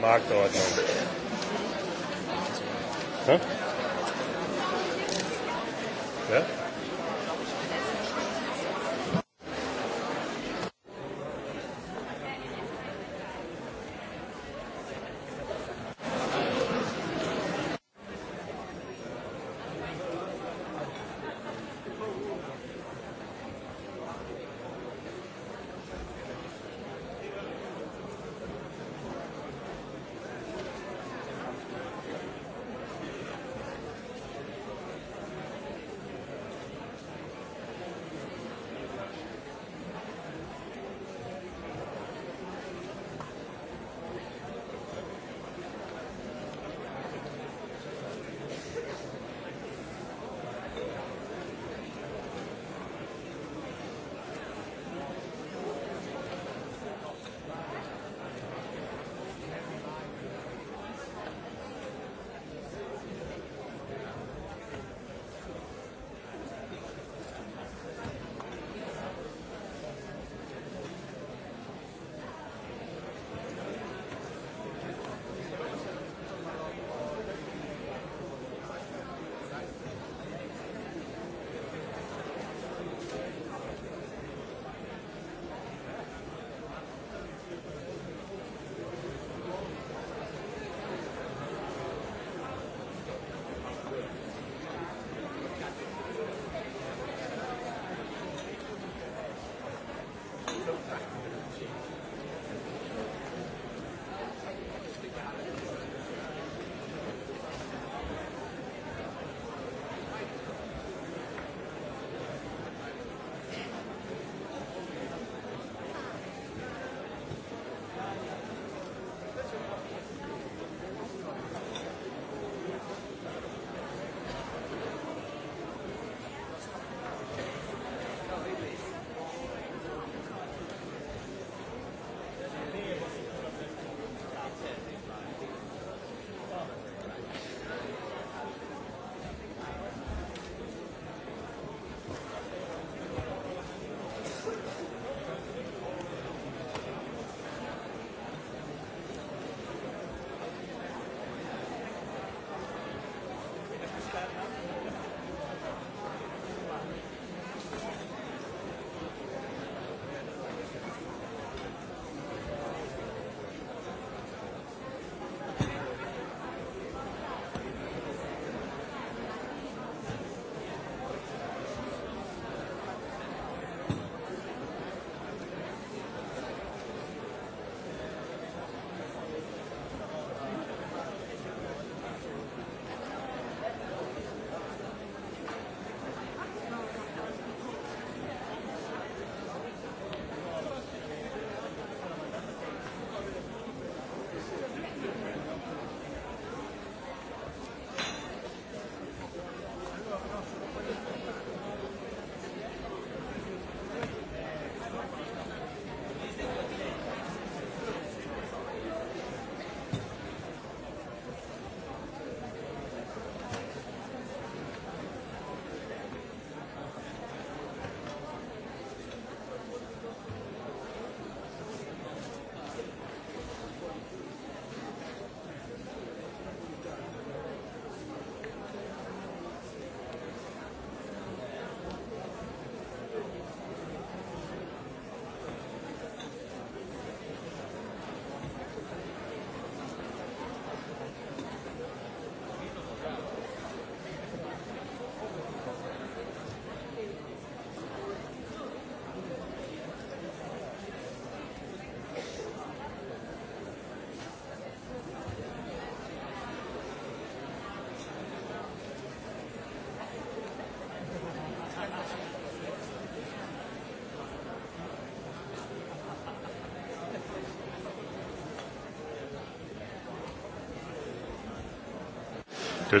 Marktordnung.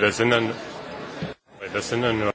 Beispiel. Das sind dann, das sind dann nur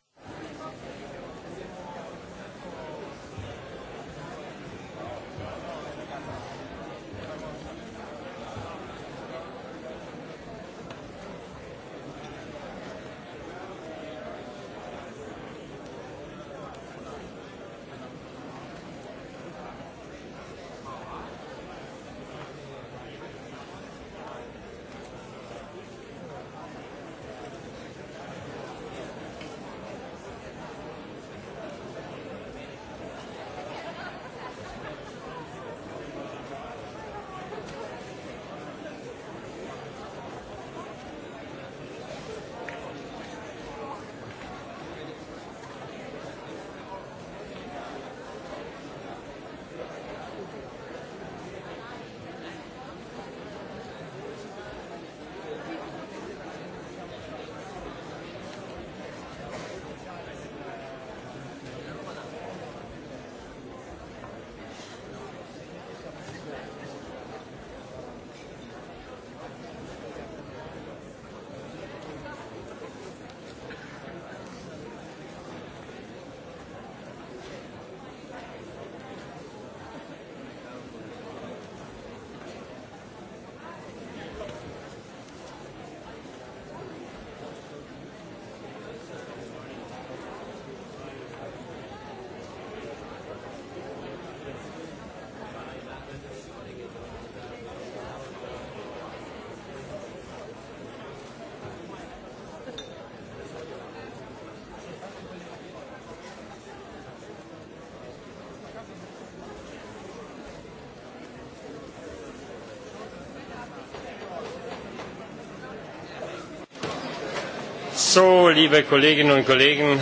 So, liebe Kolleginnen und Kollegen.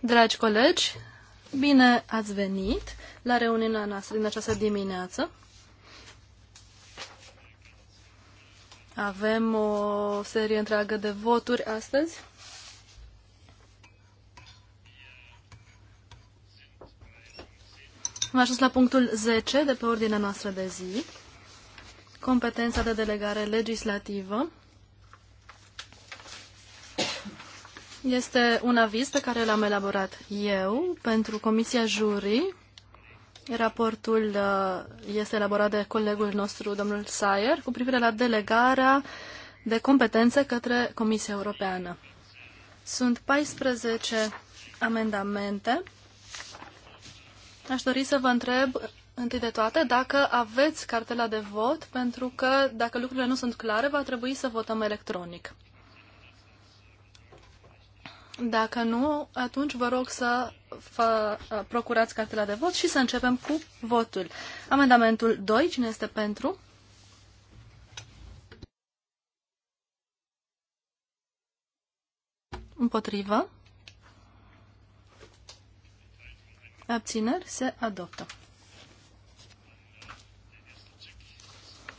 Dragi colegi, bine ați venit la reuniunea noastră din această dimineață. Avem o serie întreagă de voturi astăzi. Am ajuns la punctul 10 de pe ordinea noastră de zi, competența de delegare legislativă. Este un aviz pe care l-am elaborat eu pentru Comisia Jury. Raportul uh, este elaborat de colegul nostru, domnul Sayer, cu privire la delegarea de competențe către Comisia Europeană. Sunt 14 amendamente. Aș dori să vă întreb întâi de toate dacă aveți cartela de vot, pentru că dacă lucrurile nu sunt clare, va trebui să votăm electronic. Dacă nu, atunci vă rog să fă, uh, procurați cartela de vot și să începem cu votul. Amendamentul 2, cine este pentru? Împotrivă. Abțineri se adoptă.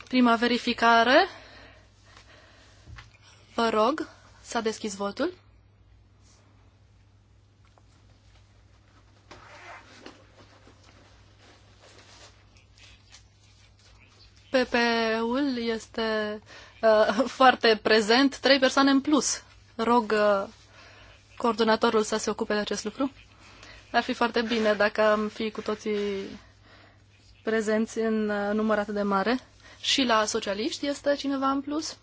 Prima verificare. Vă rog, s-a deschis votul. PPE-ul este uh, foarte prezent, trei persoane în plus. Rog uh, coordonatorul să se ocupe de acest lucru. Ar fi foarte bine dacă am fi cu toții prezenți în uh, număr atât de mare. Și la socialiști este cineva în plus?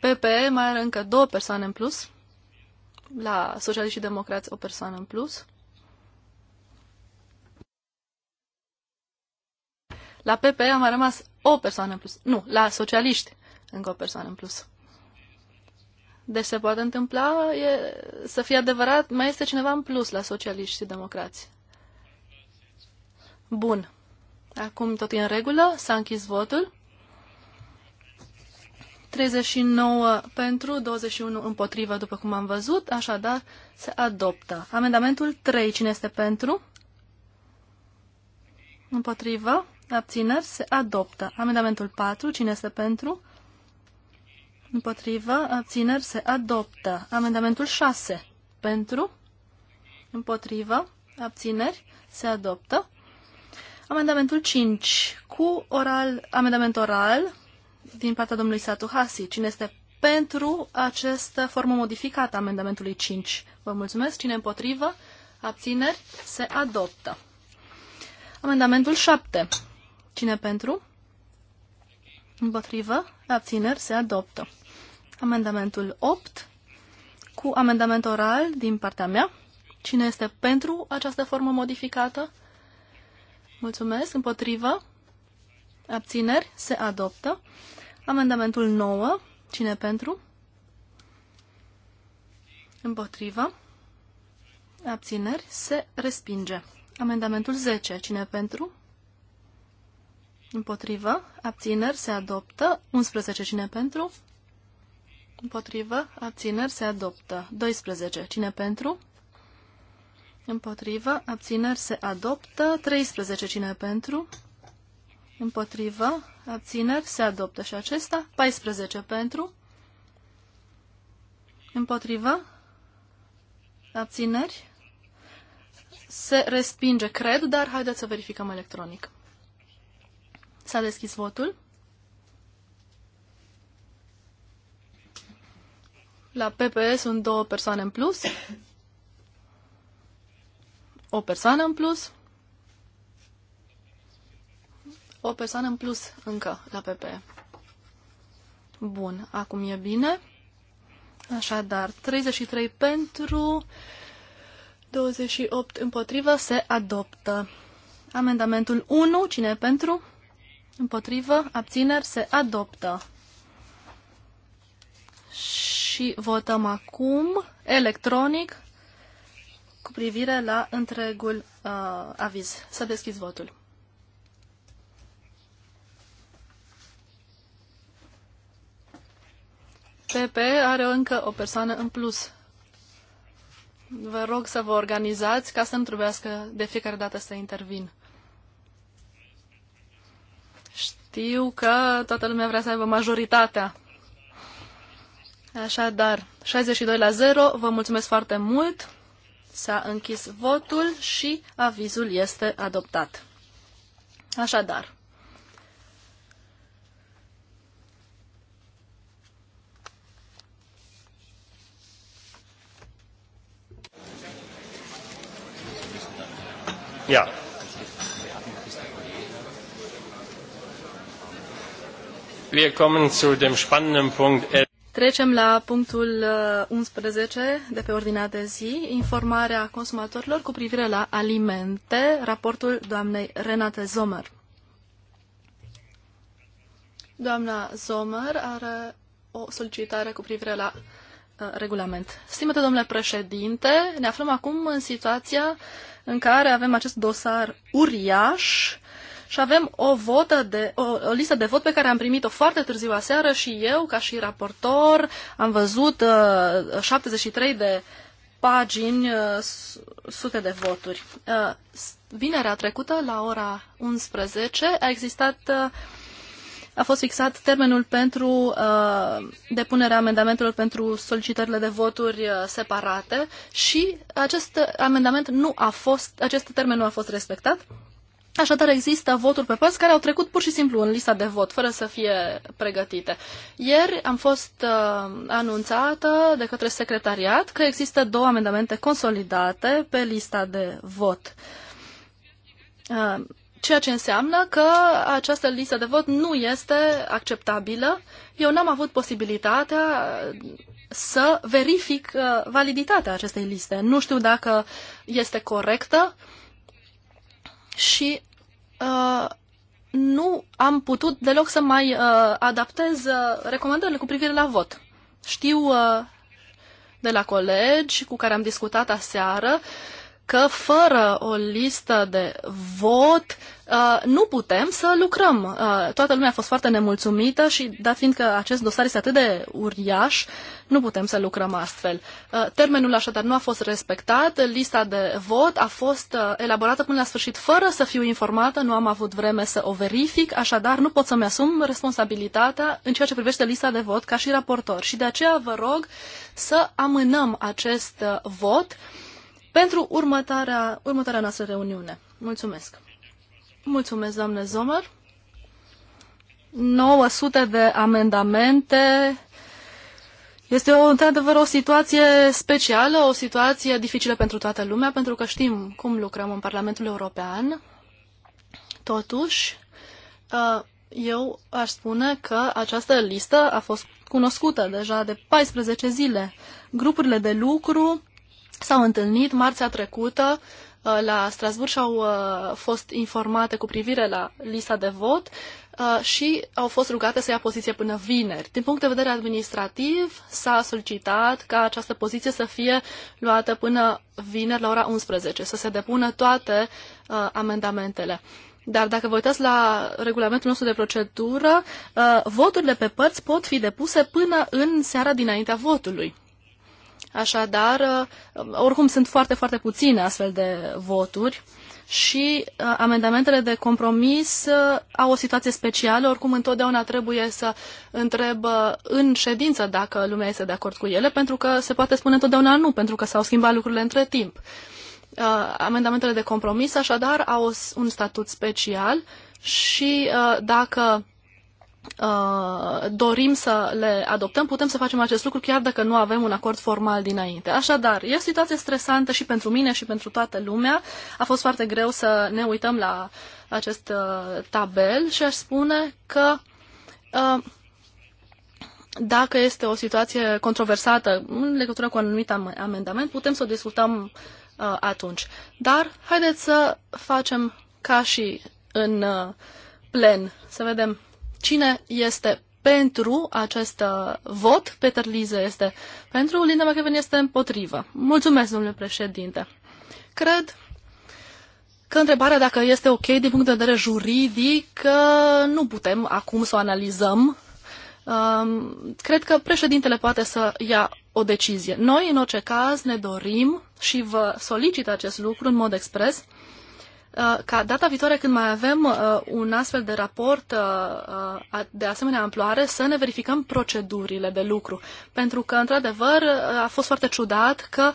PPE mai are încă două persoane în plus. La socialiști și democrați o persoană în plus. La PP am mai rămas o persoană în plus. Nu, la socialiști încă o persoană în plus. Deci se poate întâmpla e, să fie adevărat, mai este cineva în plus la socialiști și democrați. Bun. Acum tot e în regulă, s-a închis votul. 39 pentru, 21 împotrivă, după cum am văzut, așadar se adoptă. Amendamentul 3, cine este pentru? Împotrivă, abțineri, se adoptă. Amendamentul 4, cine este pentru? Împotrivă, abțineri, se adoptă. Amendamentul 6, pentru? Împotrivă, abțineri, se adoptă. Amendamentul 5, cu oral, amendament oral din partea domnului Satu Hasi. Cine este pentru această formă modificată a amendamentului 5? Vă mulțumesc. Cine împotrivă? Abțineri? Se adoptă. Amendamentul 7. Cine pentru? Împotrivă. Abțineri se adoptă. Amendamentul 8 cu amendament oral din partea mea. Cine este pentru această formă modificată? Mulțumesc. Împotrivă. Abțineri se adoptă. Amendamentul 9. Cine pentru? Împotrivă. Abțineri se respinge. Amendamentul 10. Cine pentru? Împotrivă. Abțineri se adoptă. 11. Cine pentru? Împotrivă. Abțineri se adoptă. 12. Cine pentru? Împotrivă. Abțineri se adoptă. 13. Cine pentru? Împotrivă. Abțineri se adoptă și acesta. 14. Pentru? Împotrivă. Abțineri se respinge, cred, dar haideți să verificăm electronic. S-a deschis votul. La PPE sunt două persoane în plus. O persoană în plus. O persoană în plus încă la PPE. Bun, acum e bine. Așadar, 33 pentru, 28 împotrivă, se adoptă. Amendamentul 1, cine pentru? Împotrivă, abțineri, se adoptă. Și votăm acum electronic cu privire la întregul uh, aviz. Să deschizi votul. PP are încă o persoană în plus. Vă rog să vă organizați ca să nu trebuiască de fiecare dată să intervin. Știu că toată lumea vrea să aibă majoritatea. Așadar, 62 la 0, vă mulțumesc foarte mult. S-a închis votul și avizul este adoptat. Așadar. Yeah. Trecem la punctul 11 uh, de pe ordinea de zi, informarea consumatorilor cu privire la alimente, raportul doamnei Renate Zomer. Doamna Zomer are o solicitare cu privire la uh, regulament. Stimate domnule președinte, ne aflăm acum în situația în care avem acest dosar uriaș și avem o, votă de, o, o listă de vot pe care am primit-o foarte târziu aseară și eu, ca și raportor, am văzut uh, 73 de pagini, uh, sute de voturi. Uh, vinerea trecută, la ora 11, a existat... Uh, a fost fixat termenul pentru uh, depunerea amendamentelor pentru solicitările de voturi uh, separate și acest amendament nu a fost, acest termen nu a fost respectat Așadar, există voturi pe părți care au trecut pur și simplu în lista de vot, fără să fie pregătite. Ieri am fost uh, anunțată de către secretariat că există două amendamente consolidate pe lista de vot. Uh, ceea ce înseamnă că această listă de vot nu este acceptabilă. Eu n-am avut posibilitatea uh, să verific uh, validitatea acestei liste. Nu știu dacă este corectă și uh, nu am putut deloc să mai uh, adaptez uh, recomandările cu privire la vot. Știu uh, de la colegi cu care am discutat aseară că fără o listă de vot Uh, nu putem să lucrăm. Uh, toată lumea a fost foarte nemulțumită și, dat fiind că acest dosar este atât de uriaș, nu putem să lucrăm astfel. Uh, termenul așadar nu a fost respectat, lista de vot a fost uh, elaborată până la sfârșit fără să fiu informată, nu am avut vreme să o verific, așadar nu pot să-mi asum responsabilitatea în ceea ce privește lista de vot ca și raportor. Și de aceea vă rog să amânăm acest uh, vot pentru următoarea, următoarea noastră reuniune. Mulțumesc! Mulțumesc, doamne Zomer. 900 de amendamente. Este, o, într-adevăr, o situație specială, o situație dificilă pentru toată lumea, pentru că știm cum lucrăm în Parlamentul European. Totuși, ă, eu aș spune că această listă a fost cunoscută deja de 14 zile. Grupurile de lucru s-au întâlnit marțea trecută Uh, la Strasburg și au uh, fost informate cu privire la lista de vot uh, și au fost rugate să ia poziție până vineri. Din punct de vedere administrativ, s-a solicitat ca această poziție să fie luată până vineri la ora 11, să se depună toate amendamentele. Dar dacă vă uitați la regulamentul nostru de procedură, voturile pe părți pot fi depuse până în seara dinaintea votului. Așadar, uh, oricum sunt foarte, foarte puține astfel de voturi și uh, amendamentele de compromis uh, au o situație specială, oricum întotdeauna trebuie să întreb în ședință dacă lumea este de acord cu ele, pentru că se poate spune întotdeauna nu, pentru că s-au schimbat lucrurile între timp. Amendamentele de compromis, așadar, au un statut special și dacă Uh, dorim să le adoptăm, putem să facem acest lucru chiar dacă nu avem un acord formal dinainte. Așadar, e o situație stresantă și pentru mine și pentru toată lumea. A fost foarte greu să ne uităm la acest uh, tabel și aș spune că uh, dacă este o situație controversată în legătură cu un anumit amendament, putem să o discutăm atunci. Dar haideți să facem ca și în plen, să vedem Cine este pentru acest uh, vot? Peter Lize este pentru, Linda McEwen este împotrivă. Mulțumesc, domnule președinte. Cred că întrebarea dacă este ok din punct de vedere juridic, uh, nu putem acum să o analizăm. Um, cred că președintele poate să ia o decizie. Noi, în orice caz, ne dorim și vă solicit acest lucru în mod expres, Uh, ca data viitoare când mai avem uh, un astfel de raport uh, de asemenea amploare să ne verificăm procedurile de lucru. Pentru că, într-adevăr, a fost foarte ciudat că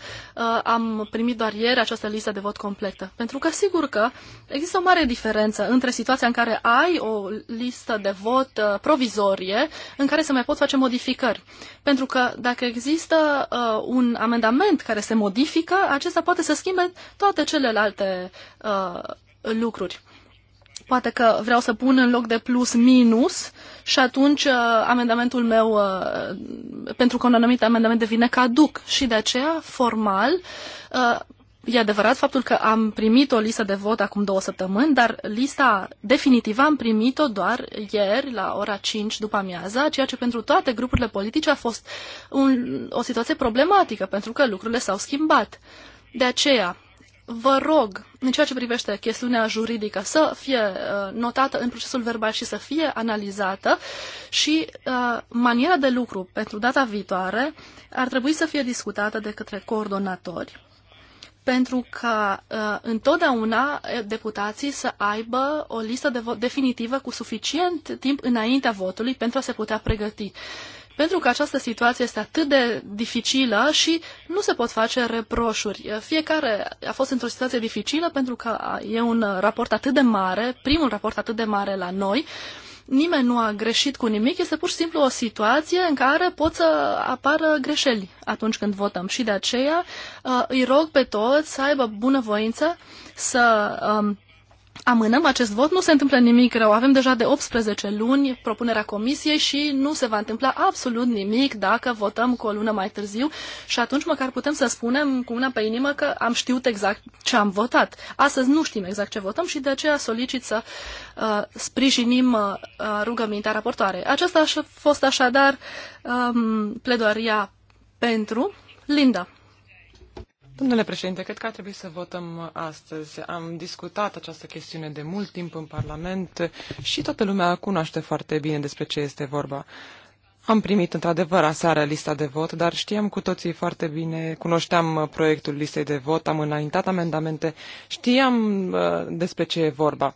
am primit doar ieri această listă de vot completă. Pentru că, sigur că există o mare diferență între situația în care ai o listă de vot provizorie în care se mai pot face modificări. Pentru că dacă există un amendament care se modifică, acesta poate să schimbe toate celelalte uh, lucruri. Poate că vreau să pun în loc de plus minus și atunci uh, amendamentul meu uh, pentru că un anumit amendament devine caduc și de aceea formal uh, E adevărat faptul că am primit o listă de vot acum două săptămâni, dar lista definitivă am primit-o doar ieri la ora 5 după amiaza, ceea ce pentru toate grupurile politice a fost un, o situație problematică, pentru că lucrurile s-au schimbat. De aceea, vă rog, în ceea ce privește chestiunea juridică, să fie uh, notată în procesul verbal și să fie analizată și uh, maniera de lucru pentru data viitoare ar trebui să fie discutată de către coordonatori pentru ca uh, întotdeauna uh, deputații să aibă o listă de vot definitivă cu suficient timp înaintea votului pentru a se putea pregăti. Uh, pentru că această situație este atât de dificilă și nu se pot face reproșuri. Fiecare a fost într-o situație dificilă pentru că e un raport atât de mare, primul raport atât de mare la noi, nimeni nu a greșit cu nimic, este pur și simplu o situație în care pot să apară greșeli atunci când votăm. Și de aceea uh, îi rog pe toți să aibă bunăvoință, să um, amânăm acest vot, nu se întâmplă nimic rău. Avem deja de 18 luni propunerea comisiei și nu se va întâmpla absolut nimic dacă votăm cu o lună mai târziu și atunci măcar putem să spunem cu una pe inimă că am știut exact ce am votat. Astăzi nu știm exact ce votăm și de aceea solicit să uh, sprijinim uh, uh rugămintea raportoare. Aceasta a fost așadar um, pledoaria pentru Linda. Domnule președinte, cred că ar trebui să votăm astăzi. Am discutat această chestiune de mult timp în Parlament și toată lumea cunoaște foarte bine despre ce este vorba. Am primit într-adevăr aseară lista de vot, dar știam cu toții foarte bine, cunoșteam proiectul listei de vot, am înaintat amendamente, știam uh, despre ce e vorba.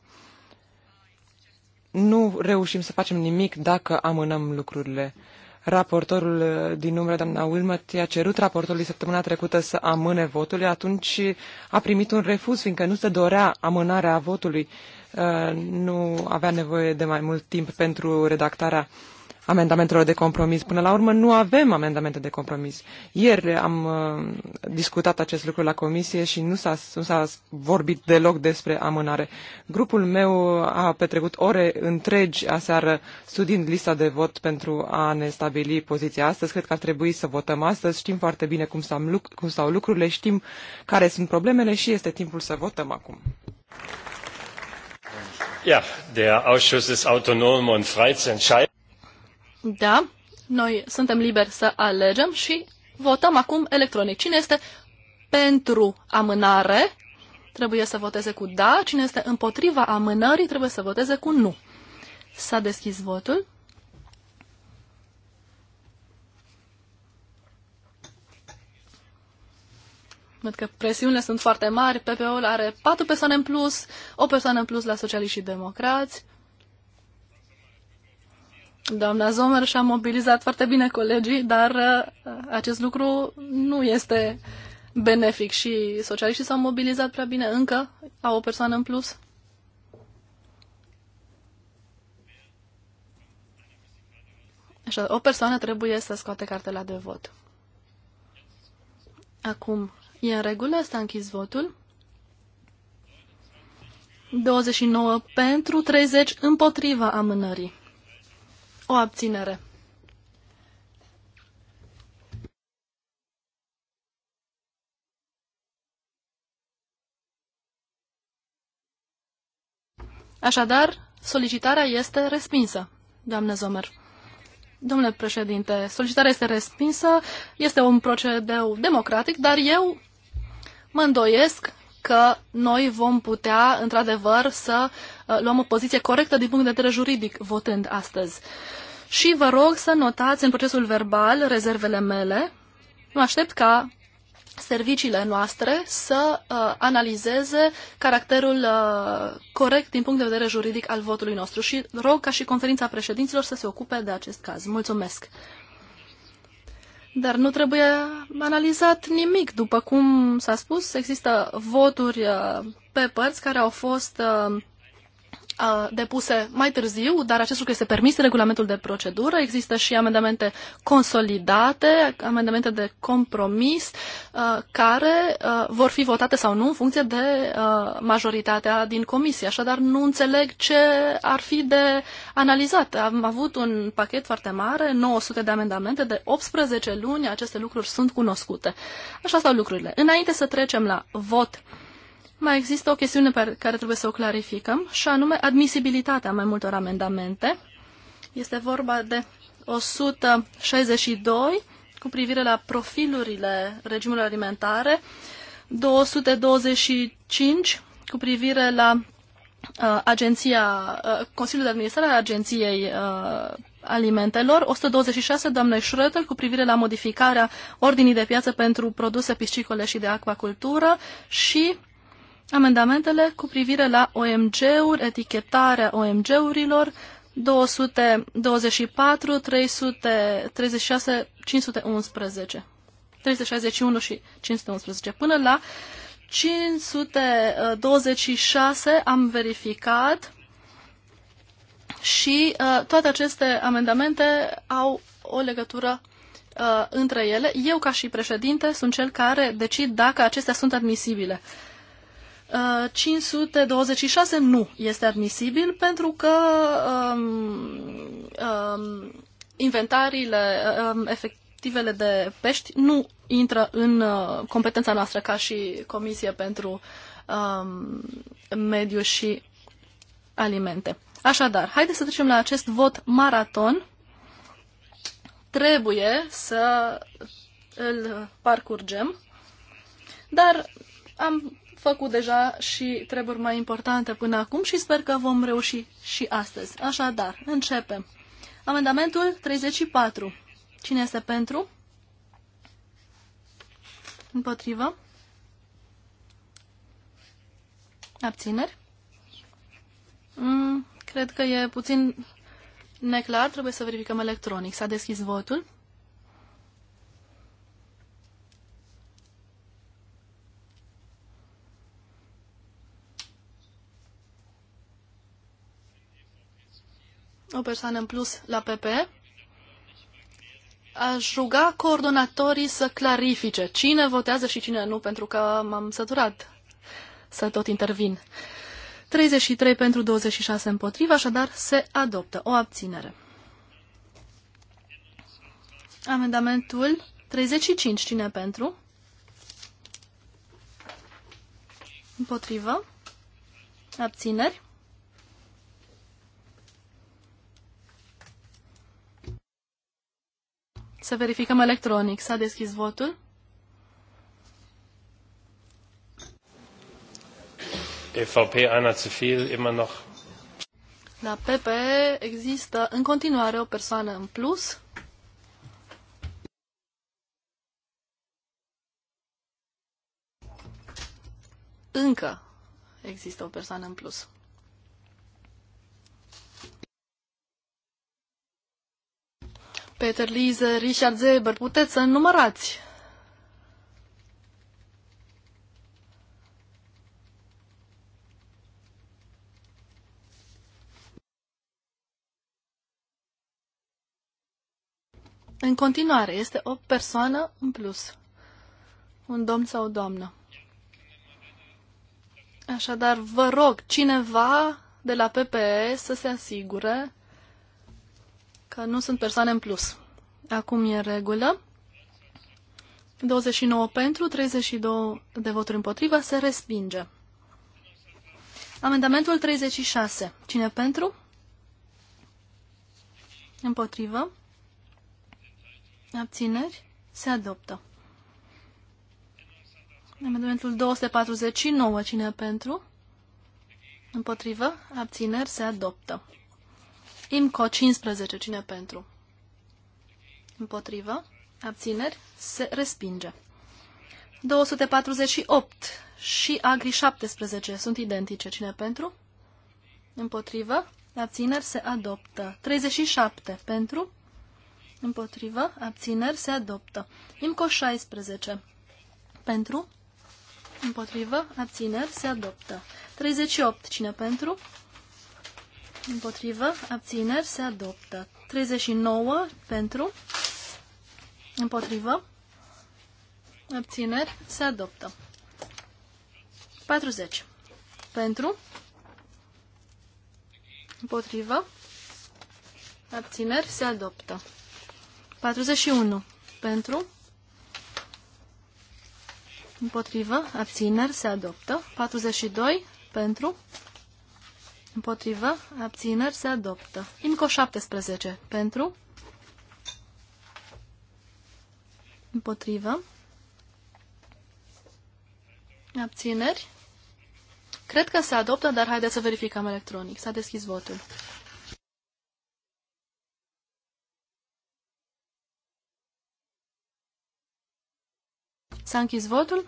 Nu reușim să facem nimic dacă amânăm lucrurile. Uh, raportorul uh, din umbră, doamna Wilmot, i-a cerut raportorului săptămâna trecută să amâne votul, atunci a primit un refuz, fiindcă nu se dorea amânarea votului. Uh, nu avea nevoie de mai mult timp pentru redactarea uh, amendamentelor de compromis. Până la urmă nu avem amendamente de compromis. Ieri am uh, discutat acest lucru la comisie și nu s-a, nu s-a vorbit deloc despre amânare. Grupul meu a petrecut ore întregi aseară studiind lista de vot pentru a ne stabili poziția astăzi. Cred că ar trebui să votăm astăzi. Știm foarte bine cum stau, cum stau lucrurile, știm care sunt problemele și este timpul să votăm acum. Ja, der Ausschuss ist autonom und frei zu entscheiden. Da, noi suntem liberi să alegem și votăm acum electronic. Cine este pentru amânare trebuie să voteze cu da, cine este împotriva amânării trebuie să voteze cu nu. S-a deschis votul. Văd că presiunile sunt foarte mari. PPO-ul are patru persoane în plus, o persoană în plus la socialiști și democrați. Doamna Zomer și-a mobilizat foarte bine colegii, dar uh, acest lucru nu este benefic și socialiștii s-au mobilizat prea bine încă, au o persoană în plus. Așa, o persoană trebuie să scoate cartela de vot. Acum, e în regulă? S-a închis votul. 29 pentru, 30 împotriva amânării. O abținere. Așadar, solicitarea este respinsă, doamne Zomer. Domnule președinte, solicitarea este respinsă, este un procedeu democratic, dar eu mă îndoiesc că noi vom putea, într-adevăr, să uh, luăm o poziție corectă din punct de vedere juridic votând astăzi. Și vă rog să notați în procesul verbal rezervele mele. Mă aștept ca serviciile noastre să uh, analizeze caracterul uh, corect din punct de vedere juridic al votului nostru și rog ca și conferința președinților să se ocupe de acest caz. Mulțumesc! Dar nu trebuie analizat nimic. După cum s-a spus, există voturi uh, pe părți care au fost uh, depuse mai târziu, dar acest lucru este permis în regulamentul de procedură. Există și amendamente consolidate, amendamente de compromis, uh, care uh, vor fi votate sau nu în funcție de uh, majoritatea din comisie. Așadar, nu înțeleg ce ar fi de analizat. Am avut un pachet foarte mare, 900 de amendamente, de 18 luni aceste lucruri sunt cunoscute. Așa stau lucrurile. Înainte să trecem la vot, mai există o chestiune pe care trebuie să o clarificăm, și anume admisibilitatea mai multor amendamente. Este vorba de 162 cu privire la profilurile regimului alimentare, 225 cu privire la uh, agenția, uh, Consiliul de Administrare a Agenției uh, Alimentelor, 126 doamnei Schröter cu privire la modificarea ordinii de piață pentru produse piscicole și de acvacultură și Amendamentele cu privire la OMG-uri, etichetarea OMG-urilor, 224, 336, 511, 361 și 511. Până la 526 am verificat și uh, toate aceste amendamente au o legătură uh, între ele. Eu, ca și președinte, sunt cel care decid dacă acestea sunt admisibile. Uh, 526 nu este admisibil pentru că um, um, inventariile, um, efectivele de pești nu intră în uh, competența noastră ca și Comisie pentru um, Mediu și Alimente. Așadar, haideți să trecem la acest vot maraton. Trebuie să îl parcurgem, dar am făcut deja și treburi mai importante până acum și sper că vom reuși și astăzi. Așadar, începem. Amendamentul 34. Cine este pentru? Împotrivă? Abțineri? Mm, cred că e puțin neclar, trebuie să verificăm electronic. S-a deschis votul. o persoană în plus la PP, aș ruga coordonatorii să clarifice cine votează și cine nu, pentru că m-am săturat să tot intervin. 33 pentru 26 împotriva, așadar se adoptă o abținere. Amendamentul 35, cine pentru? Împotrivă. Abțineri. Să verificăm electronic. S-a deschis votul. EVP Ana zu immer noch. La PPE există în continuare o persoană în plus. Încă există o persoană în plus. Peter Lise, Richard Zeber, puteți să numărați. În continuare, este o persoană în plus. Un domn sau o doamnă. Așadar, vă rog cineva de la PPE să se asigure că nu sunt persoane în plus. Acum e în regulă. 29 pentru, 32 de voturi împotriva, se respinge. Amendamentul 36. Cine pentru? Împotrivă. Abțineri. Se adoptă. Amendamentul 249. Cine pentru? Împotrivă. Abțineri. Se adoptă. IMCO 15. Cine pentru? Împotrivă. Abțineri. Se respinge. 248 și Agri 17 sunt identice. Cine pentru? Împotrivă. Abțineri se adoptă. 37 pentru. Împotrivă. Abțineri se adoptă. IMCO 16 pentru. Împotrivă. Abțineri se adoptă. 38. Cine pentru? Împotrivă. Abțineri. Se adoptă. 39 pentru. Împotrivă. Abțineri. Se adoptă. 40. Pentru. Împotrivă. Abțineri. Se adoptă. 41. Pentru. Împotrivă. Abțineri. Se adoptă. 42. Pentru. Împotrivă. Abțineri se adoptă. IMCO 17. Pentru. Împotrivă. Abțineri. Cred că se adoptă, dar haideți să verificăm electronic. S-a deschis votul. S-a închis votul.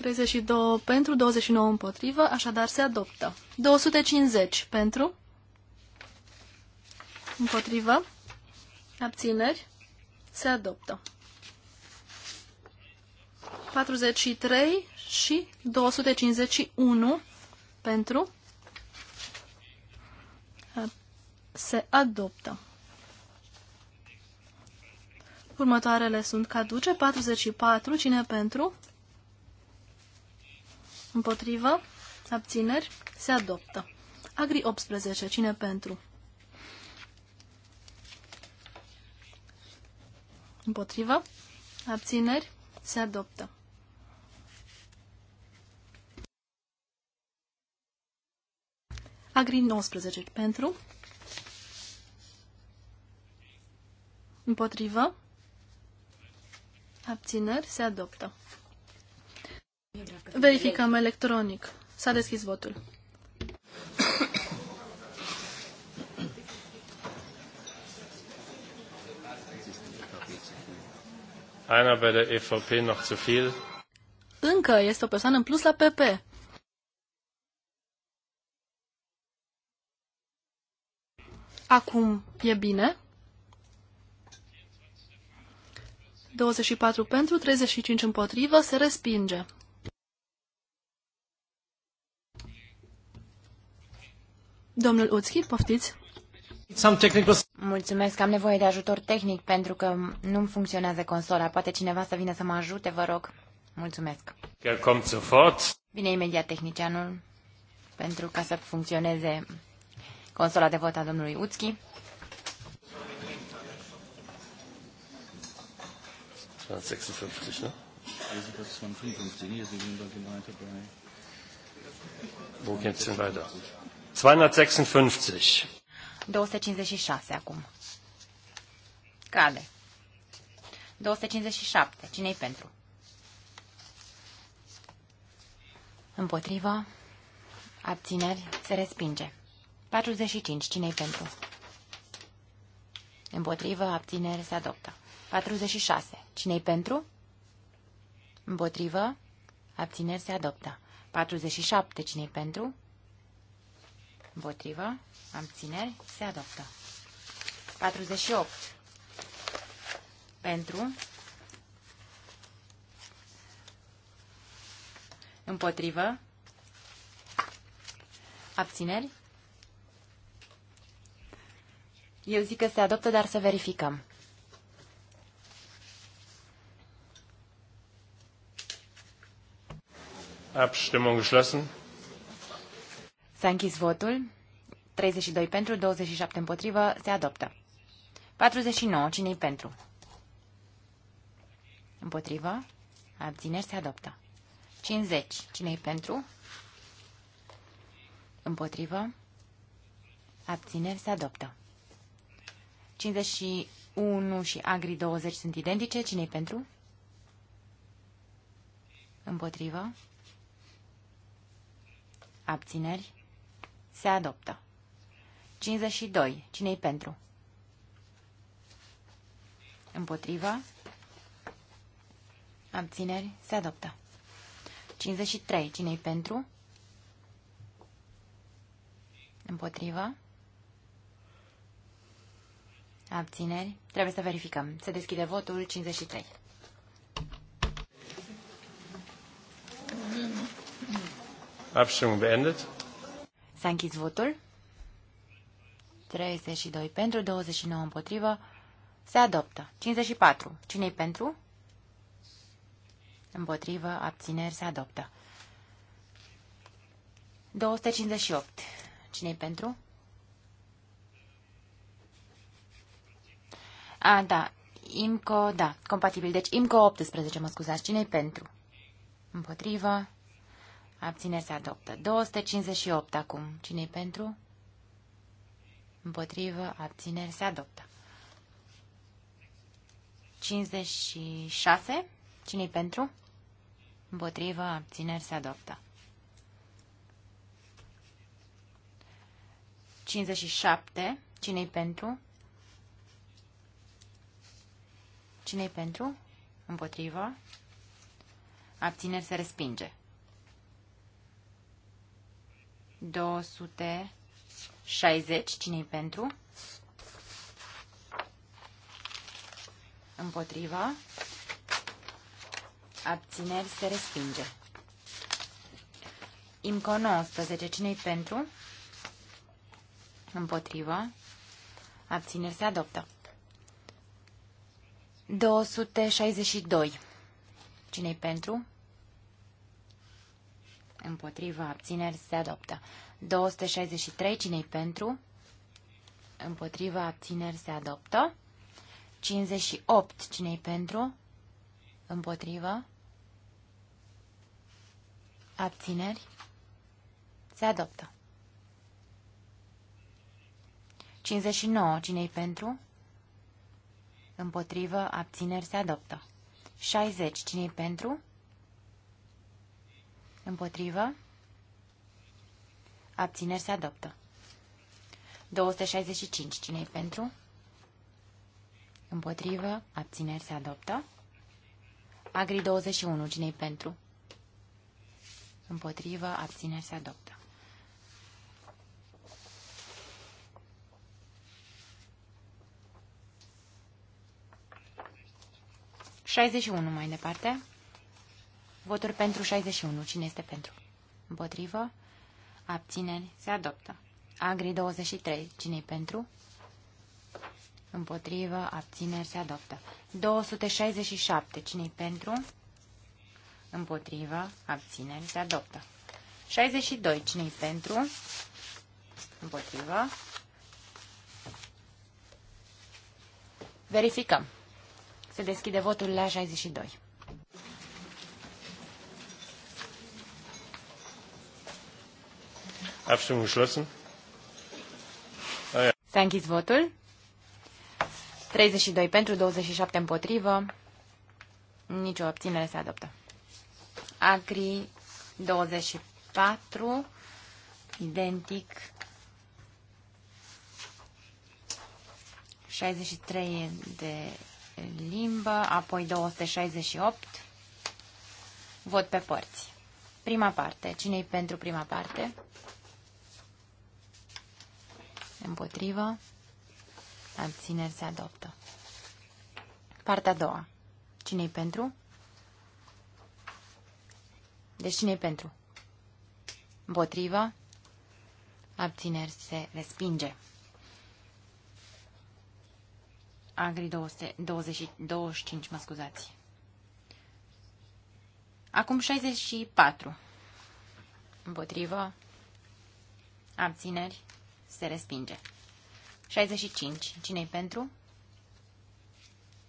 32 pentru, 29 împotrivă, așadar se adoptă. 250 pentru, împotrivă, abțineri, se adoptă. 43 și 251 pentru, se adoptă. Următoarele sunt caduce, 44, cine pentru? Împotrivă? Abțineri? Se adoptă. Agri 18. Cine pentru? Împotrivă? Abțineri? Se adoptă. Agri 19. Pentru? Împotrivă? Abțineri? Se adoptă. Verificăm electronic. S-a deschis votul. Einer bei der EVP noch zu viel. Încă este o persoană în plus la PP. Acum e bine. 24 pentru, 35 împotrivă, se respinge. Domnul Uțchi, poftiți. Mulțumesc, am nevoie de ajutor tehnic pentru că nu-mi funcționează consola. Poate cineva să vină să mă ajute, vă rog. Mulțumesc. Vine imediat tehnicianul pentru ca să funcționeze consola de vot a domnului Uțchi. Wo geht's denn weiter? 256. 256 acum. Cade. 257. Cine-i pentru? Împotriva. Abțineri. Se respinge. 45. Cine-i pentru? Împotrivă. Abțineri. Se adoptă. 46. Cine-i pentru? Împotrivă. Abțineri. Se adoptă. 47. Cine-i pentru? Împotrivă. țineri, Se adoptă. 48. Pentru. Împotrivă. Abțineri. Eu zic că se adoptă, dar să verificăm. Abstimmung geschlossen. S-a închis votul. 32 pentru, 27 împotrivă. Se adoptă. 49. Cine-i pentru? Împotrivă. Abțineri. Se adoptă. 50. Cine-i pentru? Împotrivă. Abțineri. Se adoptă. 51 și Agri 20 sunt identice. Cine-i pentru? Împotrivă. Abțineri. Se adoptă. 52. Cine-i pentru? Împotriva. Abțineri. Se adoptă. 53. Cine-i pentru? Împotriva. Abțineri. Trebuie să verificăm. Se deschide votul 53. Abstimmung beendet. S-a închis votul. 32 pentru, 29 împotrivă. Se adoptă. 54. Cine-i pentru? Împotrivă, abțineri, se adoptă. 258. Cine-i pentru? A, da. IMCO, da, compatibil. Deci IMCO 18, mă scuzați. Cine-i pentru? Împotrivă, Abține se adoptă. 258 acum. cine pentru? Împotrivă, abțineri, se adoptă. 56. cine pentru? Împotrivă, abțineri, se adoptă. 57. cine pentru? cine pentru? Împotrivă. Abțineri se respinge. 260. Cine-i pentru? Împotriva. Abțineri se respinge. IMCO 19. Cine-i pentru? Împotriva. Abțineri se adoptă. 262. Cine-i pentru? împotrivă, abțineri, se adoptă. 263, cine pentru, împotrivă, abțineri, se adoptă. 58, cine pentru, împotrivă, abțineri, se adoptă. 59, cine pentru, împotrivă, abțineri, se adoptă. 60, cine pentru, Împotrivă. Abțineri se adoptă. 265. Cine-i pentru? Împotrivă. Abțineri se adoptă. Agri 21. Cine-i pentru? Împotrivă. Abțineri se adoptă. Șaizeci și unu mai departe. Voturi pentru 61. Cine este pentru? Împotrivă? Abțineri? Se adoptă. Agri 23. Cine-i pentru? Împotrivă? Abțineri? Se adoptă. 267. Cine-i pentru? Împotrivă? Abțineri? Se adoptă. 62. Cine-i pentru? Împotrivă? Verificăm. Se deschide votul la 62. Abstimmung geschlossen. S-a închis votul. 32 pentru, 27 împotrivă. Nicio obținere se adoptă. Acri 24, identic. 63 de limbă, apoi 268. Vot pe părți. Prima parte. Cine-i pentru prima parte? Împotrivă. Abțineri se adoptă. Partea a doua. cine pentru? Deci cine pentru? Împotrivă. Abțineri se respinge. Agri 200, 20, 25, mă scuzați. Acum 64. Împotrivă. Abțineri se respinge. 65. Cine-i pentru?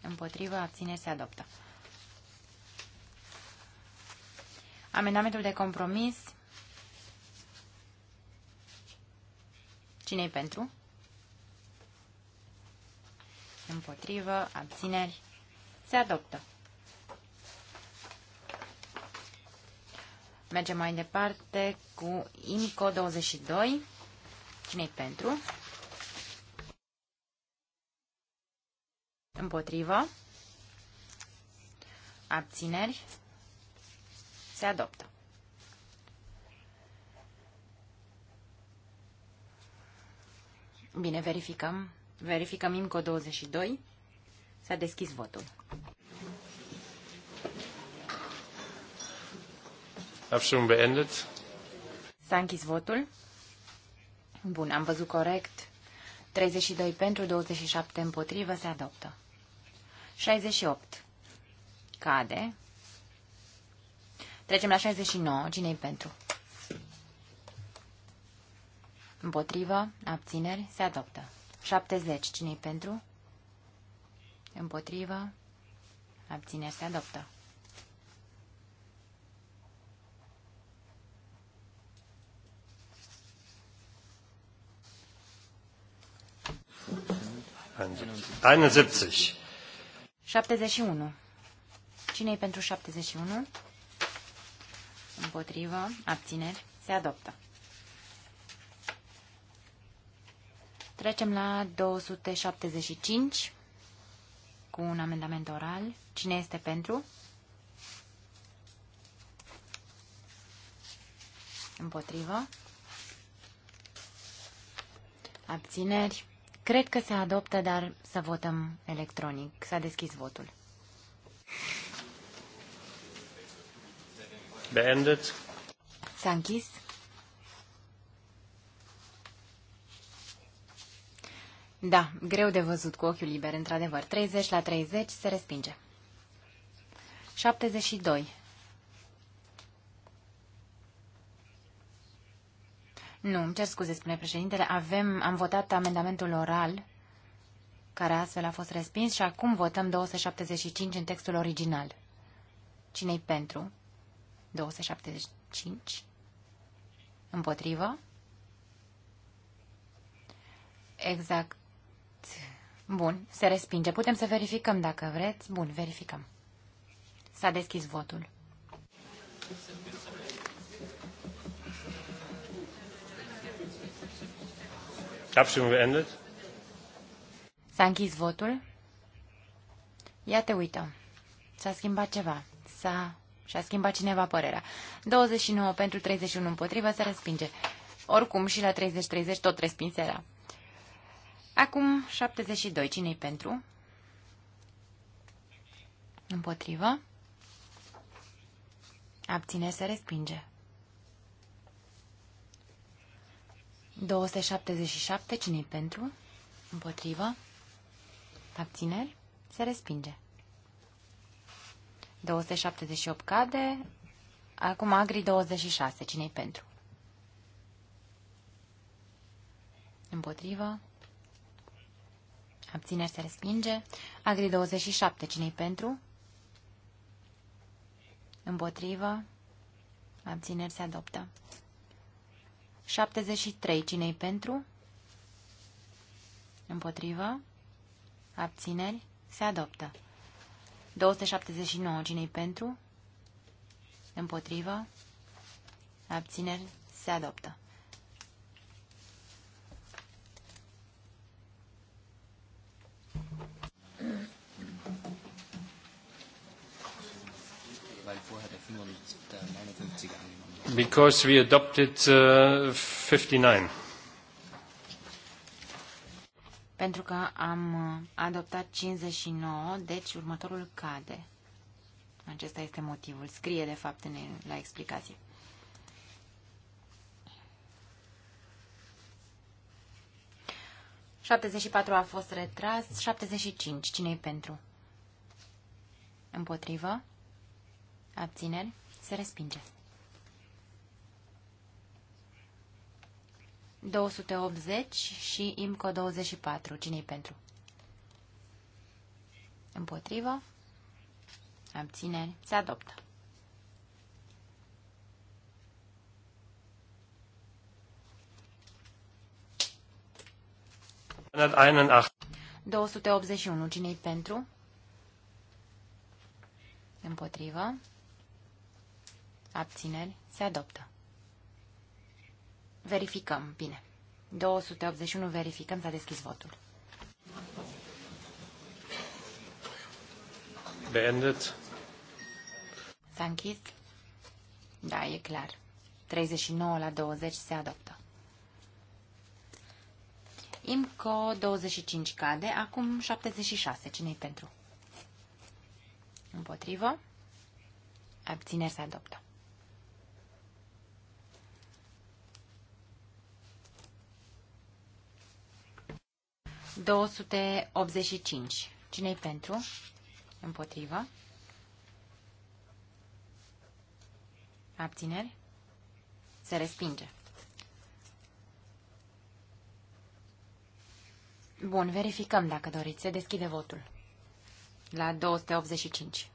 Împotrivă, abține, se adoptă. Amendamentul de compromis. Cine-i pentru? Împotrivă, abțineri, se adoptă. Mergem mai departe cu INCO 22 cine pentru? Împotrivă? Abțineri? Se adoptă. Bine, verificăm. Verificăm IMCO 22. S-a deschis votul. Abstimmung beendet. S-a închis votul. Bun, am văzut corect. 32 pentru, 27 împotrivă, se adoptă. 68. Cade. Trecem la 69. Cine-i pentru? Împotrivă, abțineri, se adoptă. 70. Cine-i pentru? Împotrivă, abțineri, se adoptă. 71. 71. Cine-i pentru 71? Împotrivă, abțineri, se adoptă. Trecem la 275 cu un amendament oral. Cine este pentru? Împotrivă. Abțineri. Cred că se adoptă, dar să votăm electronic. S-a deschis votul. Beendet. S-a închis. Da, greu de văzut cu ochiul liber, într-adevăr. 30 la 30 se respinge. 72. Nu, îmi cer scuze, spune președintele. Avem, am votat amendamentul oral, care astfel a fost respins, și acum votăm 275 în textul original. Cine-i pentru? 275. Împotrivă? Exact. Bun, se respinge. Putem să verificăm dacă vreți. Bun, verificăm. S-a deschis votul. Abstimmung beendet. S-a închis votul. Iată te uită. S-a schimbat ceva. S-a... Și-a schimbat cineva părerea. 29 pentru 31 împotriva se respinge. Oricum și la 30-30 tot respins era. Acum 72. Cine-i pentru? Împotrivă. Abține se respinge. 277, cine pentru? Împotrivă? Abțineri? Se respinge. 278 cade. Acum agri 26, cine pentru? Împotrivă? Abțineri se respinge. Agri 27, cine pentru? Împotrivă? Abțineri se adoptă. 73. cine pentru? Împotrivă? Abțineri? Se adoptă. 279. cine pentru? Împotrivă? Abțineri? Se adoptă. Because we adopted uh, 59. Pentru că am uh, adoptat 59, deci următorul cade. Acesta este motivul. Scrie, de fapt, în, la explicație. ...74 a fost retras, 75. Cine-i pentru? Împotrivă? abțineri, se respinge. 280 și IMCO 24. Cine-i pentru? Împotrivă. Abțineri. Se adoptă. În 281. Cine-i pentru? Împotrivă. Abțineri. Se adoptă. Verificăm. Bine. 281 verificăm. S-a deschis votul. Beendet. S-a închis? Da, e clar. 39 la 20 se adoptă. IMCO 25 cade, acum 76. Cine-i pentru? Împotrivă? Abțineri se adoptă. 285. Cine-i pentru? Împotrivă. Abțineri? Se respinge. Bun, verificăm dacă doriți. Se deschide votul. La 285.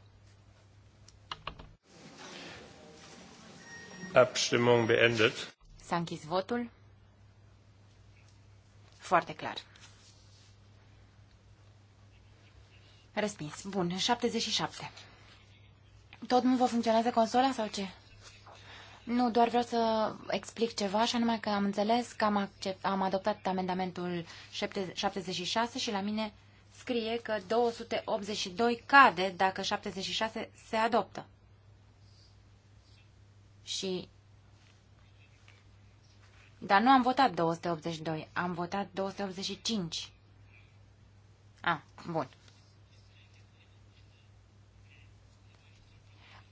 Abstimmung beendet. S-a închis votul. Foarte clar. Respins. Bun. 77. Tot nu vă funcționează consola sau ce? Nu, doar vreau să explic ceva, așa numai că am înțeles că am, accept, am adoptat amendamentul 76 și la mine scrie că 282 cade dacă 76 se adoptă. Și... Dar nu am votat 282, am votat 285. A, ah, bun.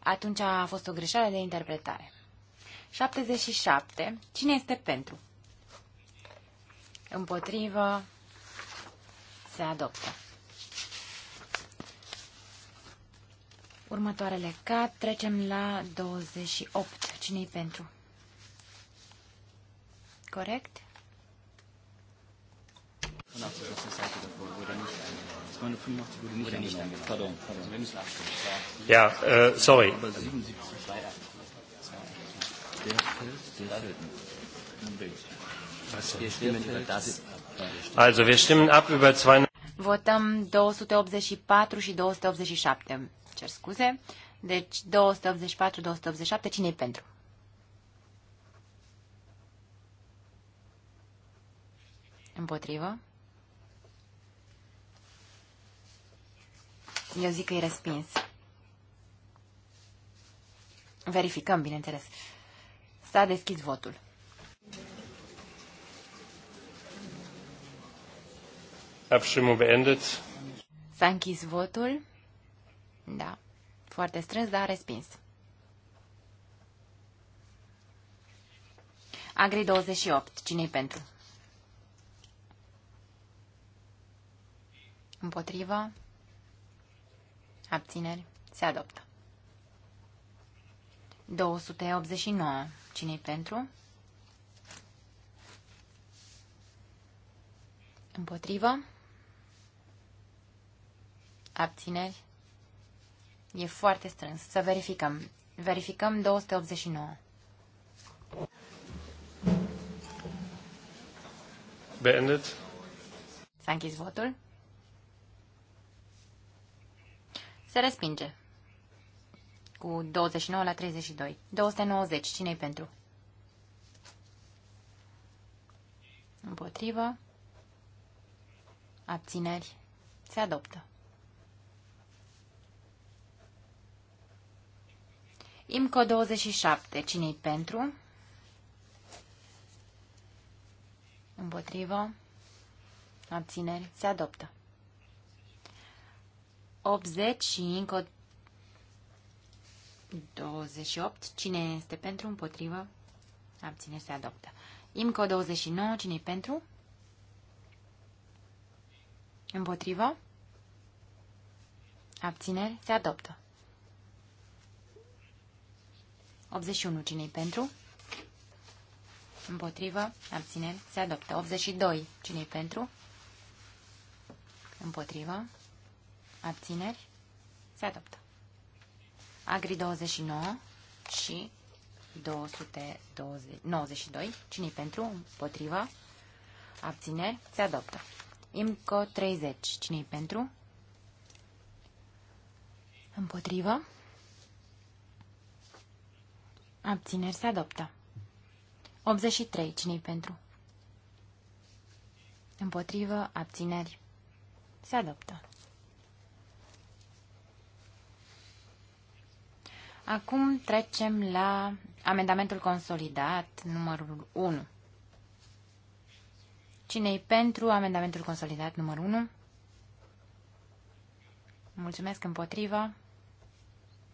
Atunci a fost o greșeală de interpretare. 77. Cine este pentru? Împotrivă. Se adoptă. Următoarele cat. Trecem la 28. Cine-i pentru? Corect? știu. 285 wurde nicht angenommen. Pardon, pardon. Ja, äh, sorry. Aber 77 war der fällt, der fällt. Was, wir stimmen über das. Also, wir stimmen ab über Votăm 284 și 287. Cer scuze. Deci 284, 287, cine e pentru? Împotrivă? Eu zic că e respins. Verificăm, bineînțeles. S-a deschis votul. Abstimmung beendet. S-a închis votul. Da. Foarte strâns, dar respins. Agri 28. Cine-i pentru? Împotriva. Abțineri. Se adoptă. 289. Cine-i pentru? Împotrivă. Abțineri. E foarte strâns. Să verificăm. Verificăm 289. Beendet. S-a închis votul. Se respinge. Cu 29 la 32. 290. Cine-i pentru? Împotrivă. Abțineri. Se adoptă. IMCO 27. Cine-i pentru? Împotrivă. Abțineri. Se adoptă. 80 și încă 28. Cine este pentru, împotrivă? Abține, se adoptă. Imco 29. cine pentru? Împotrivă? Abțineri? Se adoptă. 81. cine pentru? Împotrivă? Abțineri? Se adoptă. 82. cine pentru? Împotrivă? abțineri, se adoptă. Agri 29 și 292, cine pentru, împotriva, abțineri, se adoptă. IMCO 30, cine pentru, împotriva, abțineri, se adoptă. 83, cine pentru, împotrivă, abțineri, se adoptă. Acum trecem la amendamentul consolidat numărul 1. Cine-i pentru amendamentul consolidat numărul 1? Mulțumesc împotriva.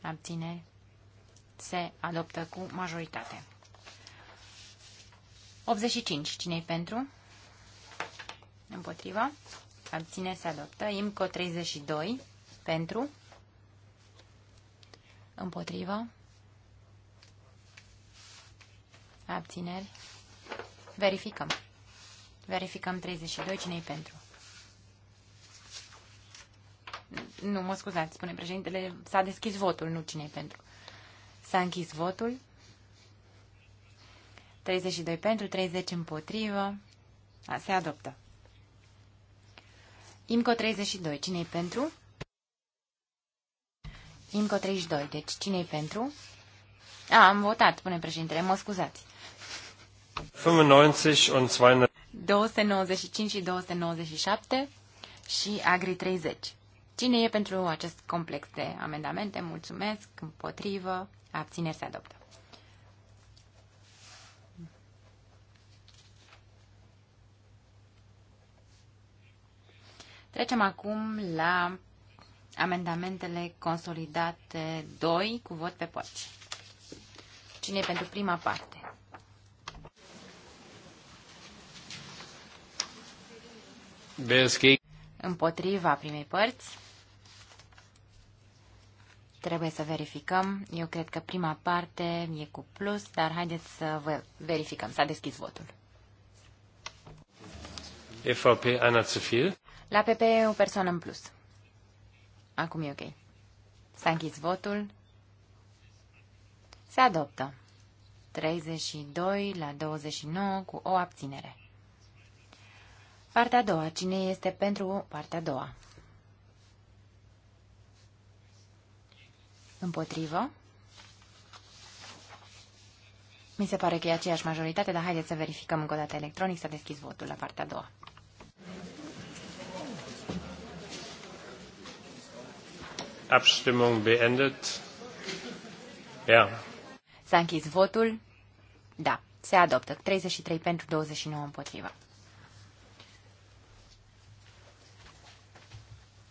Abține. Se adoptă cu majoritate. 85. Cine-i pentru? Împotriva. Abține se adoptă. IMCO 32. Pentru. Împotrivă. Abțineri. Verificăm. Verificăm 32. Cine-i pentru? Nu, mă scuzați, spune președintele. S-a deschis votul, nu cine-i pentru. S-a închis votul. 32 pentru, 30 împotrivă. A, se adoptă. IMCO 32. Cine-i pentru? Imco 32. Deci cine-i pentru? A, am votat, spune președintele. Mă scuzați. 295 și 297 și Agri 30. Cine e pentru acest complex de amendamente? Mulțumesc, împotrivă, abțineri se adoptă. Trecem acum la amendamentele consolidate 2 cu vot pe părți. Cine e pentru prima parte? Beschi. Împotriva primei părți. Trebuie să verificăm. Eu cred că prima parte e cu plus, dar haideți să verificăm. S-a deschis votul. EVP Ana Zufil. La PP o persoană în plus. Acum e ok. S-a închis votul. Se adoptă. 32 la 29 cu o abținere. Partea a doua. Cine este pentru partea a doua? Împotrivă. Mi se pare că e aceeași majoritate, dar haideți să verificăm încă o dată electronic. S-a deschis votul la partea a doua. Abstimmung beendet. Ja. S-a închis votul. Da, se adoptă. 33 pentru, 29 împotriva.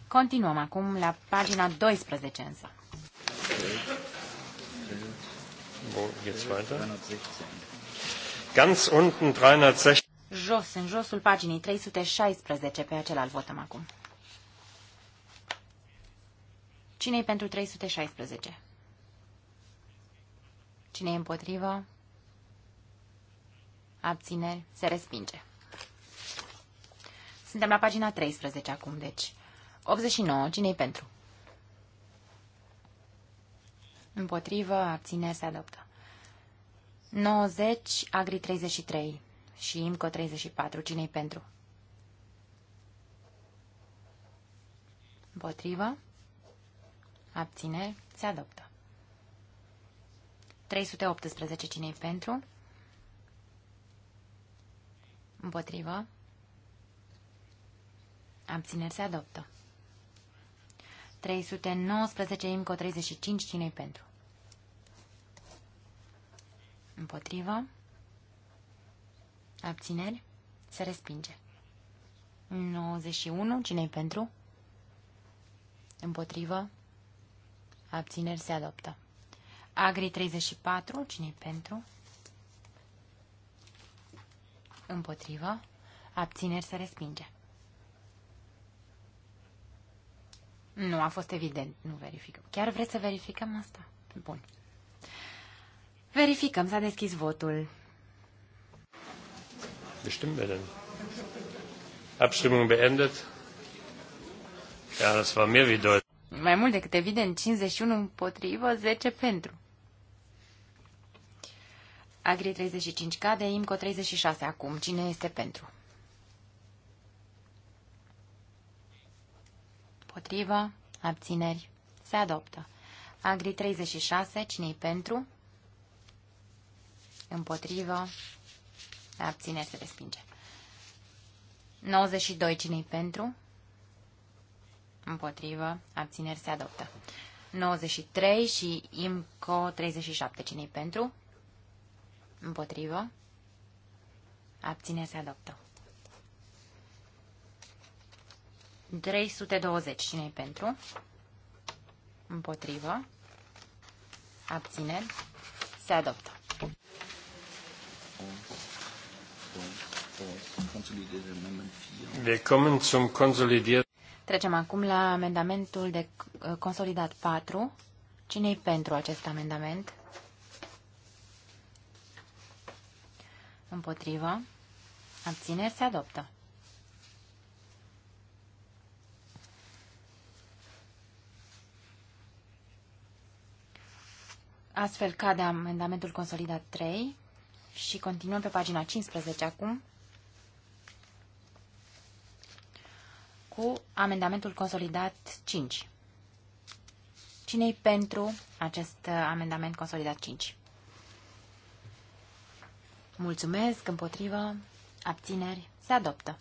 Continuăm acum la pagina 12 însă. Wo geht's weiter? Ganz unten 360. Jos, în josul paginii 316, pe acela îl votăm acum. Cine-i pentru 316? Cine-i împotrivă? Abțineri. Se respinge. Suntem la pagina 13 acum, deci. 89. Cine-i pentru? Împotrivă. Abțineri. Se adoptă. 90. Agri 33 și IMCO 34. Cine-i pentru? Împotrivă abțineri, se adoptă. 318 cine pentru, împotrivă, abțineri, se adoptă. 319 imco 35 cine pentru, împotrivă, abțineri, se respinge. 91 cine pentru, împotrivă, Abțineri se adoptă. Agri 34, cine pentru? Împotrivă. Abțineri se respinge. Nu, a fost evident. Nu verificăm. Chiar vreți să verificăm asta? Bun. Verificăm. S-a deschis votul. Bestimmt wir denn? Abstimmung beendet. Ja, das war mir wie deutlich mai mult decât evident, 51 împotrivă, 10 pentru. Agri 35 cade, IMCO 36 acum. Cine este pentru? Potrivă, abțineri, se adoptă. Agri 36, cine-i pentru? Împotrivă, abțineri, se respinge. 92, cine-i pentru? Împotrivă. Abțineri se adoptă. 93 și IMCO 37. cine pentru? Împotrivă. Abțineri se adoptă. 320. cine pentru? Împotrivă. Abțineri se adoptă. Wir kommen zum Konsolidierten. Trecem acum la amendamentul de uh, consolidat 4. Cine-i pentru acest amendament? Împotrivă. Abțineri se adoptă. Astfel cade amendamentul consolidat 3 și continuăm pe pagina 15 acum. cu amendamentul consolidat 5. Cine-i pentru acest amendament consolidat 5? Mulțumesc, împotrivă, abțineri, se adoptă.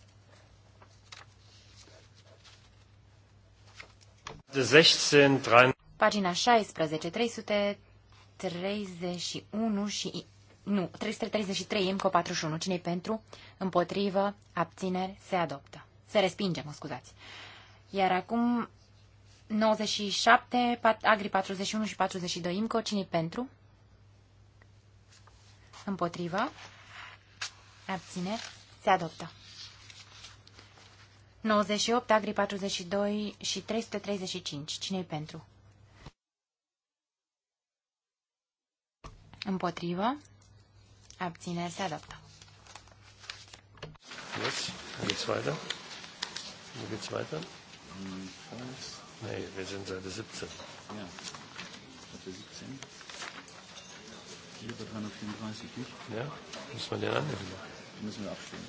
16, Pagina 16, 331 și... Nu, 333, IMCO 41. Cine-i pentru? Împotrivă, abțineri, se adoptă. Se respinge, mă scuzați. Iar acum 97, Agri 41 și 42 IMCO, cine pentru? Împotrivă. Abține. Se adoptă. 98, Agri 42 și 335. cine pentru? Împotrivă. abține, se adoptă. Yes, geht's weiter. Wo geht es weiter? Nee, wir sind Seite 17. Ja, Seite 17. Hier bei 334, nicht? Ja, müssen wir den annehmen. Den müssen wir abstimmen.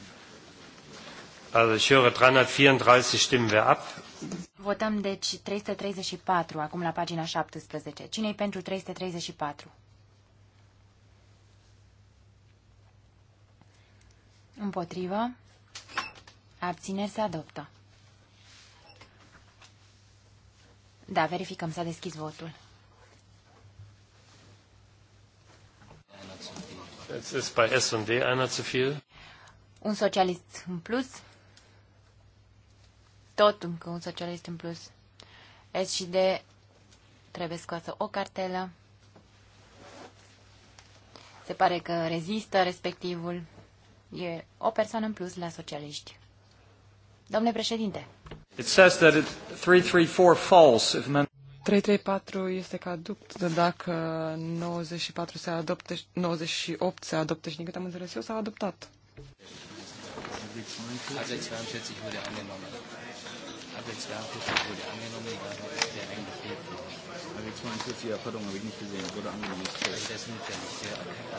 Also ich höre 334 stimmen wir ab. Votăm deci 334 acum la pagina 17. Cine-i pentru 334? Împotrivă? Abțineri se adoptă. Da, verificăm, s-a deschis votul. Jetzt ist bei D einer zu viel. Un socialist în plus. Tot încă un socialist în plus. S și D trebuie scoasă o cartelă. Se pare că rezistă respectivul. E o persoană în plus la socialiști. Domnule președinte. It says that it 334 false if 334 este caduct dacă 94 se adopte, 98 se adopte și din câte am înțeles eu s-a adoptat.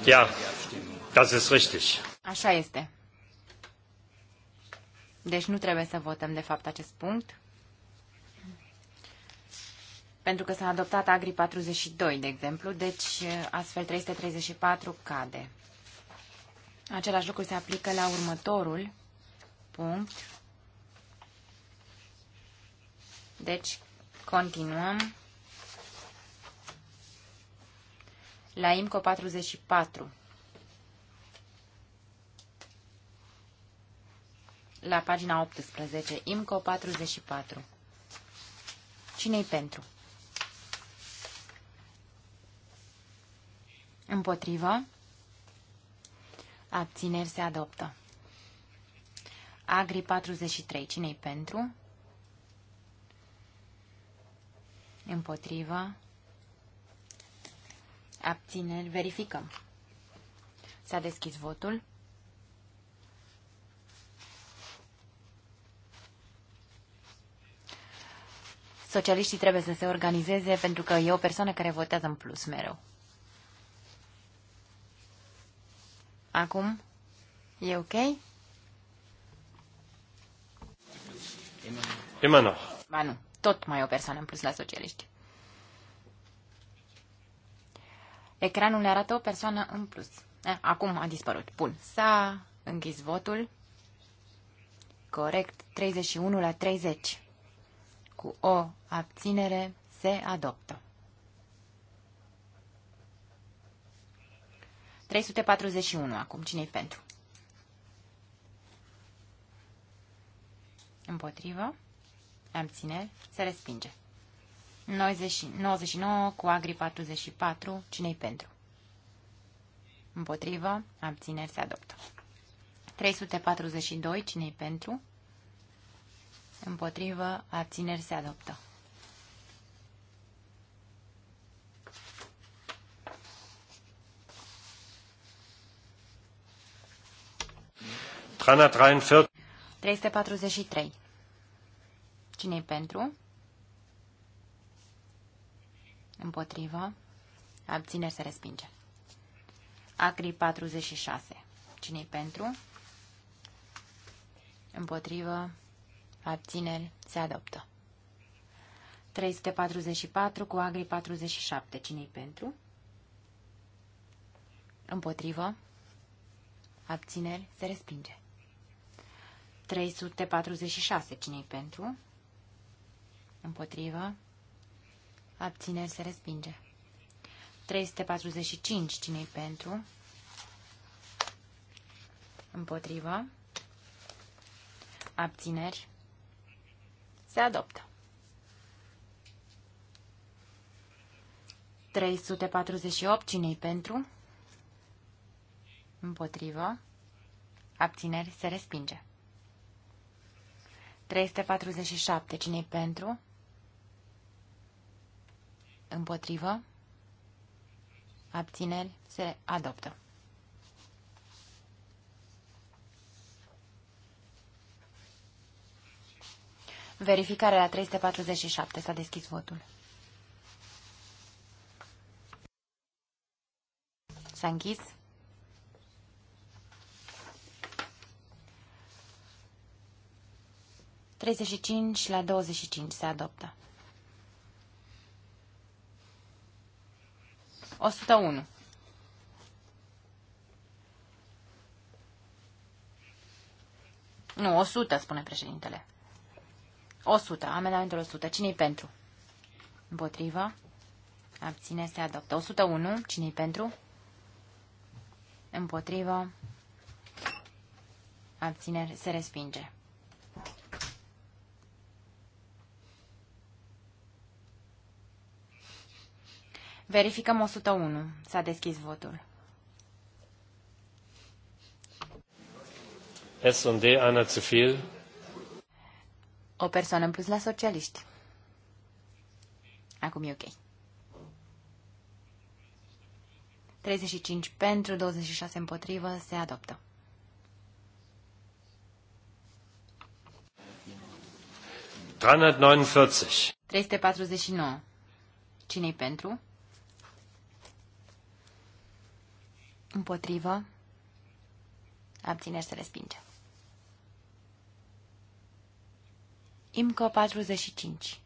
Ja, das ist richtig. Așa este. Deci nu trebuie să votăm, de fapt, acest punct. Pentru că s-a adoptat Agri 42, de exemplu, deci uh, astfel 334 cade. Același lucru se aplică la următorul punct. Deci, continuăm la IMCO 44. la pagina 18, IMCO 44. Cine-i pentru? Împotrivă? Abțineri se adoptă. Agri 43. Cine-i pentru? Împotrivă? Abțineri. Verificăm. S-a deschis votul. socialiștii trebuie să se organizeze pentru că e o persoană care votează în plus mereu. Acum? E ok? Emanuel. Ba nu, tot mai e o persoană în plus la socialiști. Ecranul ne arată o persoană în plus. Eh, acum a dispărut. Bun. S-a închis votul. Corect. 31 la 30 cu o abținere se adoptă. 341. Acum cine pentru? Împotrivă. Abțineri. Se respinge. 90, 99 cu agri 44. Cine-i pentru? Împotrivă. Abțineri. Se adoptă. 342. Cine-i pentru? Împotrivă, abțineri se adoptă. Trana 343. Cine-i pentru? Împotrivă. Abțineri se respinge. Acri 46. Cine-i pentru? Împotrivă abțineri, se adoptă. 344 cu agri 47. cine pentru? Împotrivă. Abțineri. Se respinge. 346. cine pentru? Împotrivă. Abțineri. Se respinge. 345. cine pentru? Împotrivă. Abțineri. Se adoptă. 348. cine pentru? Împotrivă. Abțineri. Se respinge. 347. cine pentru? Împotrivă. Abțineri. Se adoptă. Verificare la 347. S-a deschis votul. S-a închis. Treizeci și cinci la douăzeci și cinci se adoptă. 101. Nu, 100, spune președintele. 100. Amendamentul 100. Cine-i pentru? Împotriva. Abține. Se adoptă. 101. Cine-i pentru? Împotriva. Abține, se respinge. Verificăm 101. S-a deschis votul. S&D, Ana Zufil. O persoană în plus la socialiști. Acum e ok. 35 pentru, 26 împotrivă, se adoptă. ...349. 349. Cine-i pentru? Împotrivă. Abțineri se respinge. IMCO 45.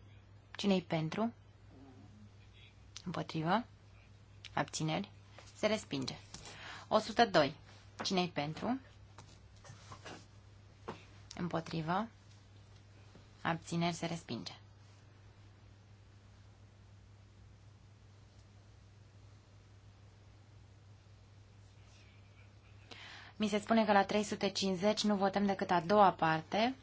Cine-i pentru? Împotrivă. Abțineri. Se respinge. 102. Cine-i pentru? Împotrivă. Abțineri se respinge. Mi se spune că la 350 nu votăm decât a doua parte,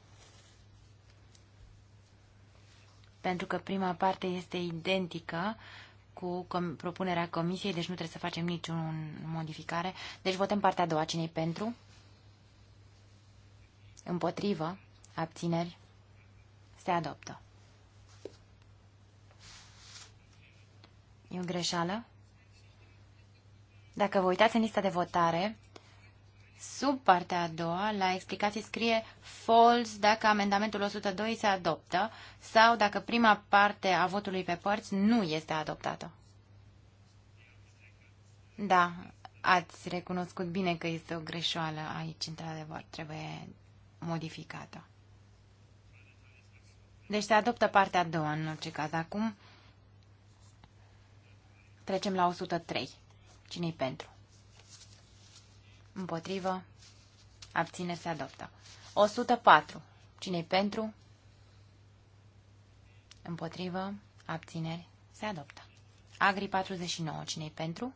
pentru că prima parte este identică cu com propunerea comisiei, deci nu trebuie să facem niciun modificare. Deci votăm partea a doua. cine pentru? Împotrivă? Abțineri? Se adoptă. E o greșeală? Dacă vă uitați în lista de votare, Sub partea a doua, la explicații scrie false dacă amendamentul 102 se adoptă sau dacă prima parte a votului pe părți nu este adoptată. Da, ați recunoscut bine că este o greșeală aici, într-adevăr, trebuie modificată. Deci se adoptă partea a doua în orice caz. Acum trecem la 103. Cine-i pentru? Împotrivă. Abține se adoptă. 104. Cine-i pentru? Împotrivă. Abțineri. Se adoptă. Agri 49. Cine-i pentru?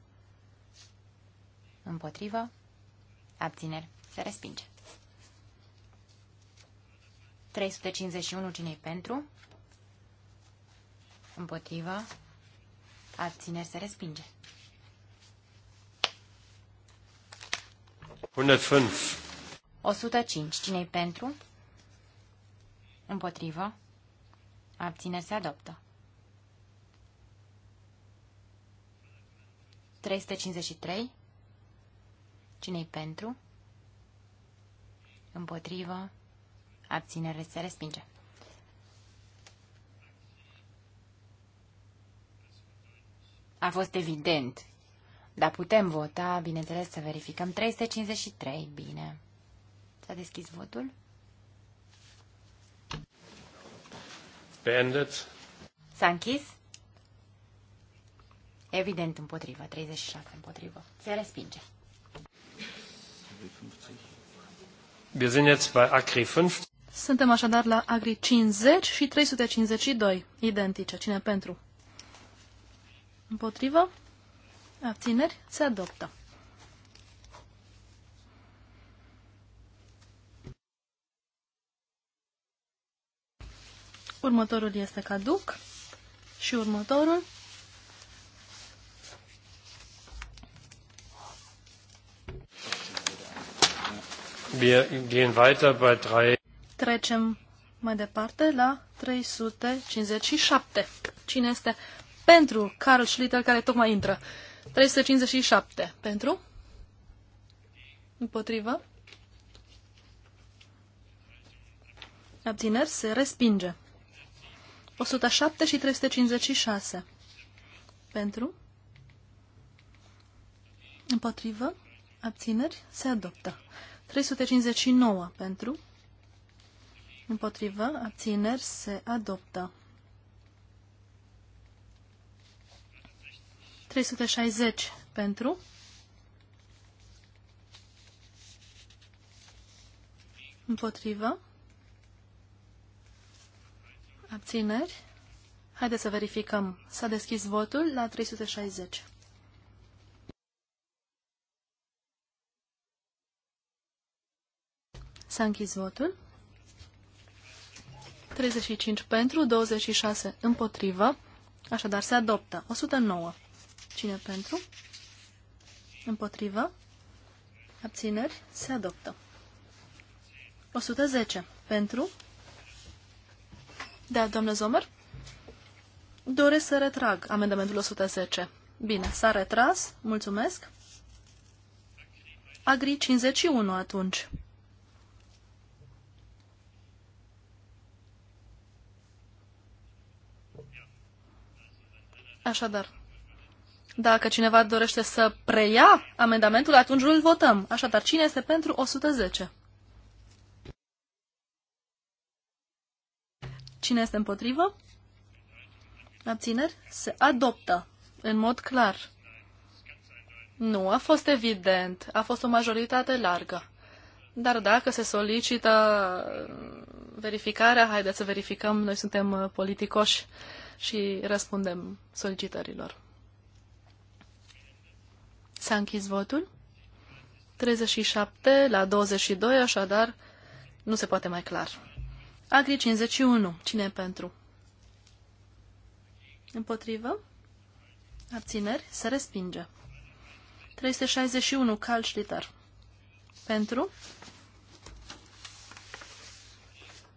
Împotrivă. Abțineri. Se respinge. 351. Cine-i pentru? Împotrivă. Abțineri. Se respinge. 105. 105. Cine-i pentru? Împotrivă. abține se adoptă. 353. Cine-i pentru? Împotrivă. Abținere se respinge. A fost evident dar putem vota, bineînțeles, să verificăm. 353, bine. S-a deschis votul? Bandit. S-a închis? Evident împotrivă, 36 împotrivă. Se respinge. Wir sind jetzt bei Agri 5. Suntem așadar la Agri 50 și 352, identice. Cine pentru? Împotrivă? abțineri, se adoptă. Următorul este caduc și următorul. Wir gehen weiter bei 3. Trecem mai departe la 357. Cine este pentru Carl Schlitter care tocmai intră? 357 pentru? Împotrivă? Abțineri se respinge. 107 și 356 pentru? Împotrivă? Abțineri se adoptă. 359 pentru? Împotrivă? Abțineri se adoptă. 360 pentru. Împotrivă. Abțineri. Haideți să verificăm. S-a deschis votul la 360. S-a închis votul. 35 pentru, 26 împotrivă. Așadar se adoptă. 109 Cine pentru? Împotrivă? Abțineri? Se adoptă. 110. Pentru? Da, doamnă Zomer? Doresc să retrag amendamentul 110. Bine, s-a retras. Mulțumesc. Agri 51 atunci. Așadar, dacă cineva dorește să preia amendamentul, atunci îl votăm. Așadar, cine este pentru 110? Cine este împotrivă? Abțineri? Se adoptă în mod clar. Nu, a fost evident. A fost o majoritate largă. Dar dacă se solicită verificarea, haideți să verificăm. Noi suntem politicoși și răspundem solicitărilor. S-a închis votul. 37 la 22, așadar nu se poate mai clar. Agri 51. Cine e pentru? Împotrivă? Abțineri? Se respinge. 361. Cal Schlitter. Pentru?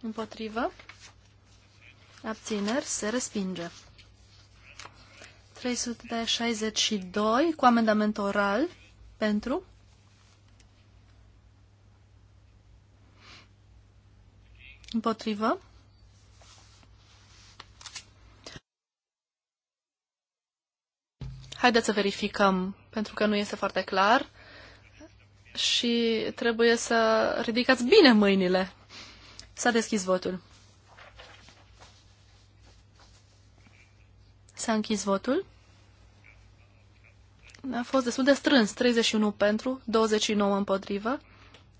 Împotrivă? Abțineri? Se respinge. 362 cu amendament oral pentru. Împotrivă. Haideți să verificăm, pentru că nu este foarte clar și trebuie să ridicați bine mâinile. S-a deschis votul. S-a închis votul. A fost destul de strâns. 31 pentru, 29 împotrivă,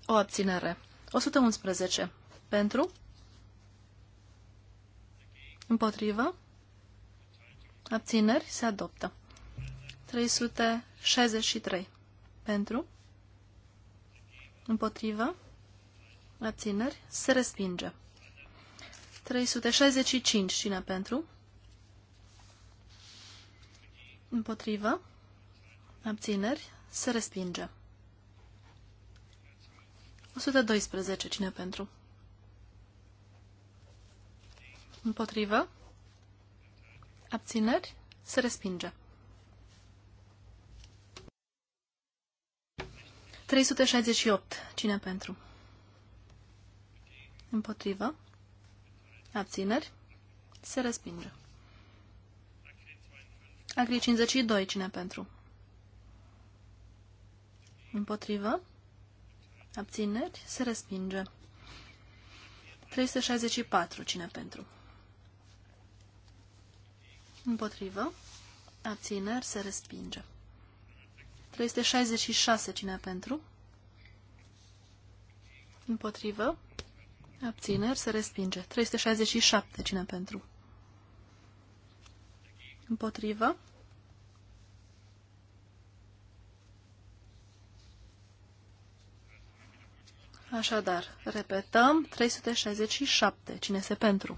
o abținere. 111 pentru, împotrivă, abțineri, se adoptă. 363 pentru, împotrivă, abțineri, se respinge. 365 cine pentru? Împotrivă. Abțineri. Se respinge. 112. Cine pentru? Împotrivă. Abțineri. Se respinge. 368. Cine pentru? Împotrivă. Abțineri. Se respinge. Agri 52, cine pentru? Împotrivă. Abțineri. Se respinge. 364. Cine pentru? Împotrivă. Abțineri. Se respinge. 366. Cine pentru? Împotrivă. Abțineri. Se respinge. 367. Cine pentru? Împotrivă. Așadar, repetăm, 367. Cine este pentru?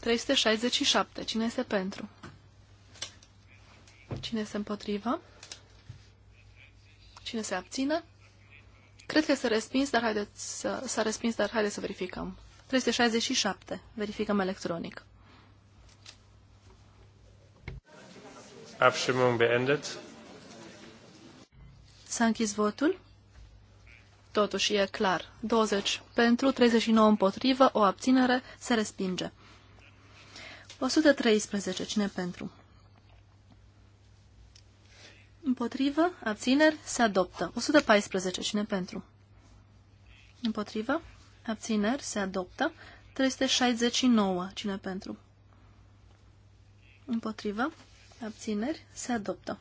367. Cine este pentru? Cine este împotrivă? Cine se abține? Cred că s-a respins, dar haideți să, s-a respins, dar haideți să verificăm. 367. Verificăm electronic. Abstimmung beendet. S-a închis votul. Totuși e clar. 20 pentru, 39 împotrivă, o abținere se respinge. 113. Cine pentru? Împotrivă, abțineri, se adoptă. 114. Cine pentru? Împotrivă, abțineri, se adoptă. 369. Cine pentru? Împotrivă, abțineri, se adoptă.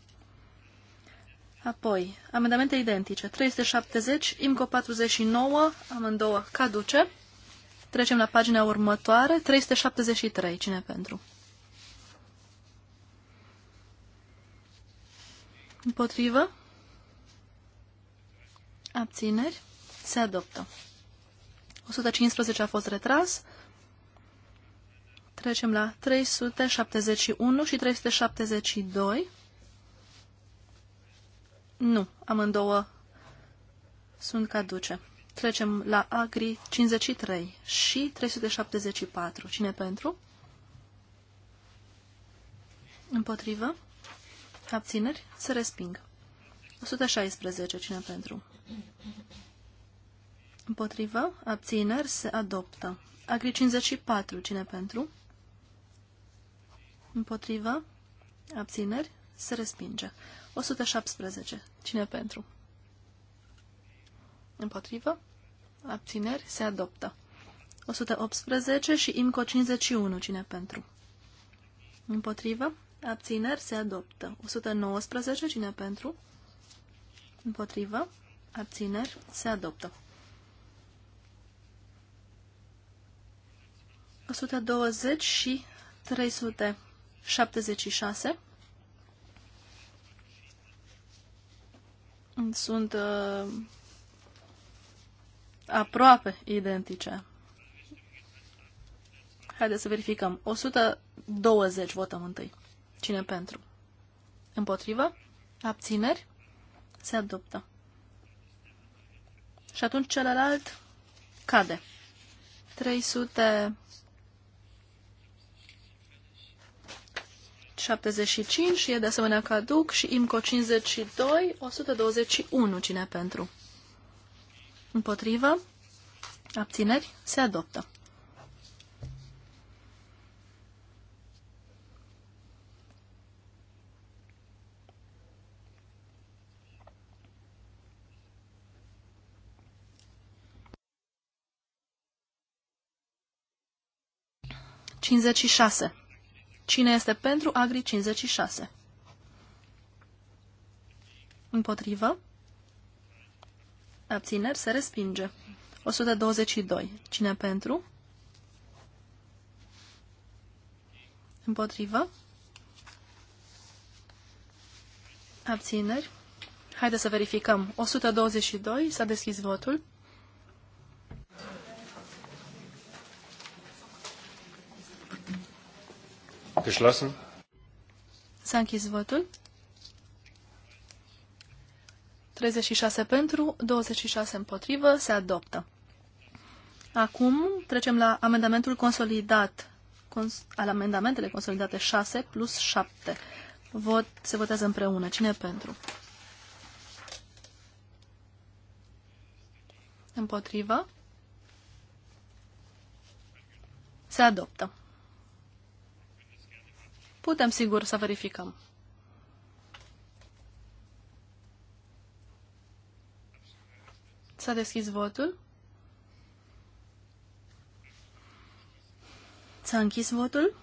Apoi, amendamente identice. 370, IMCO 49, amândouă caduce. Trecem la pagina următoare. 373, cine pentru? Împotrivă? Abțineri? Se adoptă. 115 a fost retras. Trecem la 371 și 372. Nu, amândouă sunt caduce. Trecem la Agri 53 și 374. Cine pentru? Împotrivă? Abțineri? Se resping. 116. Cine pentru? Împotrivă? Abțineri? Se adoptă. Agri 54. Cine pentru? Împotrivă? Abțineri? Se respinge. 117. Cine pentru? Împotrivă? Abțineri? Se adoptă. 118 și IMCO 51. Cine pentru? Împotrivă? Abțineri? Se adoptă. 119. Cine pentru? Împotrivă? Abțineri? Se adoptă. 120 și 376 sunt uh, aproape identice. Haideți să verificăm. 120 votăm întâi. Cine pentru? Împotrivă? Abțineri? Se adoptă. Și atunci celălalt cade. 300 75 și e de asemenea caduc și IMCO 52, 121 cine pentru. Împotrivă, abțineri, se adoptă. Cinzeci și șase. Cine este pentru Agri 56? Împotrivă? Abțineri se respinge. 122. Cine pentru? Împotrivă? Abțineri. Haideți să verificăm. 122. S-a deschis votul. Geschlossen. S-a închis votul. 36 pentru, 26 împotrivă, se adoptă. Acum trecem la amendamentul consolidat, cons al amendamentele consolidate 6 plus 7. Vot, se votează împreună. Cine e pentru? Împotrivă? Se adoptă. Putem, sigur, să verificăm. S-a deschis votul. S-a închis votul.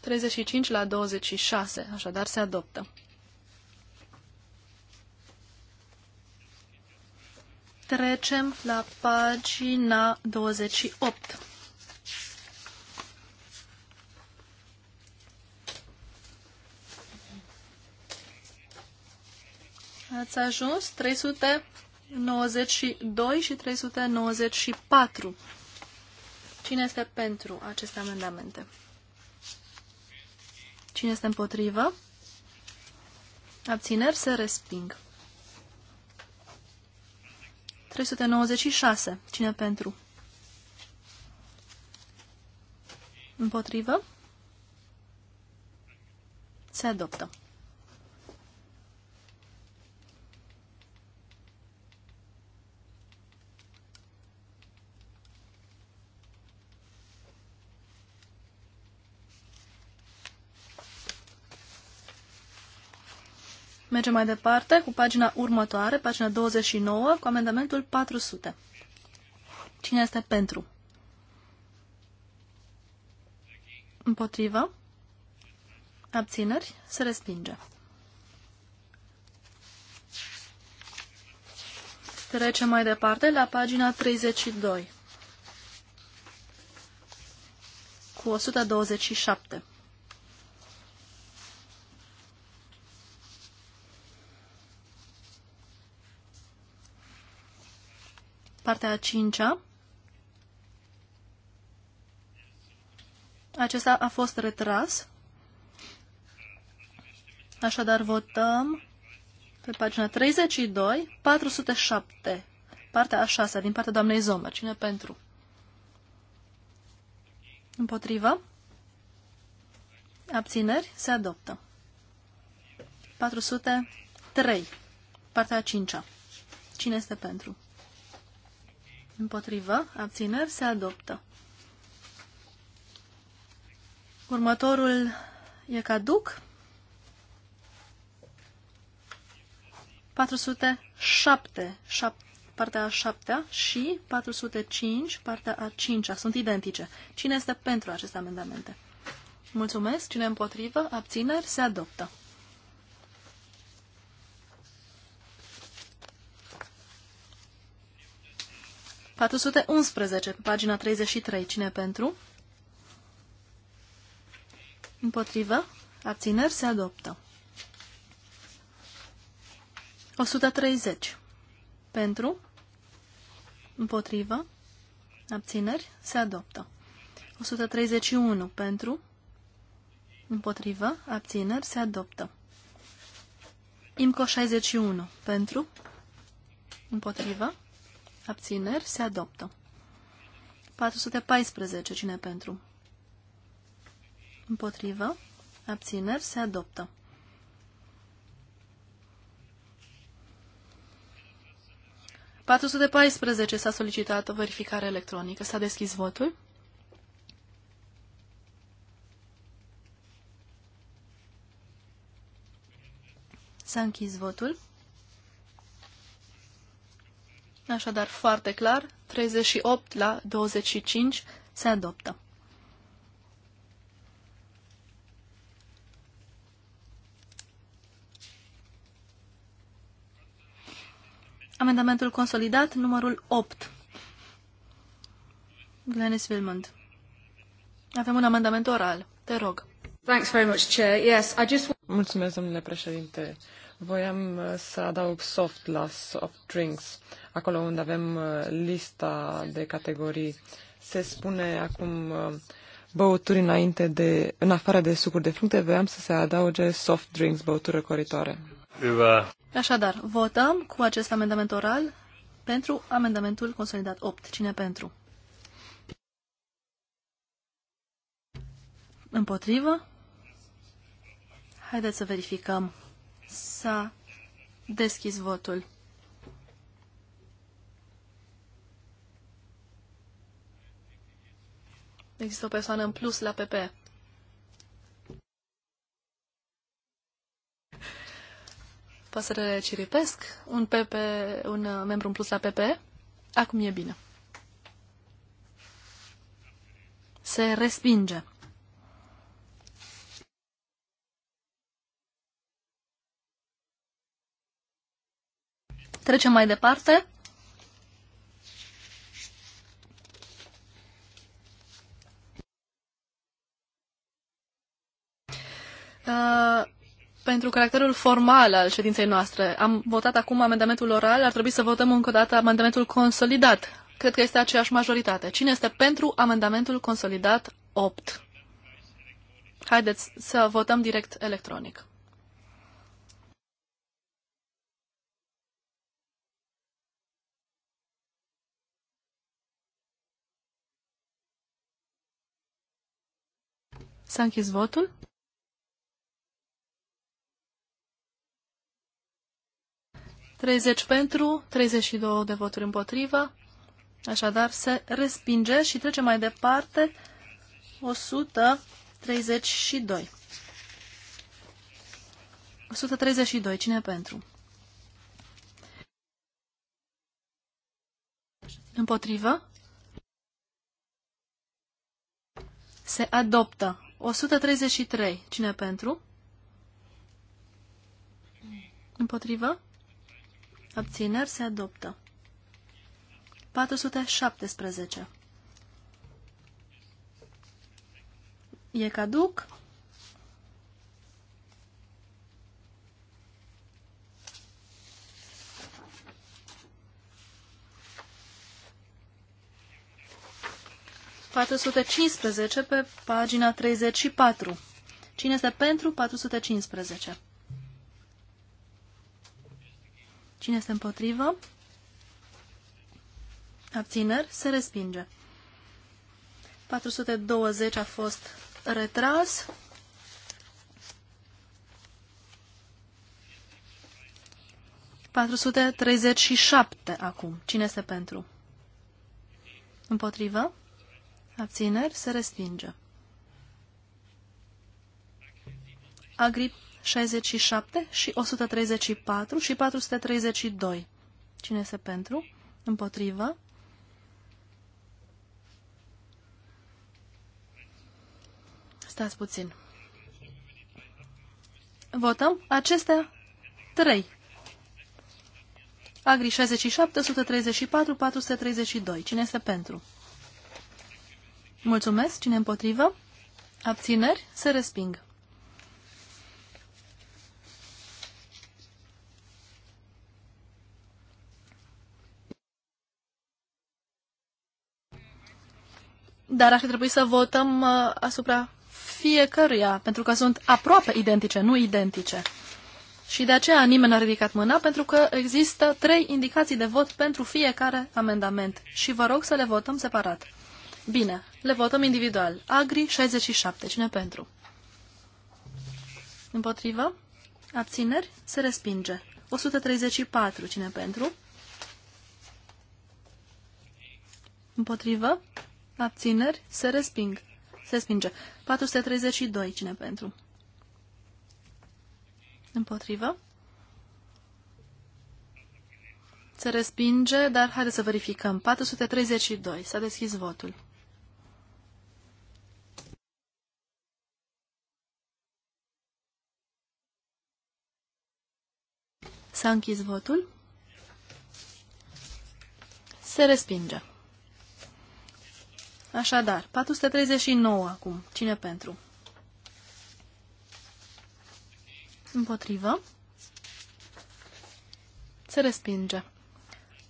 35 la 26, așadar se adoptă. Trecem la pagina 28. Ați ajuns 392 și 394. Cine este pentru aceste amendamente? Cine este împotrivă? Abțineri se resping. 396. Cine pentru? Împotrivă? Se adoptă. Mergem mai departe cu pagina următoare, pagina 29, cu amendamentul 400. Cine este pentru? Împotrivă? Abțineri? Se respinge. Trecem mai departe la pagina 32 cu 127. partea a cincea. Acesta a fost retras. Așadar, votăm pe pagina 32, 407, partea a șasea, din partea doamnei Zomer. Cine pentru? Împotrivă? Abțineri? Se adoptă. 403, partea a cincea. Cine este pentru? Împotrivă. Abțineri. Se adoptă. Următorul e caduc. 407, șap, partea a șaptea și 405, partea a cincea. Sunt identice. Cine este pentru aceste amendamente? Mulțumesc. Cine împotrivă? Abțineri? Se adoptă. 411, pagina 33. Cine pentru? Împotrivă. Abțineri se adoptă. 130. Pentru. Împotrivă. Abțineri se adoptă. 131. Pentru. Împotrivă. Abțineri se adoptă. IMCO 61. Pentru. Împotrivă. Abțineri se adoptă. 414. Cine pentru? Împotrivă. Abțineri se adoptă. 414 s-a solicitat o verificare electronică. S-a deschis votul. S-a închis votul. Așadar, foarte clar, 38 la 25 se adoptă. Amendamentul consolidat, numărul 8. Glenis Wilmond. Avem un amendament oral. Te rog. Thanks very much, Chair. Yes, I just... Mulțumesc, domnule președinte. Uh, Voiam uh, să adaug soft la soft drinks, acolo unde avem uh, lista de categorii. Se spune acum uh, băuturi înainte de, în afară de sucuri de fructe, voiam să se adauge soft drinks, băuturi coritoare. Așadar, votăm cu acest amendament oral pentru amendamentul consolidat 8. Cine pentru? Împotrivă? Haideți să verificăm. S-a deschis votul. Există o persoană în plus la PP. Păsările ciripesc, un PP, un membru în plus la PP. Acum e bine. Se respinge. Trecem mai departe. Uh, pentru caracterul formal al ședinței noastre. Am votat acum amendamentul oral, ar trebui să votăm încă o dată amendamentul consolidat. Cred că este aceeași majoritate. Cine este pentru amendamentul consolidat 8? Haideți să votăm direct electronic. S-a închis votul. Treizeci pentru, 32 de voturi împotriva. Așadar, se respinge și trece mai departe 132. 132. Cine pentru? Împotrivă? Se adoptă. 133. Cine pentru? Împotrivă? Abțineri se adoptă. 417. E caduc? 415 pe pagina 34. Cine este pentru 415? Cine este împotrivă? Abțineri? Se respinge. 420 a fost retras. ...437 acum. Cine este pentru? Împotrivă? Abțineri se respinge. Agri 67 și 134 și 432. Cine este pentru? Împotrivă. Stați puțin. Votăm acestea trei. Agri 67, 134, 432. Cine este pentru? Mulțumesc. Cine împotrivă? Abțineri? Se resping. Dar ar fi trebuit să votăm uh, asupra fiecăruia, pentru că sunt aproape identice, nu identice. Și de aceea nimeni n-a ridicat mâna, pentru că există trei indicații de vot pentru fiecare amendament. Și vă rog să le votăm separat. Bine, le votăm individual. Agri 67, cine pentru? Împotrivă? Abțineri? Se respinge. 134, cine pentru? Împotrivă? Abțineri? Se resping. Se respinge. 432, cine pentru? Împotrivă? Se respinge, dar haideți să verificăm. 432. S-a deschis votul. S-a închis votul. Se respinge. Așadar, 439 acum. Cine pentru? Împotrivă. Se respinge.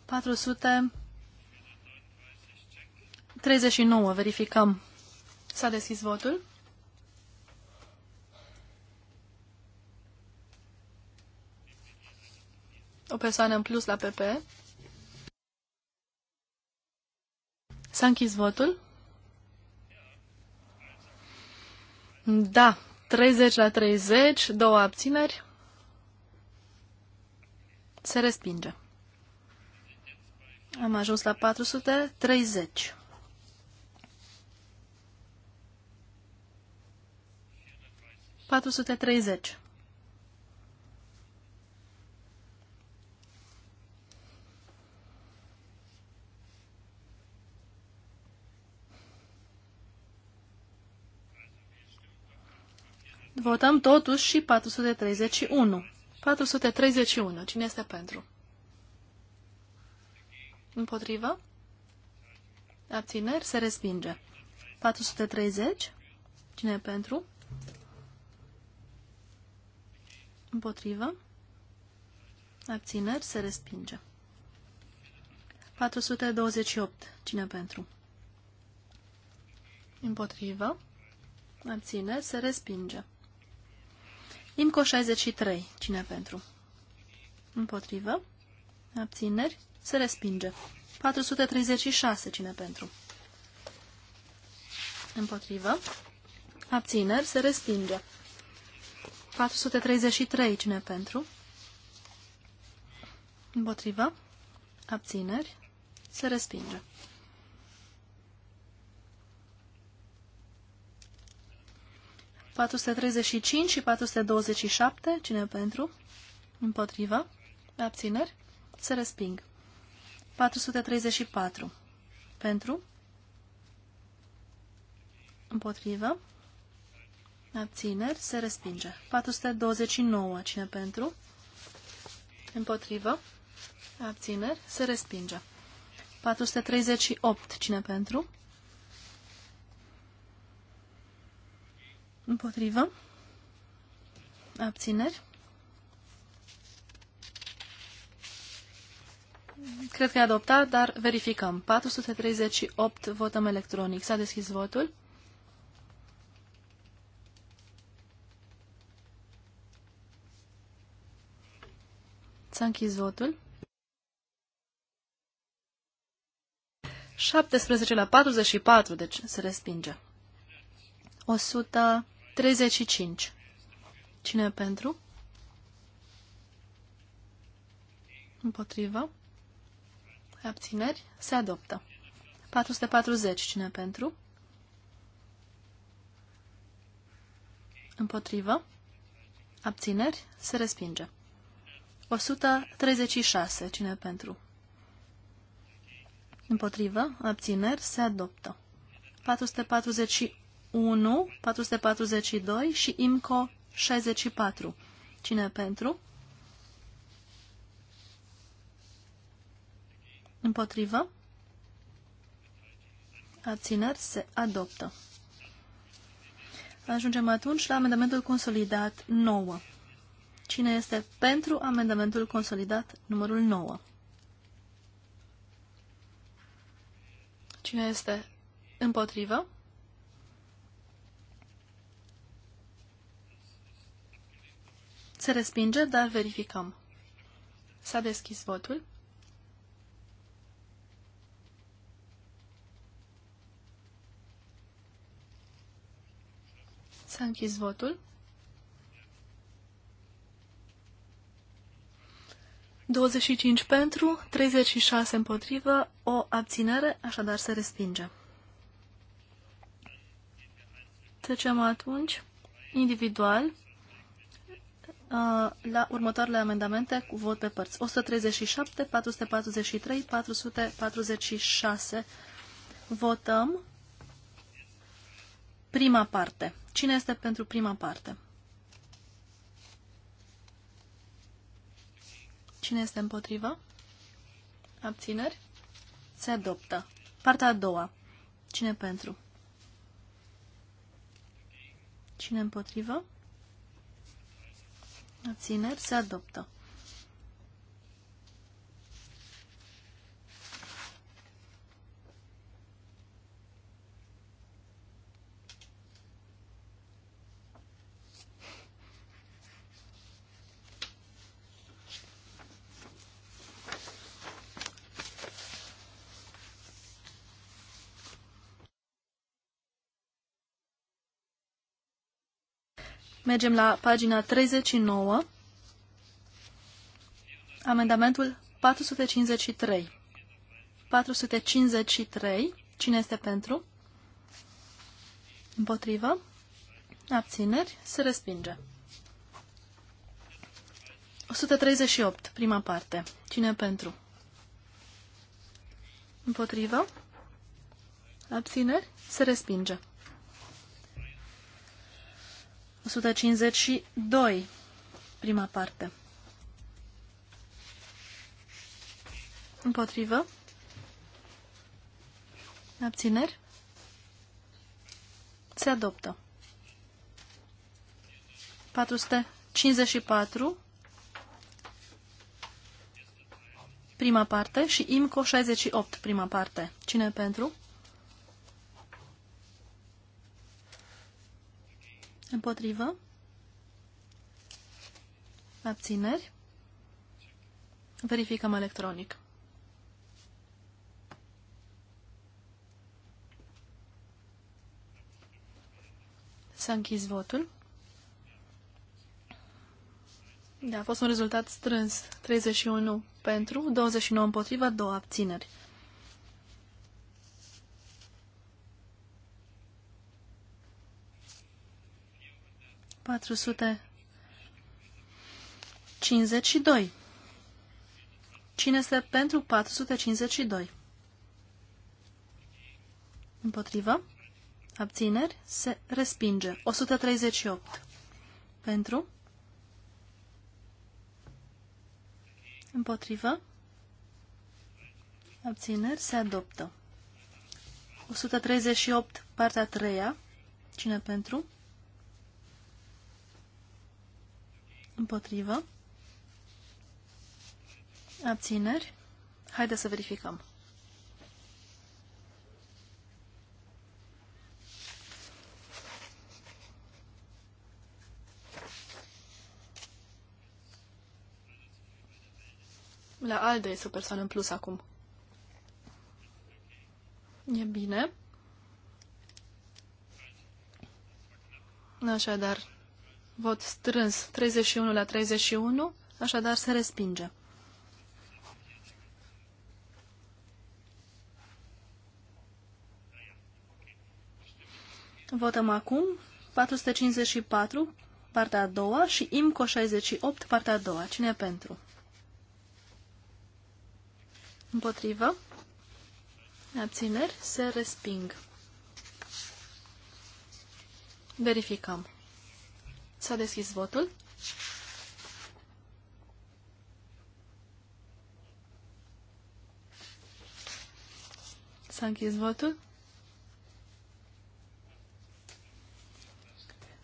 439. Verificăm. S-a deschis votul. o persoană în plus la PP. S-a închis votul. Da, 30 la 30, două abțineri. Se respinge. Am ajuns la 430. treizeci. Votăm totuși și 431. 431. Cine este pentru? Împotrivă? Abțineri? Se respinge. 430. Cine e pentru? Împotrivă? Abțineri? Se respinge. 428. Cine pentru? Împotrivă? Abțineri? Se respinge. IMCO 63. Cine pentru? Împotrivă. Abțineri. Se respinge. 436. Cine pentru? Împotrivă. Abțineri. Se respinge. 433. Cine pentru? Împotrivă. Abțineri. Se respinge. 435 și 427, cine pentru? Împotrivă. Abțineri. Se resping. 434. Pentru. Împotrivă. Abțineri. Se respinge. 429. Cine pentru? Împotrivă. Abțineri. Se respinge. 438. Cine pentru? Împotrivă. Abțineri. Cred că e adoptat, dar verificăm. 438 votăm electronic. S-a deschis votul. S-a închis votul. 17 la 44, deci se respinge. 100 35. Cine pentru? Împotrivă. Abțineri. Se adoptă. 440. Cine pentru? Împotrivă. Abțineri. Se respinge. 136. Cine pentru? Împotrivă. Abțineri. Se adoptă. 440. 1, 442 și IMCO 64. Cine pentru? Împotrivă? Abțineri se adoptă. Ajungem atunci la amendamentul consolidat 9. Cine este pentru amendamentul consolidat numărul 9? Cine este împotrivă? Se respinge, dar verificăm. S-a deschis votul. S-a închis votul. 25 pentru, 36 împotrivă, o abținere, așadar se respinge. Trecem atunci individual Uh, la următoarele amendamente cu vot pe părți. 137, 443, 446. Votăm prima parte. Cine este pentru prima parte? Cine este împotrivă? Abțineri? Se adoptă. Partea a doua. Cine pentru? Cine împotrivă? Abțineri se adoptă. Mergem la pagina 39, amendamentul 453. 453. Cine este pentru? Împotrivă? Abțineri? Se respinge. 138. Prima parte. Cine pentru? Împotrivă? Abțineri? Se respinge. 152, prima parte. Împotrivă. Abțineri. Se adoptă. 454. Prima parte și IMCO 68, prima parte. Cine pentru? Împotrivă. Abțineri. Verificăm electronic. S-a închis votul. Da, a fost un rezultat strâns. 31 pentru, 29 împotriva, 2 abțineri. 452. Cine este pentru 452? Împotrivă. Abțineri. Se respinge. 138. Pentru. Împotrivă. Abțineri. Se adoptă. 138. Partea 3 -a. Cine pentru? Împotrivă. Abțineri. Haideți să verificăm. La Alde este o persoană în plus acum. E bine. Așadar, Vot strâns 31 la 31, așadar se respinge. Votăm acum 454, partea a doua, și IMCO 68, partea a doua. Cine e pentru? Împotrivă. Abțineri se resping. Verificăm. S-a deschis votul. S-a închis votul.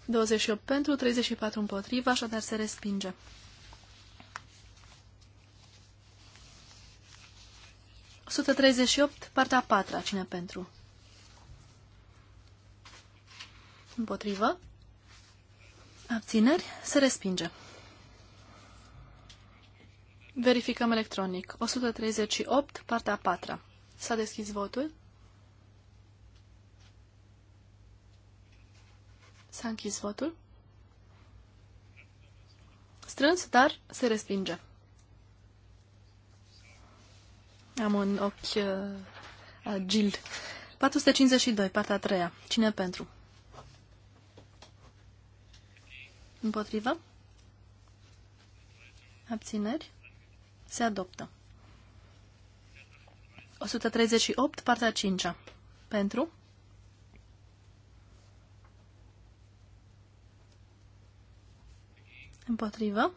28 pentru, 34 împotriva, așadar se respinge. opt partea a patra, cine pentru? Împotrivă. Abțineri? Se respinge. Verificăm electronic. 138, partea a patra. S-a deschis votul. S-a închis votul. Strâns, dar se respinge. Am un ochi uh, agil. 452, partea a treia. Cine pentru? Împotrivă? Abțineri? Se adoptă. 138, partea 5 -a. Pentru? Împotrivă?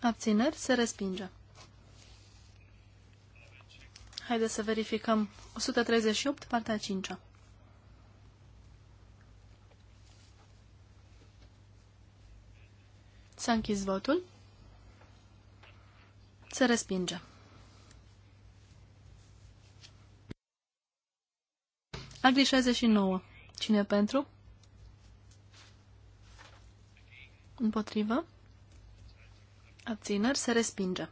Abțineri? Se respinge. Haideți să verificăm 138, partea 5 -a. Să închizi votul. Se respinge. Agri 69. Cine pentru? Împotrivă. Abțineri. Se respinge.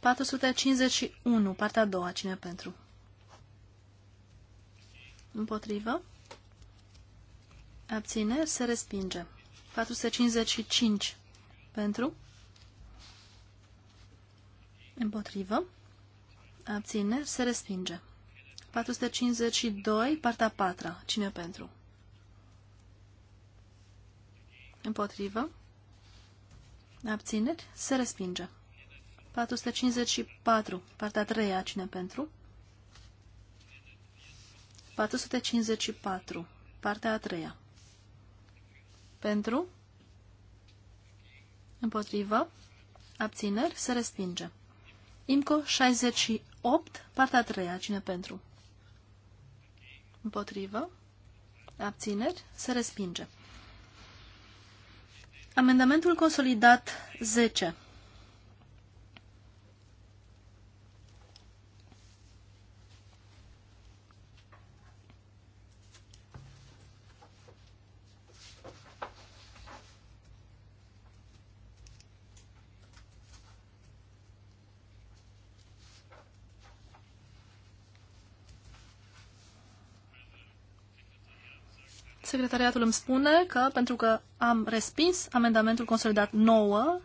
451. Partea a doua. Cine pentru? Împotrivă. Abțineri. Se respinge. 455 pentru, împotrivă, abțineri, se respinge. 452, partea 4, cine pentru? Împotrivă, abțineri, se respinge. 454, partea 3, cine pentru? 454, partea a treia. Pentru? Împotrivă? Abțineri? Se respinge. IMCO 68, partea a Cine pentru? Împotrivă? Abțineri? Se respinge. Amendamentul consolidat 10. secretariatul îmi spune că, pentru că am respins amendamentul consolidat 9,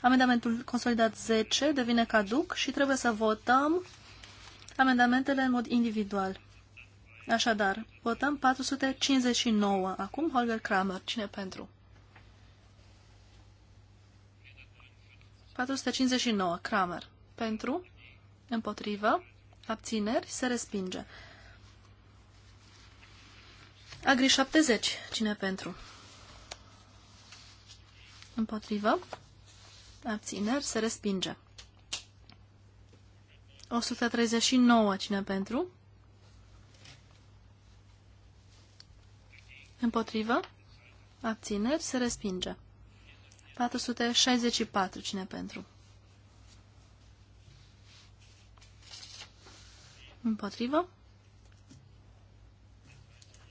amendamentul consolidat 10 devine caduc și trebuie să votăm amendamentele în mod individual. Așadar, votăm 459. Acum Holger Kramer. Cine pentru? 459. Kramer. Pentru? Împotrivă? Abțineri? Se respinge. Agri 70. Cine pentru? Împotrivă. Abțineri. Se respinge. 139. Cine pentru? Împotrivă. Abțineri. Se respinge. 464. Cine pentru? Împotrivă.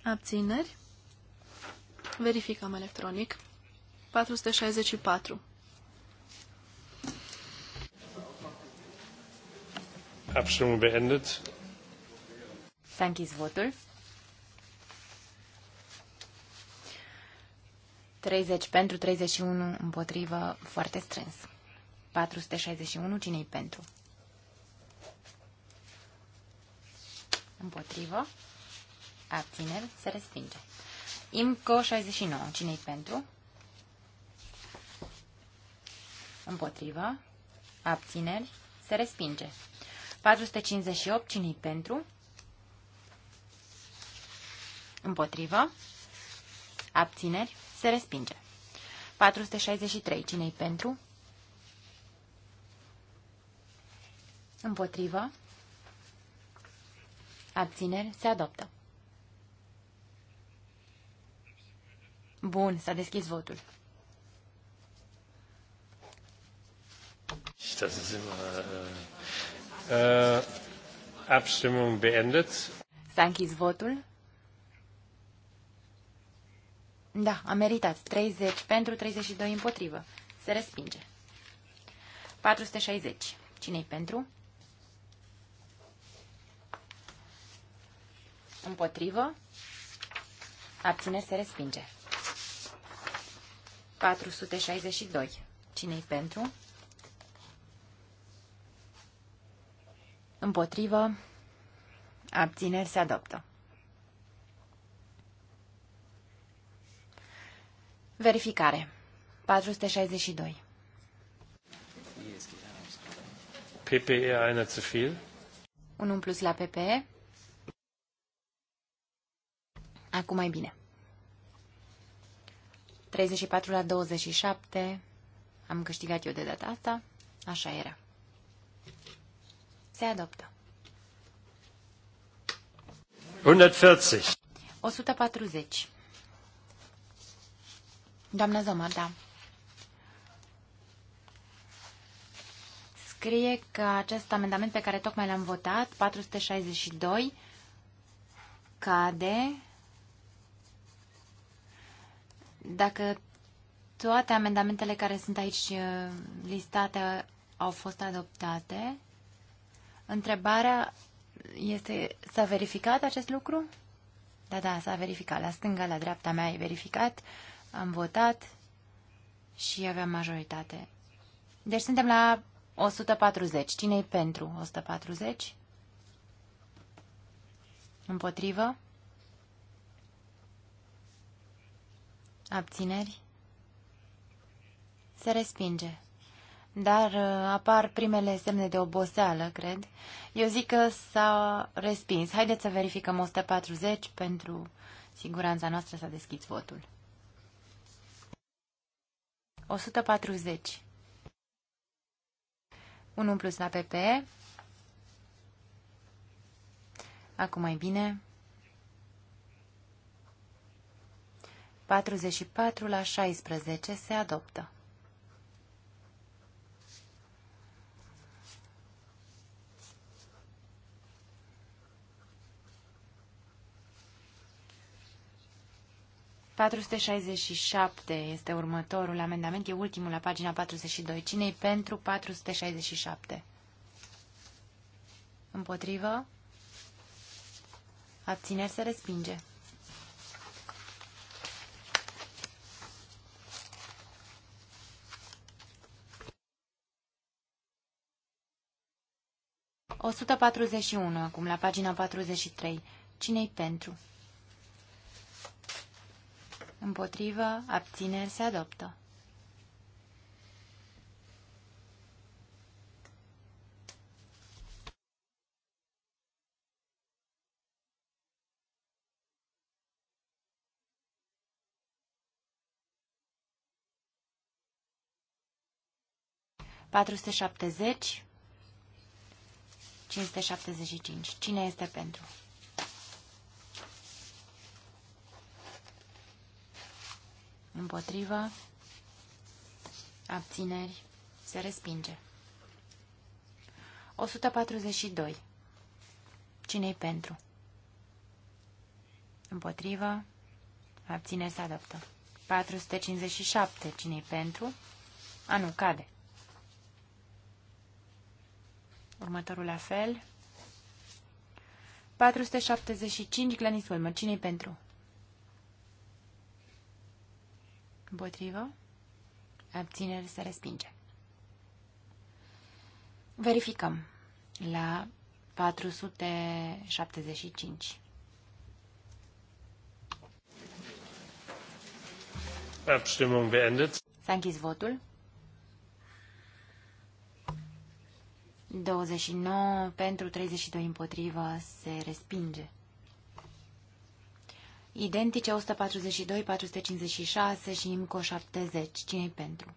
Abțineri. Verificăm electronic. 464. Abstimmung beendet. S-a votul. 30 pentru, 31 împotrivă, foarte strâns. 461, cine pentru? Împotrivă abțineri, se respinge. IMCO 69. cine e pentru? Împotrivă. Abțineri. Se respinge. 458. cine e pentru? Împotrivă. Abțineri. Se respinge. 463. cine e pentru? Împotrivă. Abțineri. Se adoptă. Bun, s-a deschis votul. Äh, äh, Abstimmung beendet. S-a închis votul. Da, a meritat. 30 pentru, 32 împotrivă. Se respinge. 460. Cine-i pentru? Împotrivă. Abține, se respinge. 462. Cine-i pentru? Împotrivă. Abțineri se adoptă. Verificare. 462. PPE eine zu viel. un plus la PPE. Acum mai bine. 34 la 27. Am câștigat eu de data asta. Așa era. Se adoptă. 140. 140. Doamna Zoma, da. Scrie că acest amendament pe care tocmai l-am votat, 462, cade dacă toate amendamentele care sunt aici uh, listate au fost adoptate, întrebarea este, s-a verificat acest lucru? Da, da, s-a verificat. La stânga, la dreapta mea e verificat. Am votat și aveam majoritate. Deci suntem la 140. Cine-i pentru 140? Împotrivă? abțineri, se respinge. Dar uh, apar primele semne de oboseală, cred. Eu zic că s-a respins. Haideți să verificăm 140 pentru siguranța noastră să deschiți votul. 140. 1 plus la PP. Acum mai bine. 44 la 16 se adoptă. șapte este următorul amendament, e ultimul la pagina 42. Cine-i pentru 467? Împotrivă? Abțineri se respinge. 141 acum, la pagina 43. Cine-i pentru? Împotrivă, abțineri, se adoptă. Patruste șaptezeci 575. Cine este pentru? Împotrivă. Abțineri. Se respinge. 142. cine e pentru? Împotrivă. Abțineri se adoptă. 457. cine e pentru? A, nu, cade. Următorul la fel. 475 Glenis Wilmer. cine pentru? Împotrivă. Abțineri se respinge. Verificăm la 475. Abstimmung beendet. S-a închis votul. 29 pentru 32 împotriva se respinge. Identice 142, 456 și IMCO 70. cine pentru?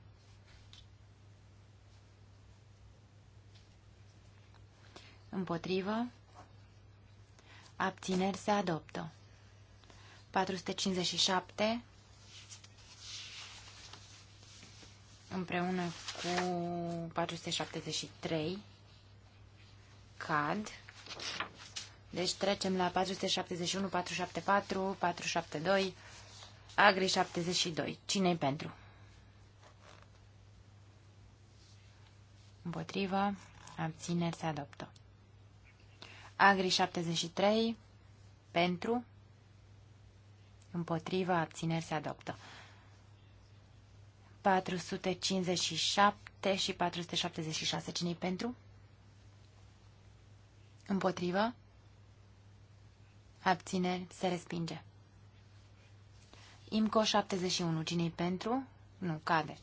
Împotrivă. Abțineri se adoptă. 457 împreună cu 473 cad. Deci trecem la 471, 474, 472, agri 72. Cine-i pentru? Împotrivă, abțineri se adoptă. Agri 73, pentru, împotrivă, abțineri se adoptă. 457 și 476, cine pentru? Împotrivă. Abțineri. Se respinge. IMCO 71. cine pentru? Nu, cade.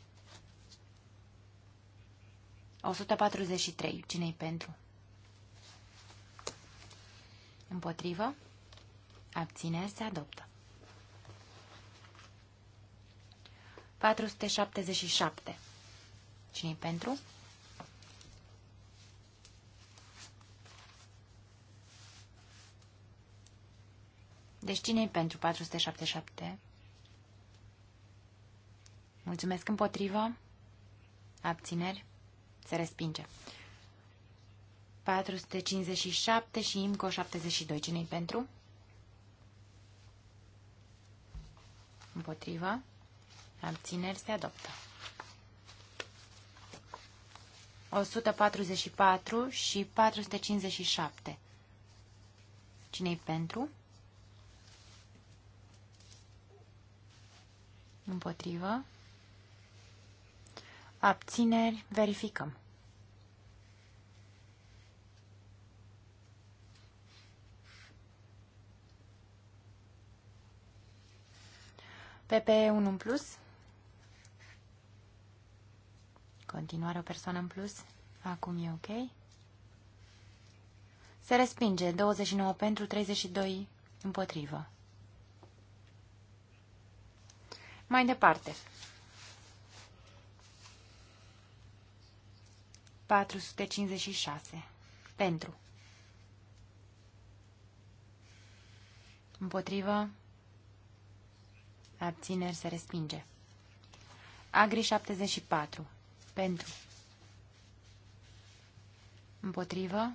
143. Cine-i pentru? Împotrivă? Abțineri se adoptă. 477. Cine-i pentru? Deci cine e pentru 477? Mulțumesc împotrivă. Abțineri. Se respinge. 457 și IMCO 72. cine e pentru? Împotrivă. Abțineri se adoptă. 144 și 457. cine e pentru? Împotrivă. Abțineri. Verificăm. pp 1 în plus. Continuare o persoană în plus. Acum e ok. Se respinge 29 pentru 32 împotrivă. Mai departe. 456. Pentru. Împotrivă. Abțineri se respinge. Agri 74. Pentru. Împotrivă.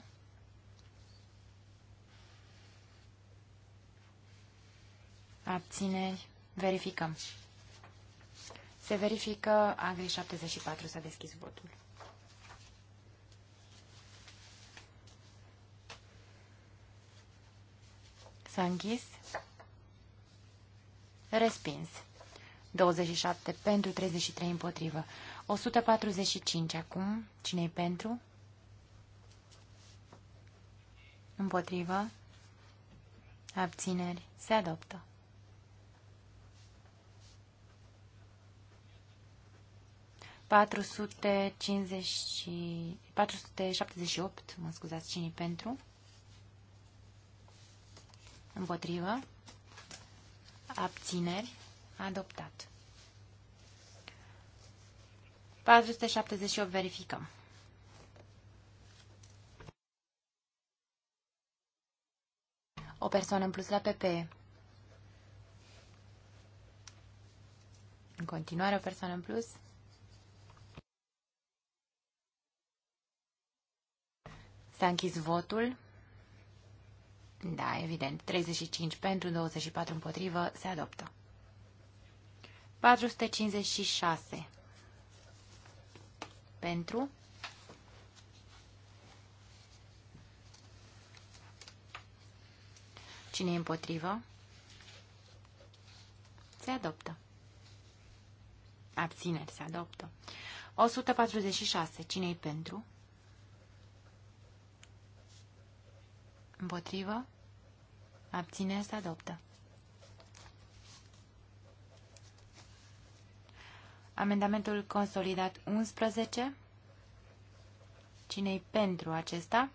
Abțineri. Verificăm. Se verifică Agri 74. S-a deschis votul. S-a închis. Respins. 27 pentru, 33 împotrivă. 145 acum. Cine-i pentru? Împotrivă. Abțineri. Se adoptă. 450, 478, mă scuzați, cine pentru? Împotrivă. Abțineri. Adoptat. 478 verificăm. O persoană în plus la PP. În continuare, o persoană în plus. S-a închis votul. Da, evident. 35 pentru, 24 împotrivă. Se adoptă. 456 pentru. Cine e împotrivă? Se adoptă. Abțineri se adoptă. 146. Cine-i pentru? Împotrivă. Abține, să adoptă. Amendamentul consolidat 11. Cine-i pentru acesta?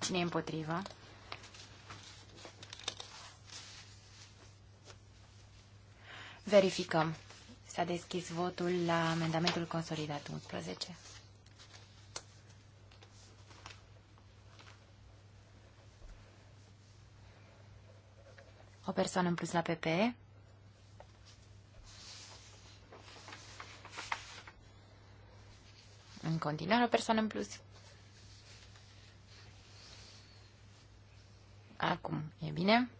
Cine i împotrivă? Verificăm. S-a deschis votul la amendamentul consolidat 11. O persoană în plus la PP. În continuare o persoană în plus. Acum e bine.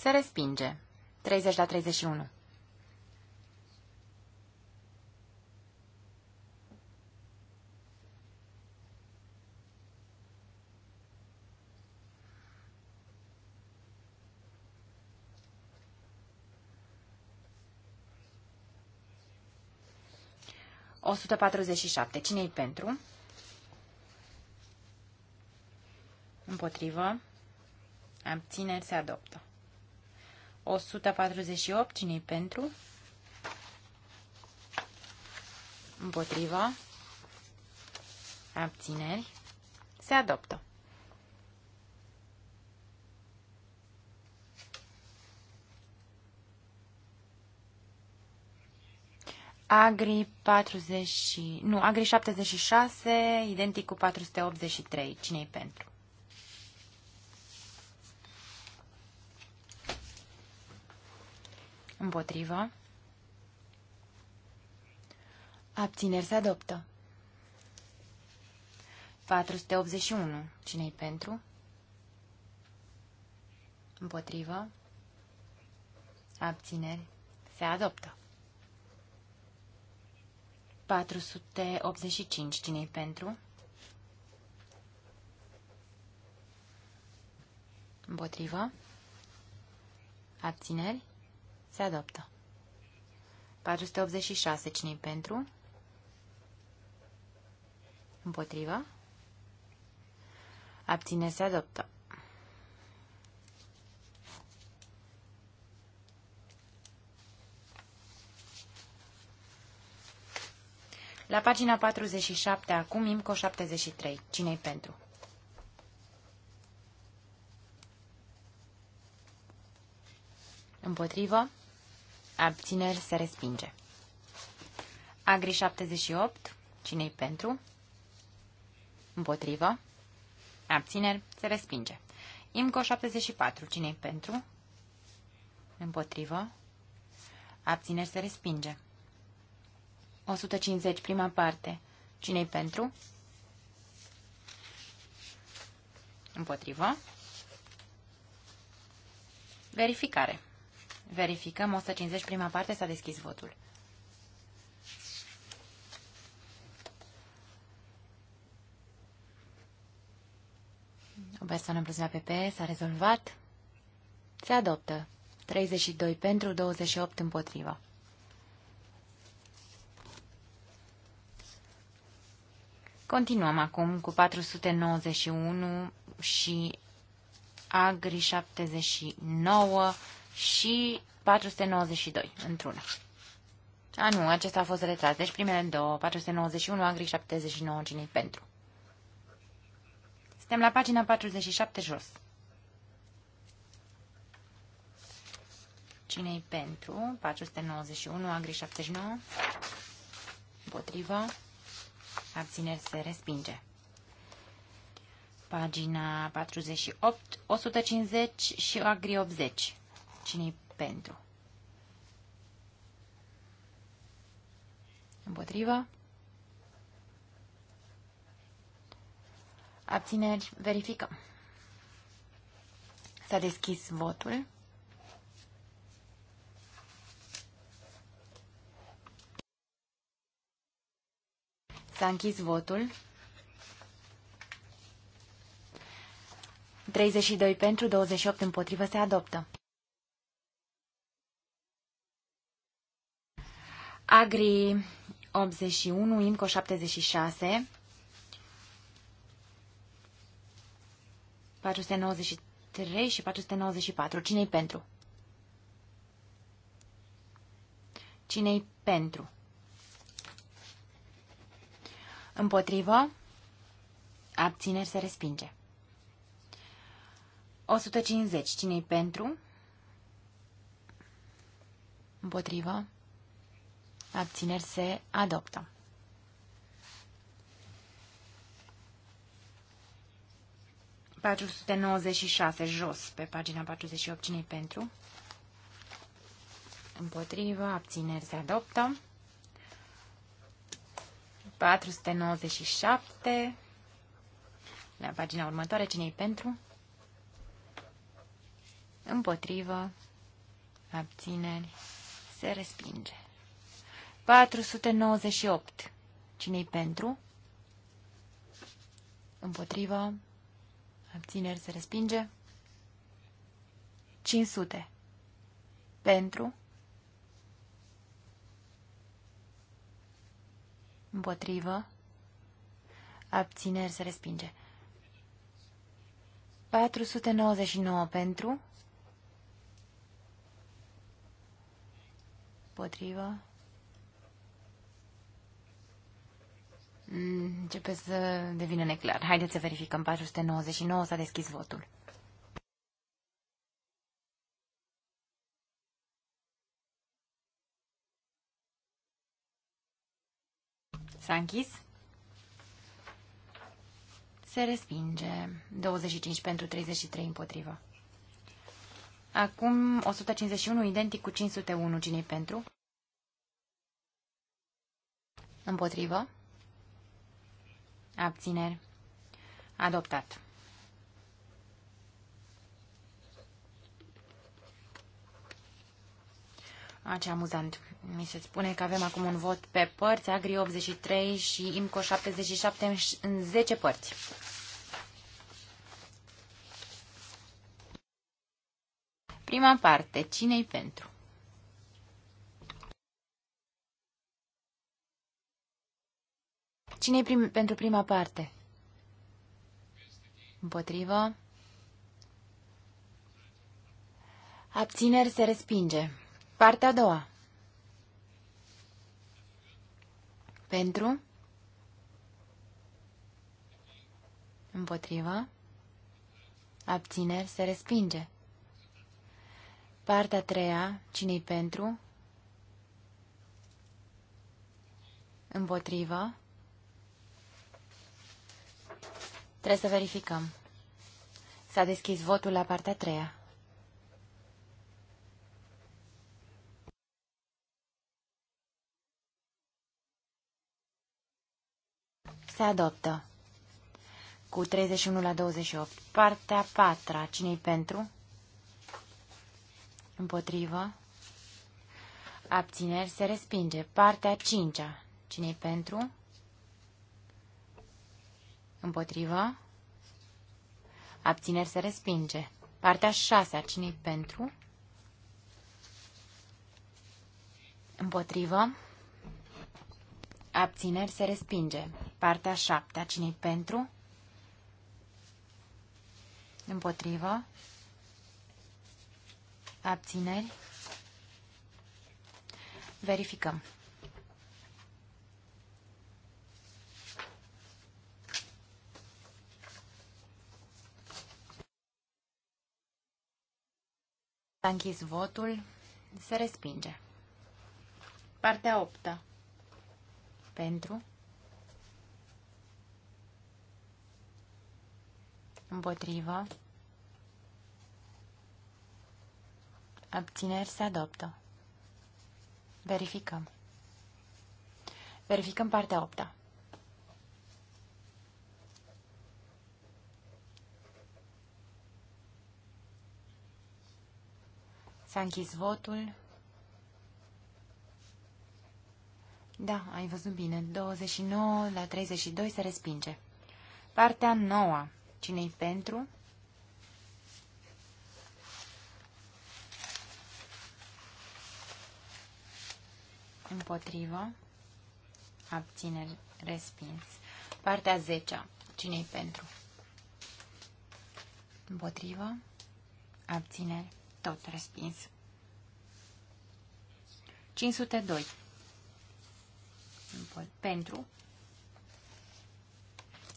Se respinge. 30 la 31. O sută patruzeci și șapte. Cine-i pentru? Împotrivă. Abțineri se adoptă. 148, cine pentru? Împotriva. Abțineri. Se adoptă. Agri 40, nu, Agri 76, identic cu 483. Cine-i pentru? Împotrivă. Abțineri se adoptă. 481. Cine-i pentru? Împotrivă. Abțineri se adoptă. 485. Cine-i pentru? Împotrivă. Abțineri. Se adoptă. 486. Cine pentru? Împotrivă. Abține. Se adoptă. La pagina 47, acum, IMCO 73. Cine-i pentru? Împotrivă? abțineri se respinge. Agri 78, cine-i pentru? Împotrivă, abțineri se respinge. Imco 74, cine-i pentru? Împotrivă, abțineri se respinge. 150, prima parte, cine-i pentru? Împotrivă. Verificare. Verificăm 150 prima parte, s-a deschis votul. O persoană plus la PP s-a rezolvat. Se adoptă. 32 pentru, 28 împotriva. Continuăm acum cu 491 și Agri 79 și 492 într-una. A, nu, acesta a fost retras. Deci primele două, 491, Agri 79, cine pentru? Suntem la pagina 47 jos. cine pentru? 491, Agri 79. Împotrivă. Abțineri se respinge. Pagina 48, 150 și Agri 80 cine pentru? Împotriva? Abțineri, verificăm. S-a deschis votul. S-a închis votul. 32 pentru, 28 împotrivă se adoptă. Agri 81, IMCO 76, 493 și 494. Cine-i pentru? Cine-i pentru? Împotrivă? Abțineri se respinge. 150. Cine-i pentru? Împotrivă? abțineri se adoptă. ...496 jos pe pagina 48, cine pentru? Împotrivă, abțineri se adoptă. 497 la pagina următoare, cine pentru? Împotrivă, abțineri, se respinge. 498. Cine-i pentru? Împotrivă. Abțineri se respinge. 500. Pentru. Împotrivă. Abțineri se respinge. 499 pentru. Împotrivă. Începe să devină neclar. Haideți să verificăm. 199 s-a deschis votul. S-a închis. Se respinge. 25 pentru 33 împotriva. Acum 151 identic cu 501. cine pentru? Împotrivă. Abțineri. Adoptat. A, ce amuzant. Mi se spune că avem acum un vot pe părți, Agri 83 și IMCO 77 în 10 părți. Prima parte. Cine-i pentru? Cine-i prim, pentru prima parte? Împotrivă. Abțineri se respinge. Partea a doua. Pentru. Împotrivă. Abțineri se respinge. Partea a treia. cine pentru? Împotrivă. Trebuie să verificăm. S-a deschis votul la partea a treia. Se adoptă. Cu 31 la 28. Partea patra. Cine-i pentru? Împotrivă. Abțineri se respinge. Partea cincea. Cine-i pentru? Împotrivă. Abțineri se respinge. Partea 6 a cinei pentru. Împotrivă. Abțineri se respinge. Partea 7 a cinei pentru. Împotrivă. Abțineri. Verificăm. S-a închis votul. Se respinge. Partea 8. Pentru. Împotrivă. Abțineri se adoptă. Verificăm. Verificăm partea 8. -a. S-a închis votul. Da, ai văzut bine. 29 la 32 se respinge. Partea noua. Cine-i pentru? Împotrivă. Abțineri. Respins. Partea 10. Cine-i pentru? Împotrivă. Abțineri tot respins. 502. Pentru.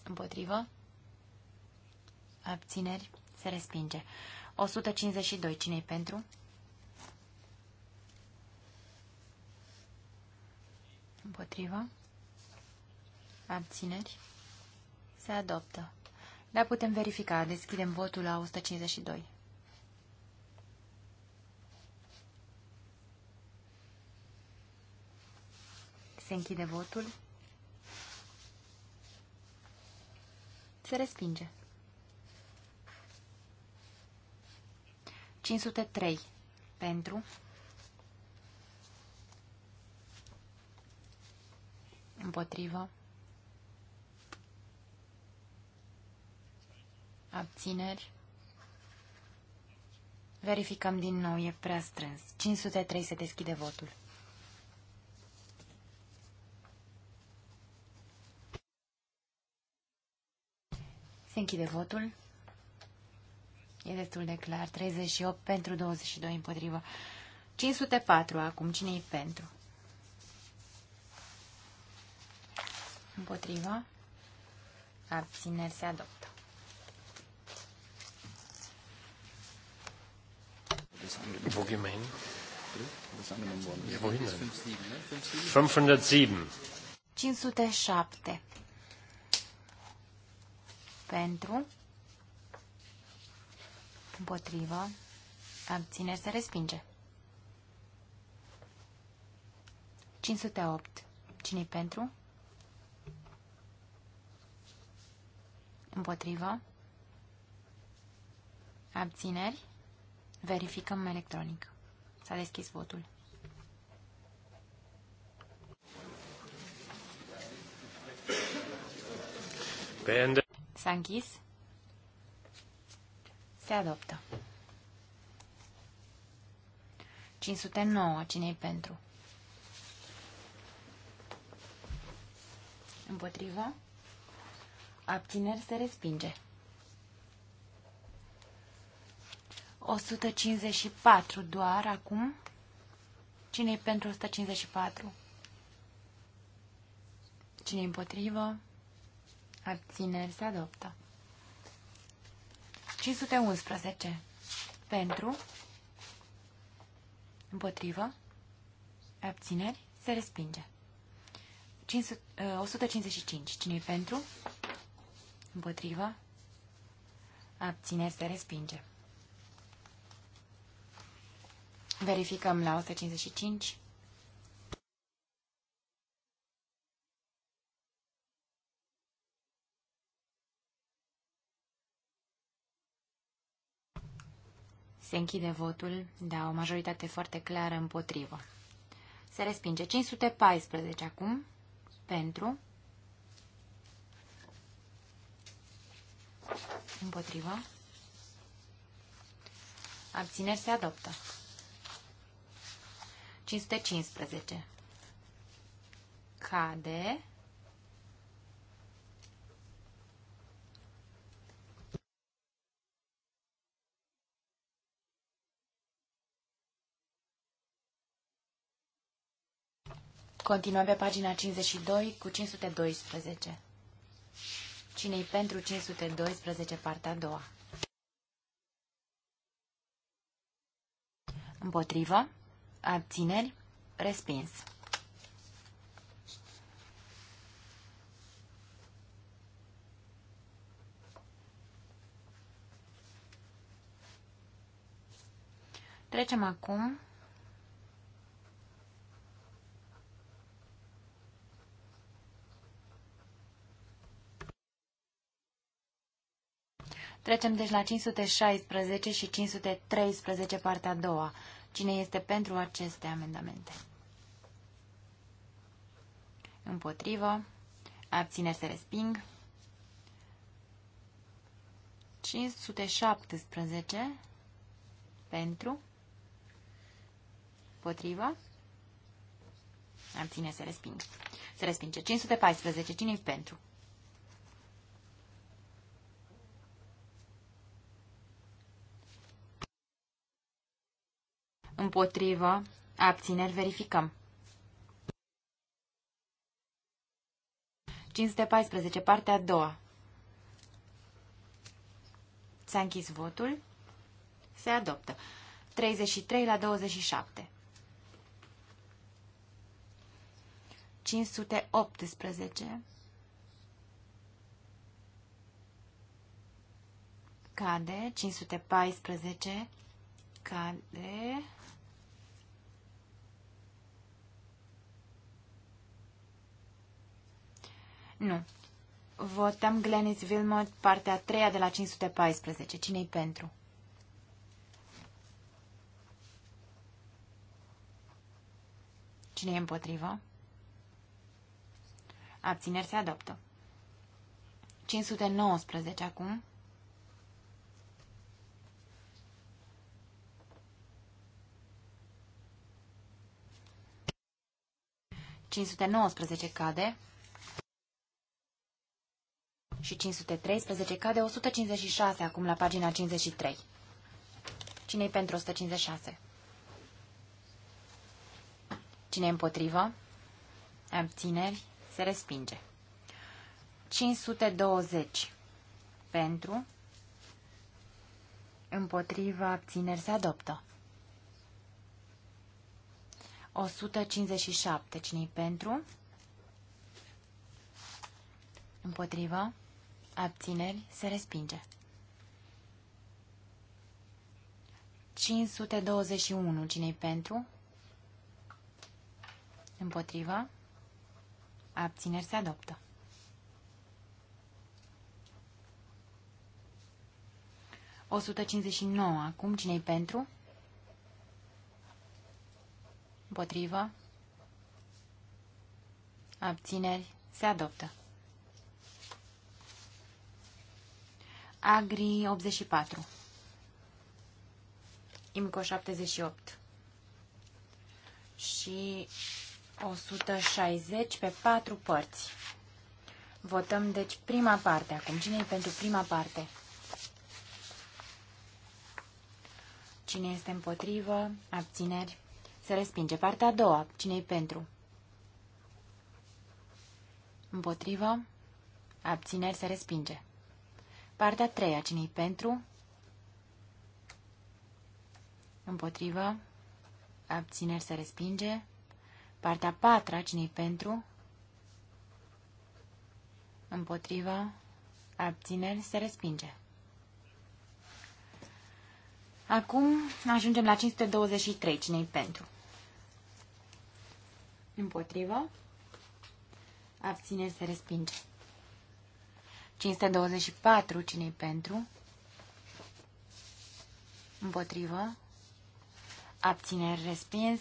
Împotrivă. Abțineri. Se respinge. 152. cine pentru? Împotrivă. Abțineri. Se adoptă. Dar putem verifica. Deschidem votul la 152. Se închide votul. Se respinge. 503 pentru împotrivă abțineri verificăm din nou, e prea strâns 503 se deschide votul Se închide votul. E destul de clar. 38 pentru, 22 împotrivă. 504 acum. cine e pentru? Împotrivă. Abțineri se adoptă. Wo hin? 507. 507 pentru, împotrivă, abțineri se respinge. 508. Cine pentru? Împotrivă. Abțineri. Verificăm electronic. S-a deschis votul. S-a închis. Se adoptă. 509. Cine-i pentru? Împotriva? Abțineri se respinge. 154 doar acum. Cine-i pentru 154? Cine-i împotrivă? Abțineri se adoptă. 511. Pentru. Împotrivă. Abțineri se respinge. 155. Eh, cine pentru? Împotrivă. Abțineri se respinge. Verificăm la 155. Se închide votul, da, o majoritate foarte clară împotrivă. Se respinge. 514 acum, pentru, împotrivă, abțineri se adoptă. 515 cade Continuăm pe pagina 52 cu 512. Cine-i pentru 512, partea a doua? Împotrivă? Abțineri? Respins. Trecem acum Trecem deci la 516 și 513, partea a doua. Cine este pentru aceste amendamente? Împotrivă. Abține se resping. 517 pentru. Împotrivă. Abține se resping. Se respinge. 514. Cine-i pentru? împotrivă, abțineri, verificăm. 514, partea a doua. S-a închis votul. Se adoptă. 33 la 27. 518. Cade. 514. Cade. Nu. Votăm Glenis Wilmot, partea a treia de la 514. Cine-i pentru? Cine e împotrivă? Abțineri se adoptă. 519 acum. Cinci cade și 513 cade 156 acum la pagina 53. Cine-i pentru 156? Cine împotrivă? Abțineri? Se respinge. 520 pentru, împotrivă, abțineri, se adoptă. 157, cine pentru? Împotrivă, abțineri, se respinge. 521. Cine-i pentru? Împotriva? Abțineri se adoptă. O 159. Acum cine-i pentru? Împotriva. Abțineri se adoptă. Agri 84. IMCO 78. Și 160 pe patru părți. Votăm, deci, prima parte acum. cine e pentru prima parte? Cine este împotrivă? Abțineri? Se respinge. Partea a doua. cine e pentru? Împotrivă? Abțineri? Se respinge. Partea a treia, cine pentru? Împotrivă. Abțineri se respinge. Partea a patra, cine pentru? Împotrivă. Abțineri se respinge. Acum ajungem la 523. Cine-i pentru? Împotrivă. Abțineri se respinge. 524, cine pentru? Împotrivă. Abțineri respins.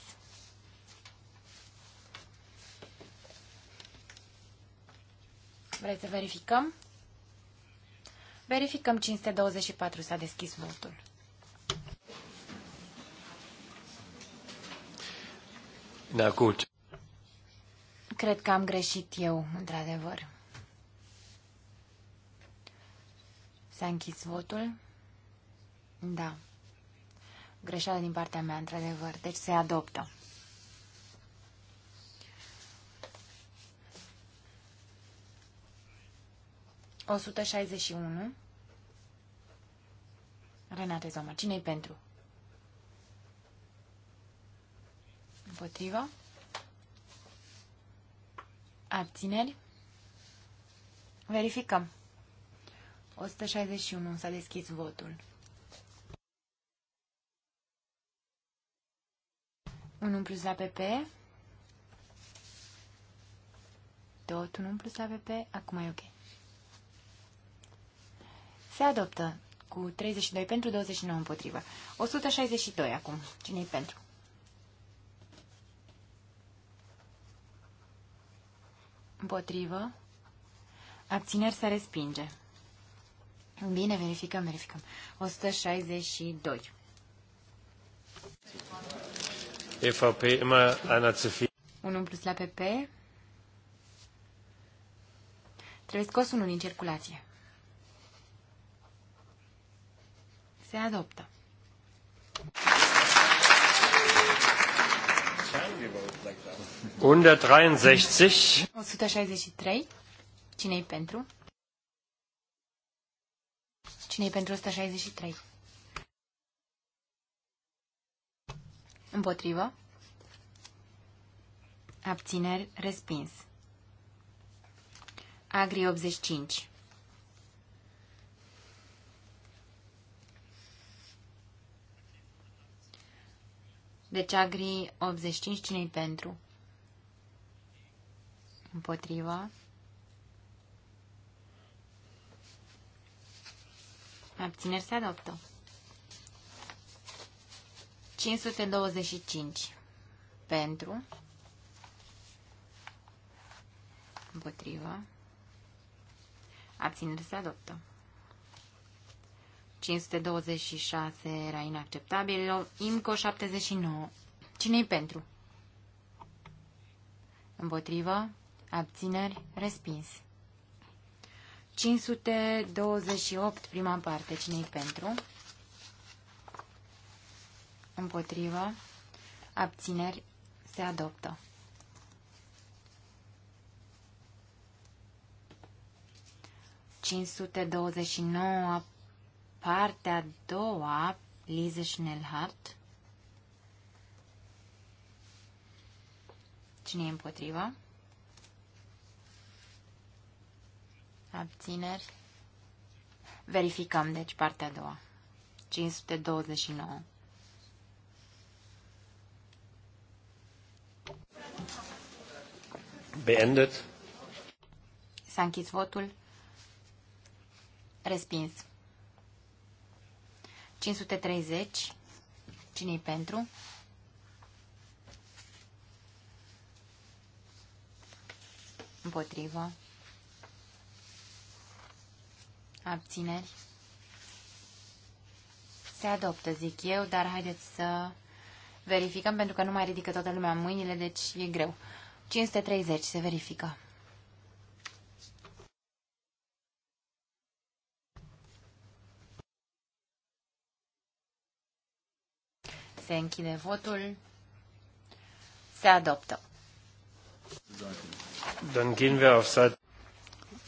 Vreți să verificăm? Verificăm 524, s-a deschis votul. Da, gut. Cred că am greșit eu, într-adevăr. S-a închis votul? Da. Greșeală din partea mea, într-adevăr. Deci se adoptă. O 161. Renate Zoma, cine-i pentru? Împotriva? Abțineri? Verificăm. 161. S-a deschis votul. Un plus la PP. Tot un plus la PP. Acum e ok. Se adoptă cu 32 pentru, 29 împotrivă. 162 acum. Cine-i pentru? Împotrivă. Abțineri se respinge. Bine, verificăm, verificăm. 162. EVP, immer einer zu viel. Unul plus la PP. Trebuie scos unul din circulație. Se adoptă. Unde 63. 163. Cine-i pentru? cine e pentru 163? Împotrivă. Abțineri respins. Agri 85. Deci Agri 85, cine pentru? Împotriva. Abțineri se adoptă. 525 pentru, împotrivă, abținere se adoptă. 526 era inacceptabil, IMCO 79. Cine-i pentru? Împotrivă, abțineri, respins. 528, prima parte, cine pentru? Împotrivă. Abțineri. Se adoptă. ...529, partea a doua, Lise Schnellhardt. Cine e împotriva? abțineri. Verificăm, deci, partea a doua. 529. Beendet. S-a închis votul. Respins. 530. cine pentru? Împotrivă abțineri. Se adoptă, zic eu, dar haideți să verificăm, pentru că nu mai ridică toată lumea mâinile, deci e greu. 530 se verifică. Se închide votul. Se adoptă. Dann gehen wir auf Seite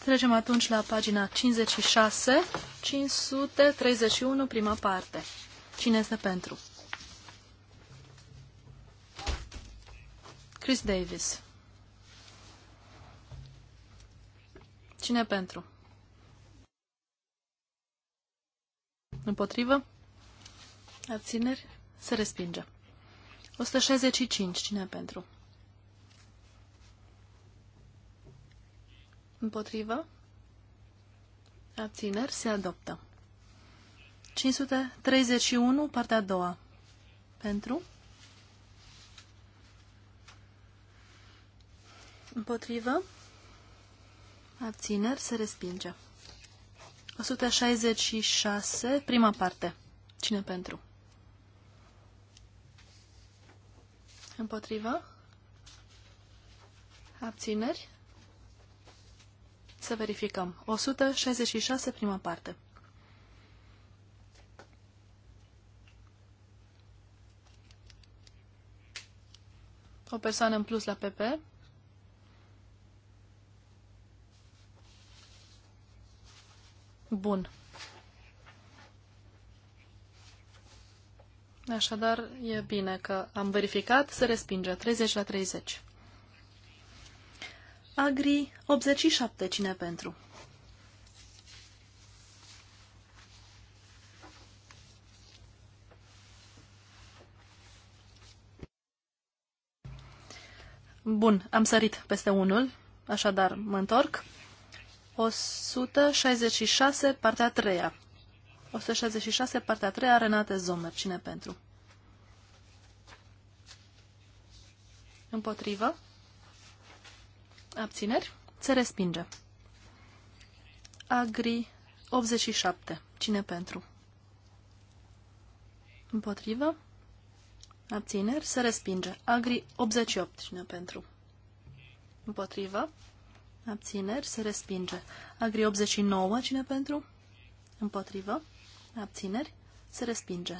Trecem atunci la pagina 56, 531, prima parte. Cine este pentru? Chris Davis. Cine pentru? Împotrivă? Abțineri? Se respinge. 165. Cine pentru? Împotrivă. Abțineri. Se adoptă. 531, partea a doua. Pentru. Împotrivă. Abțineri. Se respinge. 166, prima parte. Cine pentru? Împotrivă? Abțineri? Să verificăm. 166, prima parte. O persoană în plus la PP. Bun. Așadar, e bine că am verificat, să respinge 30 la 30. Agri 87, cine pentru? Bun, am sărit peste unul, așadar mă întorc. 166, partea a treia. 166, partea a treia, Renate Zomer. Cine pentru? Împotrivă? Abțineri? Se respinge. Agri 87. Cine pentru? Împotrivă? Abțineri? Se respinge. Agri 88. Cine pentru? Împotrivă? Abțineri? Se respinge. Agri 89. Cine pentru? Împotrivă? Abțineri? Se respinge.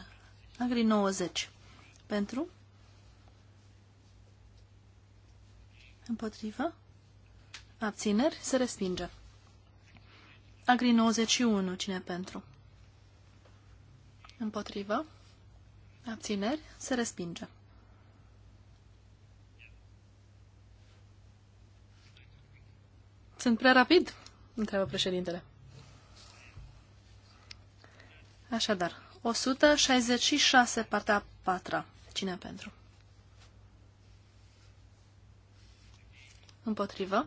Agri 90. Pentru? Împotrivă? Abțineri? Se respinge. Agri 91. Cine pentru? Împotrivă. Abțineri? Se respinge. Sunt prea rapid? Întreabă președintele. Așadar, 166, partea 4 patra. Cine pentru? Împotrivă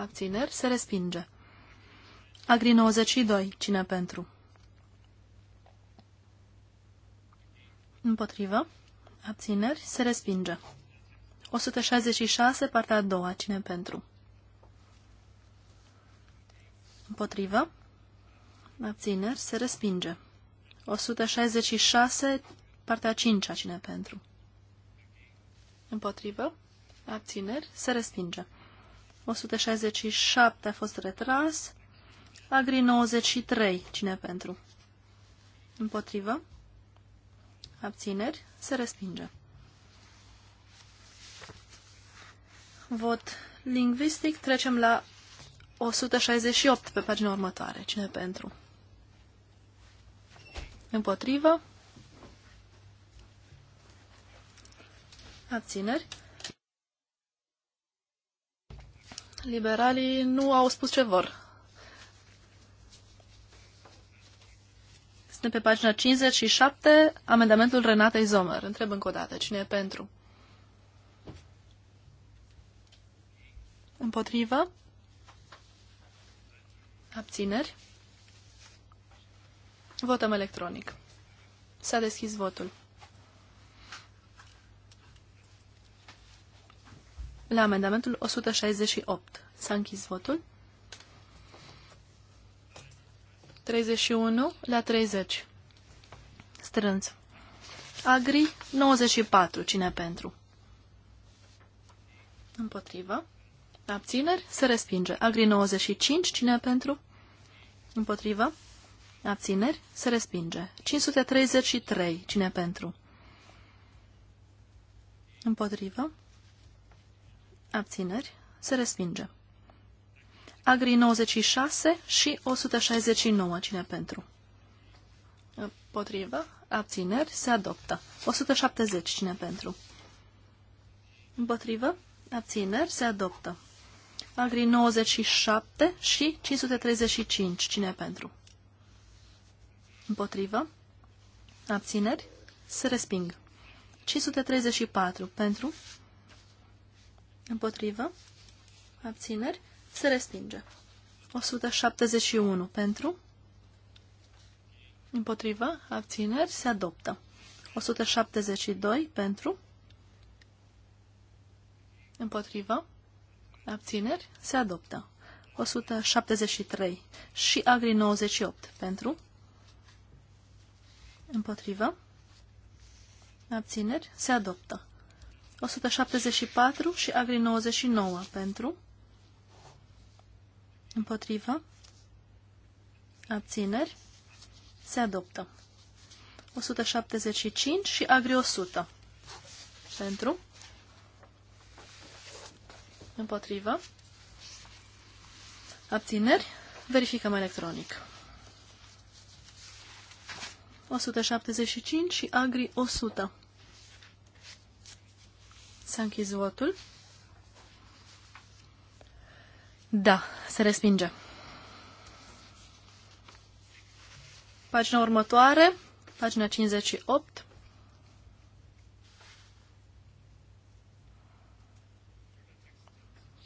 abțineri, se respinge. Agri 92, cine pentru? Împotrivă, abțineri, se respinge. 166, partea a doua, cine pentru? Împotrivă, abțineri, se respinge. 166, partea a cincea, cine pentru? Împotrivă, abțineri, se respinge. 167 a fost retras. Agri 93. Cine pentru? Împotrivă. Abțineri. Se respinge. Vot lingvistic. Trecem la 168 pe pagina următoare. Cine pentru? Împotrivă. Abțineri. Liberalii nu au spus ce vor. Suntem pe pagina 57, amendamentul Renatei Zomer. Întreb încă o dată, cine e pentru? Împotrivă? Abțineri? Votăm electronic. S-a deschis votul. la amendamentul 168. S-a închis votul. 31 la 30. Strâns. Agri 94. Cine pentru? Împotrivă. Abțineri. Se respinge. Agri 95. Cine pentru? Împotrivă. Abțineri. Se respinge. 533. Cine pentru? Împotrivă abțineri, se respinge. Agri 96 și 169, cine pentru? Potrivă. abțineri, se adoptă. 170, cine pentru? Împotrivă, abțineri, se adoptă. Agri 97 și 535, cine pentru? Împotrivă, abțineri, se resping. 534, pentru? Împotrivă. Abțineri. Se respinge. 171 pentru. Împotrivă. Abțineri. Se adoptă. 172 pentru. Împotrivă. Abțineri. Se adoptă. 173 și Agri 98 pentru. Împotrivă. Abțineri. Se adoptă. 174 și Agri 99 pentru, împotrivă, abțineri, se adoptă. 175 și Agri 100 pentru, împotrivă, abțineri, verificăm electronic. 175 și Agri 100. S-a închis votul. Da, se respinge. Pagina următoare, pagina 58.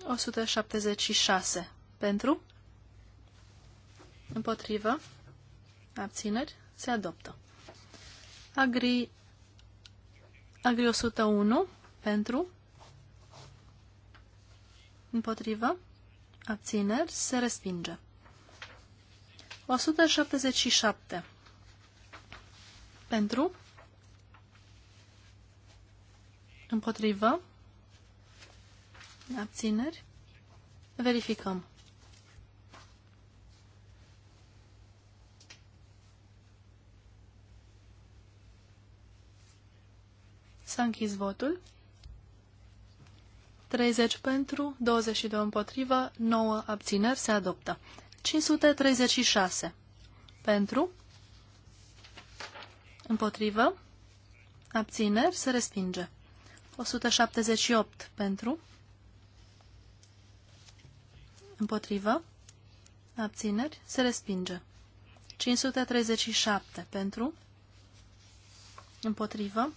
O 176 pentru, împotrivă, abțineri, se adoptă. Agri, Agri 101 pentru, împotrivă, abțineri, se respinge. 177 pentru, împotrivă, abțineri, verificăm. S-a închis votul. 30 pentru, 22 împotrivă, 9 abțineri se adoptă. 536 pentru, împotrivă, abțineri se respinge. 178 pentru, împotrivă, abțineri se respinge. 537 pentru, împotrivă,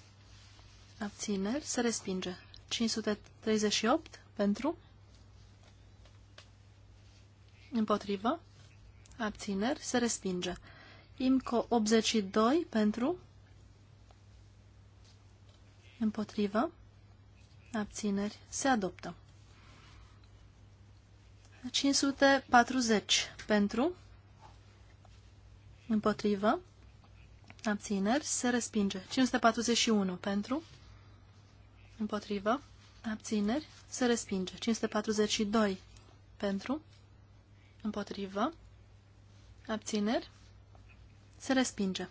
abțineri se respinge. 538 pentru, împotrivă, abțineri, se respinge. IMCO 82 pentru, împotrivă, abțineri, se adoptă. 540 pentru, împotrivă, abțineri, se respinge. 541 pentru, Împotrivă. Abțineri. Se respinge. 542. Pentru. Împotrivă. Abțineri. Se respinge.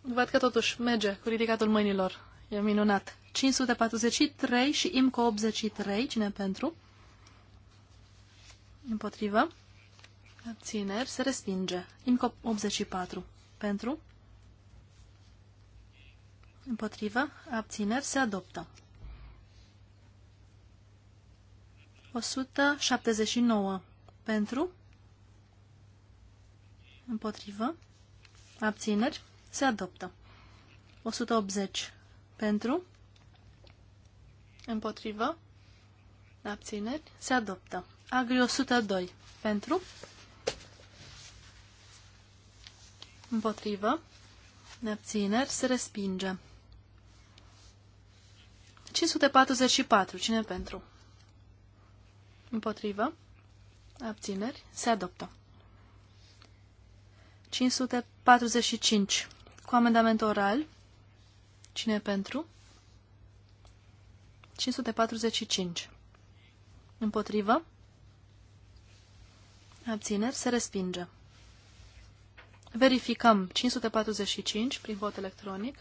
Văd că totuși merge cu ridicatul mâinilor. E minunat. 543 și IMCO 83. Cine pentru? Împotrivă. Abțineri. Se respinge. IMCO 84. Pentru. Împotrivă. Abțineri. Se adoptă. 179. Pentru. Împotrivă. Abțineri. Se adoptă. 180. Pentru. Împotrivă. Abțineri. Se adoptă. Agri 102. Pentru. Împotrivă. Abțineri. Se respinge. 544. Cine pentru? Împotrivă. Abțineri. Se adoptă. 545. Cu amendament oral. Cine pentru? 545. Împotrivă. Abțineri. Se respinge. Verificăm 545 prin vot electronic.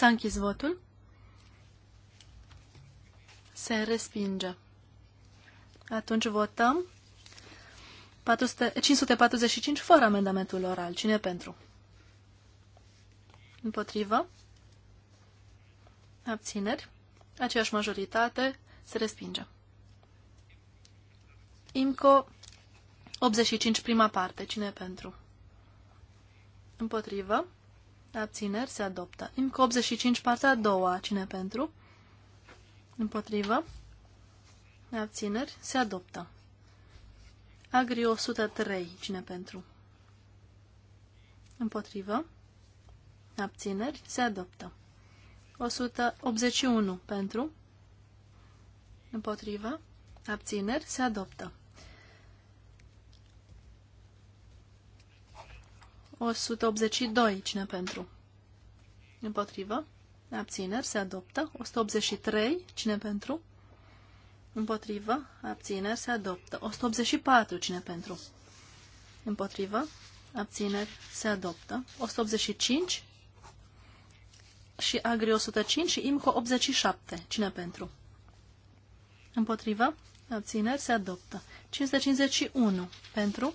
S-a închis votul. Se respinge. Atunci votăm 400, 545 fără amendamentul oral. Cine pentru? Împotrivă? Abțineri? Aceeași majoritate se respinge. IMCO 85 prima parte. Cine pentru? Împotrivă? Abțineri se adoptă. IMCO 85, partea a doua. Cine pentru? Împotrivă. Abțineri se adoptă. Agri 103. Cine pentru? Împotrivă. Abțineri se adoptă. 181 pentru. Împotrivă. Abțineri se adoptă. 182. Cine pentru? Împotrivă. Abțineri. Se adoptă. 183. Cine pentru? Împotrivă. Abțineri. Se adoptă. 184. Cine pentru? Împotrivă. Abțineri. Se adoptă. 185. Și Agri 105 și IMCO 87. Cine pentru? Împotrivă. Abțineri. Se adoptă. 551. Pentru.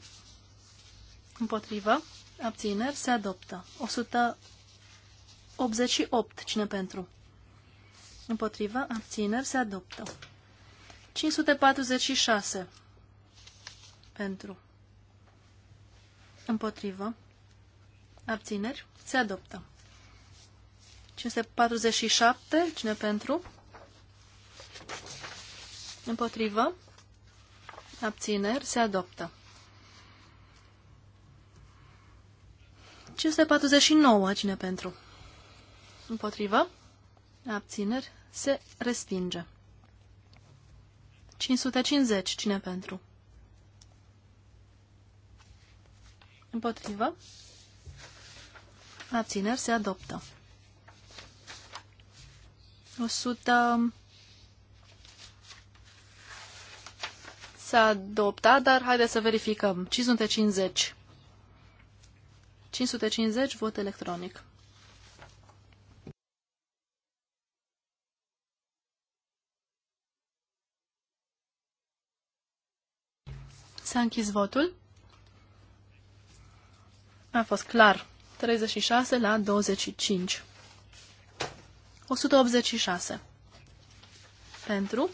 Împotrivă abțineri, se adoptă. 188, cine pentru? Împotriva, abțineri, se adoptă. 546, pentru. Împotrivă, abțineri, se adoptă. 547, cine pentru? Împotrivă, abțineri, se adoptă. 549. Cine pentru? Împotrivă. Abțineri. Se respinge. 550. Cine pentru? Împotrivă. Abțineri. Se adoptă. 100. S-a adoptat, dar haideți să verificăm. 550. 550, vot electronic. S-a închis votul. A fost clar. 36 la 25. 186. Pentru.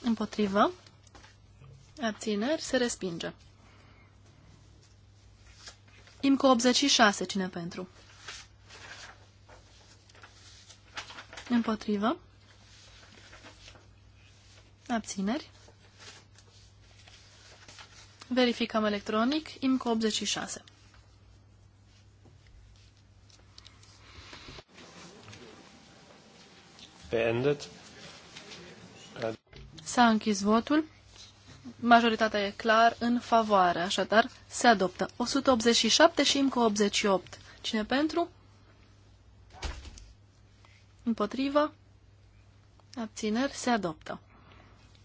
Împotrivă. Abțineri. Se respinge cu 86, cine pentru? Împotrivă. Abțineri. Verificăm electronic cu 86. Beendet. S-a închis votul majoritatea e clar în favoare, așadar se adoptă. 187 și încă 88. Cine pentru? Împotrivă? Abțineri? Se adoptă.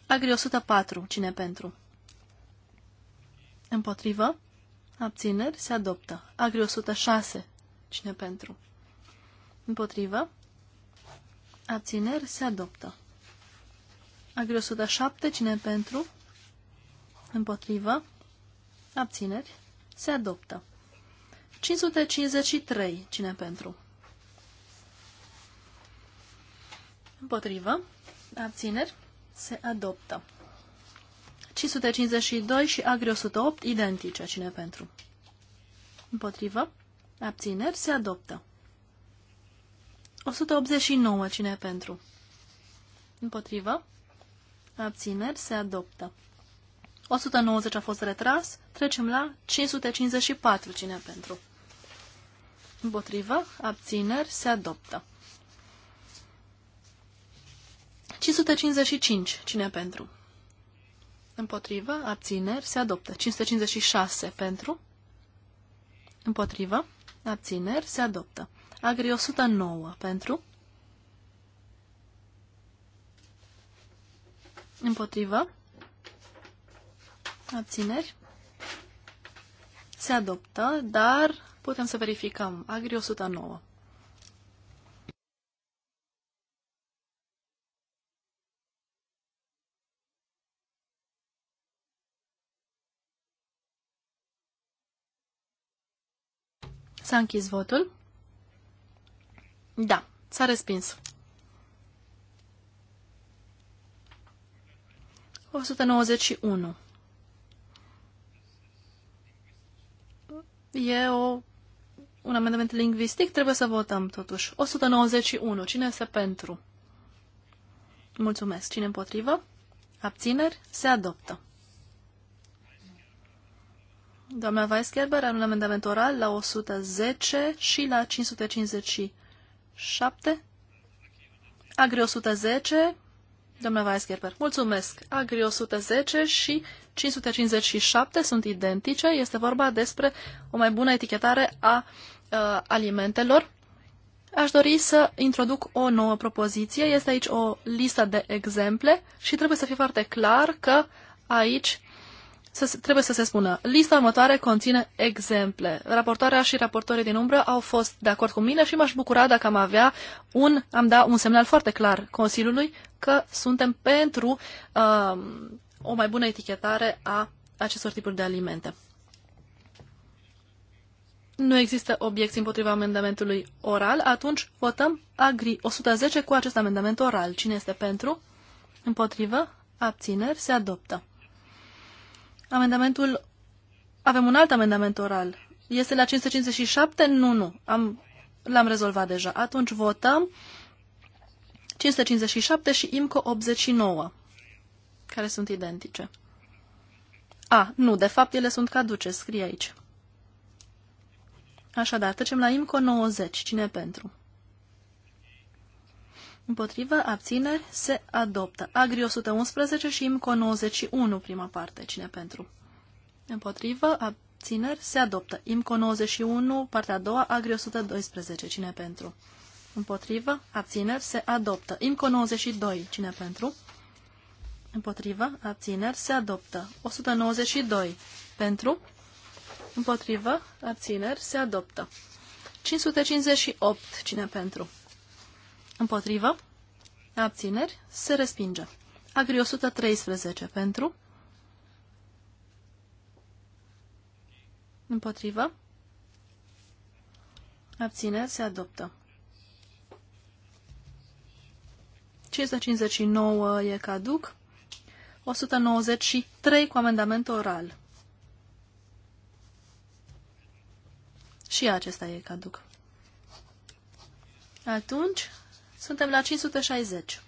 Agri 104. Cine pentru? Împotrivă? Abțineri? Se adoptă. Agri 106. Cine pentru? Împotrivă? Abțineri? Se adoptă. Agri 107. Cine pentru? Împotrivă. Abțineri. Se adoptă. 553. Cine pentru? Împotrivă. Abțineri. Se adoptă. 552 și agri 108 identice. Cine pentru? Împotrivă. Abțineri. Se adoptă. 189. Cine pentru? Împotrivă. Abțineri. Se adoptă. 190 a fost retras. Trecem la 554. Cine pentru? Împotrivă. Abțineri. Se adoptă. 555. Cine pentru? Împotrivă. Abțineri. Se adoptă. 556 pentru. Împotrivă. Abțineri. Se adoptă. Agri 109 pentru. Împotrivă. Abțineri? Se adoptă, dar putem să verificăm. Agri 109. S-a închis votul? Da, s-a respins. 191. E o, un amendament lingvistic, trebuie să votăm totuși. 191. Cine este pentru? Mulțumesc. Cine împotrivă? Abțineri? Se adoptă. Doamna Weisgerber are un amendament oral la 110 și la 557. Agri 110. Doamna Weisgerber, mulțumesc. Agri 110 și 557 sunt identice. Este vorba despre o mai bună etichetare a uh, alimentelor. Aș dori să introduc o nouă propoziție. Este aici o listă de exemple și trebuie să fie foarte clar că aici să, trebuie să se spună. Lista următoare conține exemple. Raportoarea și raportorii din umbră au fost de acord cu mine și m-aș bucura dacă am avea un, am da un semnal foarte clar Consiliului că suntem pentru uh, o mai bună etichetare a acestor tipuri de alimente. Nu există obiecții împotriva amendamentului oral, atunci votăm Agri 110 cu acest amendament oral. Cine este pentru? Împotrivă? Abțineri? Se adoptă. Amendamentul... Avem un alt amendament oral. Este la 557? Nu, nu. Am... L-am rezolvat deja. Atunci votăm 557 și IMCO 89 care sunt identice. A, nu, de fapt ele sunt caduce, scrie aici. Așadar, trecem la IMCO 90. Cine pentru? Împotrivă, abțineri, se adoptă. Agri 111 și IMCO 91, prima parte. Cine pentru? Împotrivă, abțineri, se adoptă. IMCO 91, partea a doua, Agri 112. Cine pentru? Împotrivă, abțineri, se adoptă. IMCO 92. Cine pentru? Împotrivă. Abțineri. Se adoptă. 192. Pentru. Împotrivă. Abțineri. Se adoptă. 558. Cine pentru? Împotrivă. Abțineri. Se respinge. Agri 113. Pentru. Împotrivă. Abțineri. Se adoptă. 559 e caduc. 193 cu amendament oral. Și acesta e caduc. Atunci, suntem la 560.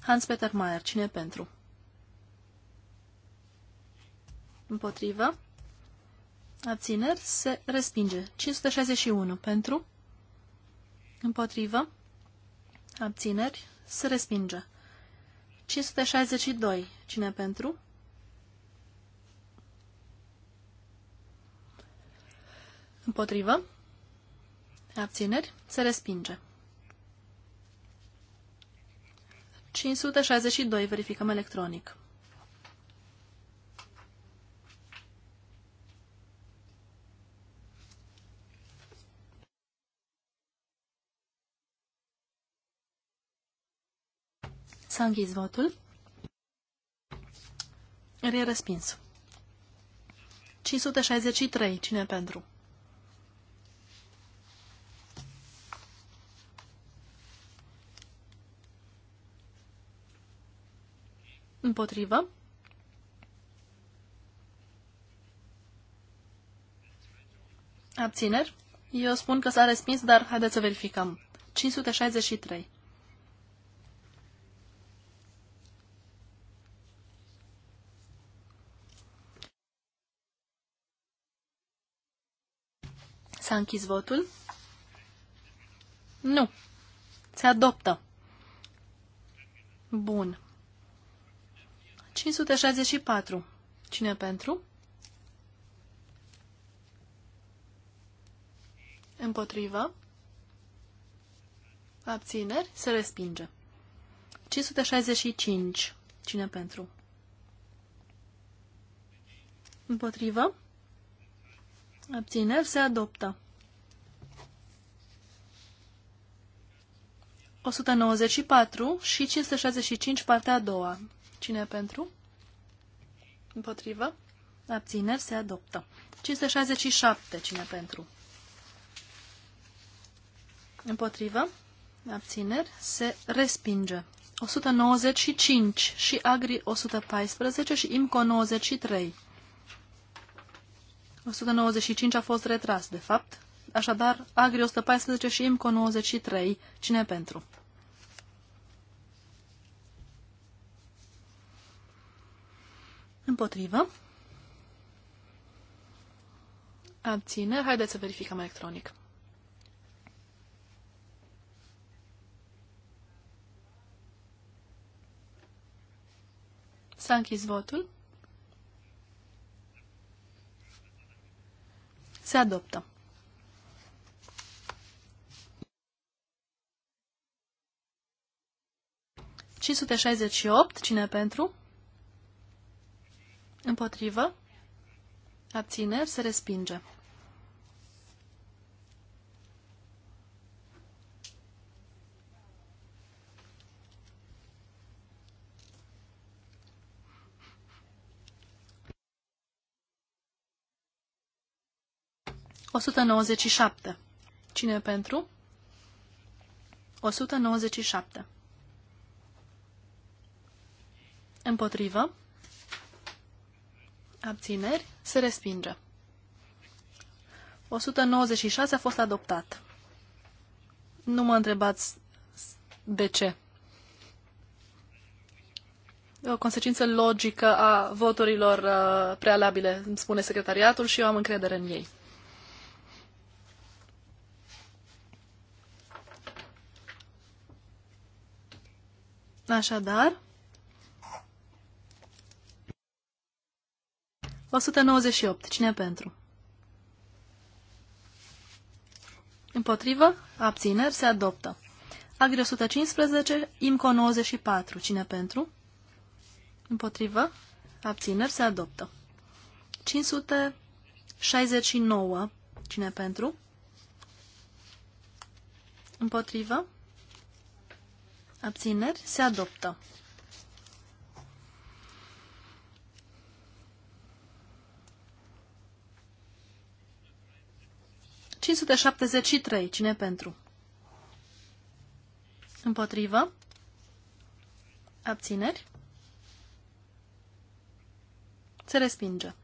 Hans-Peter Mayer, cine pentru? Împotrivă. Abțineri se respinge. 561 pentru. Împotrivă. Abțineri se respinge. 562 Cine pentru? Împotrivă? Abțineri? Se respinge. 562. Verificăm electronic. S-a închis votul. Rie respins. 563. Cine pentru? Împotrivă. Abțineri? Eu spun că s-a respins, dar haideți să verificăm. 563. S-a închis votul? Nu. Se adoptă. Bun. 564. Cine pentru? Împotrivă. Abțineri. Se respinge. 565. Cine pentru? Împotrivă. Abțineri se adoptă. 194 și 565, partea a doua. Cine pentru? Împotrivă? Abțineri se adoptă. 567, cine pentru? Împotrivă? Abțineri se respinge. 195 și Agri 114 și IMCO 93. 195 a fost retras, de fapt. Așadar, Agri 114 și IMCO 93. Cine pentru? Împotrivă. Abține. Haideți să verificăm electronic. S-a închis votul. Se adoptă. opt cine pentru? Împotrivă. Abțineri se respinge. 197. Cine pentru? 197. Împotrivă. Abțineri. Se respinge. 196 a fost adoptat. Nu mă întrebați de ce. O consecință logică a voturilor uh, prealabile, îmi spune secretariatul și eu am încredere în ei. Așadar, 198. Cine pentru? Împotrivă? Abțineri? Se adoptă. Agri 115, IMCO 94. Cine pentru? Împotrivă? Abțineri? Se adoptă. 569. Cine pentru? Împotrivă? abțineri, se adoptă. trei Cine pentru? Împotrivă? Abțineri? Se respinge.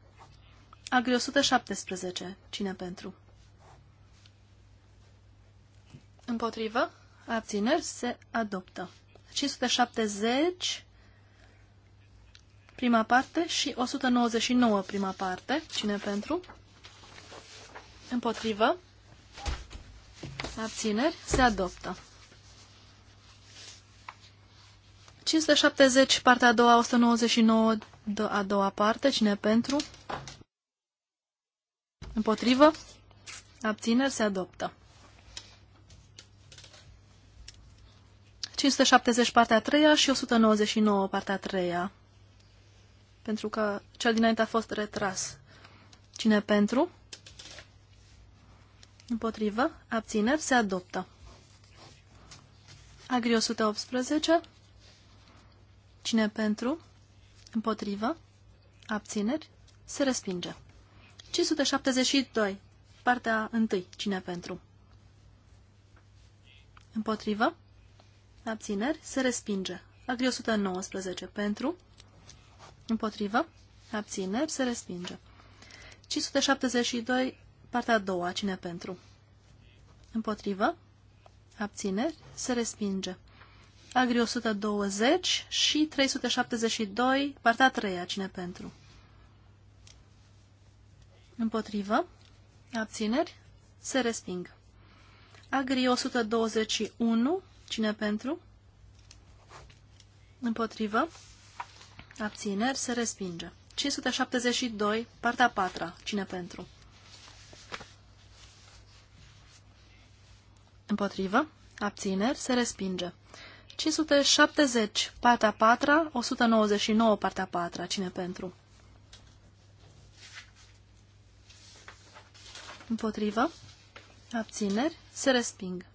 Agri 117. Cine pentru? Împotrivă? abțineri, se adoptă. 570 prima parte și 199 prima parte. Cine pentru? Împotrivă. Abțineri. Se adoptă. 570 partea a doua, 199 a doua parte. Cine pentru? Împotrivă. Abțineri. Se adoptă. 570 partea a treia și 199 partea a treia. Pentru că cel dinainte a fost retras. Cine pentru? Împotrivă. Abțineri. Se adoptă. Agri 118. Cine pentru? Împotrivă. Abțineri. Se respinge. 572. Partea 1. Cine pentru? Împotrivă abțineri, se respinge. Agri 119 pentru, împotrivă, abțineri, se respinge. 572, partea a doua, cine pentru? Împotrivă, abțineri, se respinge. Agri 120 și 372, partea a treia, cine pentru? Împotrivă, abțineri, se resping. Agri 121 Cine pentru? Împotrivă. Abțineri se respinge. 572, partea 4. Cine pentru? Împotrivă. Abțineri se respinge. 570, partea 4, 199, partea 4. Cine pentru? Împotrivă. Abțineri se respingă.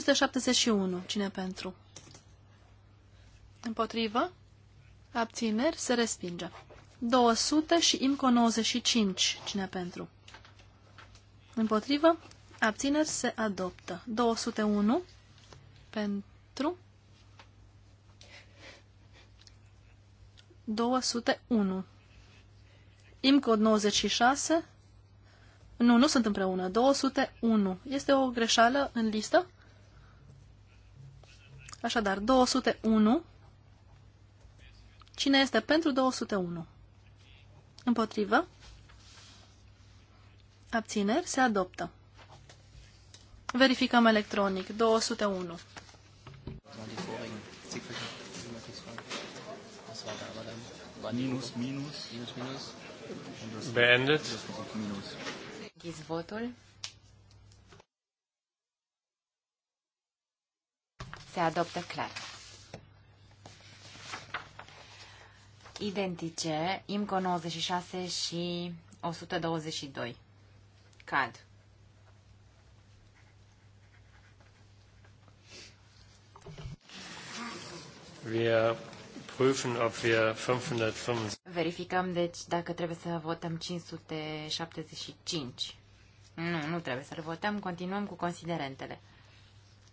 571. Cine pentru? Împotrivă? Abțineri? Se respinge. 200 și IMCO 95. Cine pentru? Împotrivă? Abțineri? Se adoptă. 201 pentru 201. IMCO 96. Nu, nu sunt împreună. 201. Este o greșeală în listă? Așadar, 201. Cine este pentru 201? Împotrivă? Abțineri? Se adoptă. Verificăm electronic. 201. Minus, minus. Beendet. Închis votul. Se adoptă clar. Identice, IMCO 96 și 122. Cad. Wir prüfen, ob wir 505. Verificăm, deci, dacă trebuie să votăm 575. Nu, nu trebuie să-l votăm. Continuăm cu considerentele.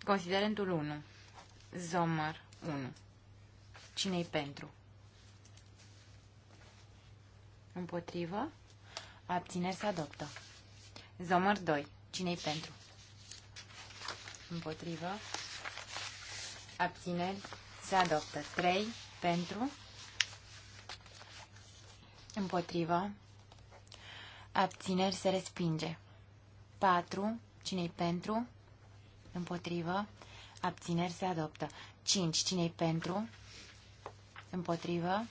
Considerentul 1. Zomăr 1. Cine-i pentru? Împotrivă? Abțineri se adoptă. Zomăr 2. Cine-i pentru? Împotrivă? Abțineri se adoptă. 3. Pentru? Împotrivă? Abțineri se respinge. 4. Cine-i pentru? Împotrivă? Abțineri se adoptă. 5. Cine-i pentru? Împotrivă.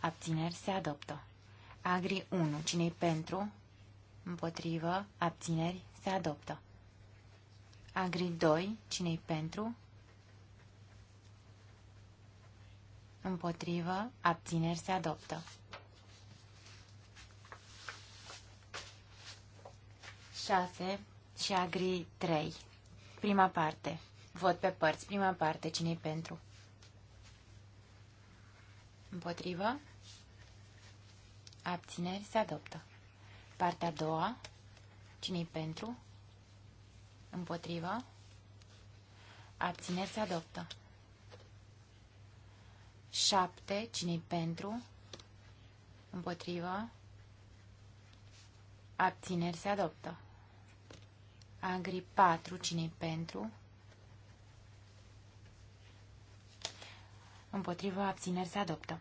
Abțineri se adoptă. Agri 1. Cine-i pentru? Împotrivă. Abțineri se adoptă. Agri 2. Cine-i pentru? Împotrivă. Abțineri se adoptă. 6 și Agri 3. Prima parte. Vot pe părți. Prima parte. Cine-i pentru? Împotrivă? Abțineri se adoptă. Partea a doua. Cine-i pentru? Împotrivă? Abțineri se adoptă. 7. Cine-i pentru? Împotrivă? Abțineri se adoptă. Angri 4. Cine-i pentru? Împotriva abțineri se adoptă.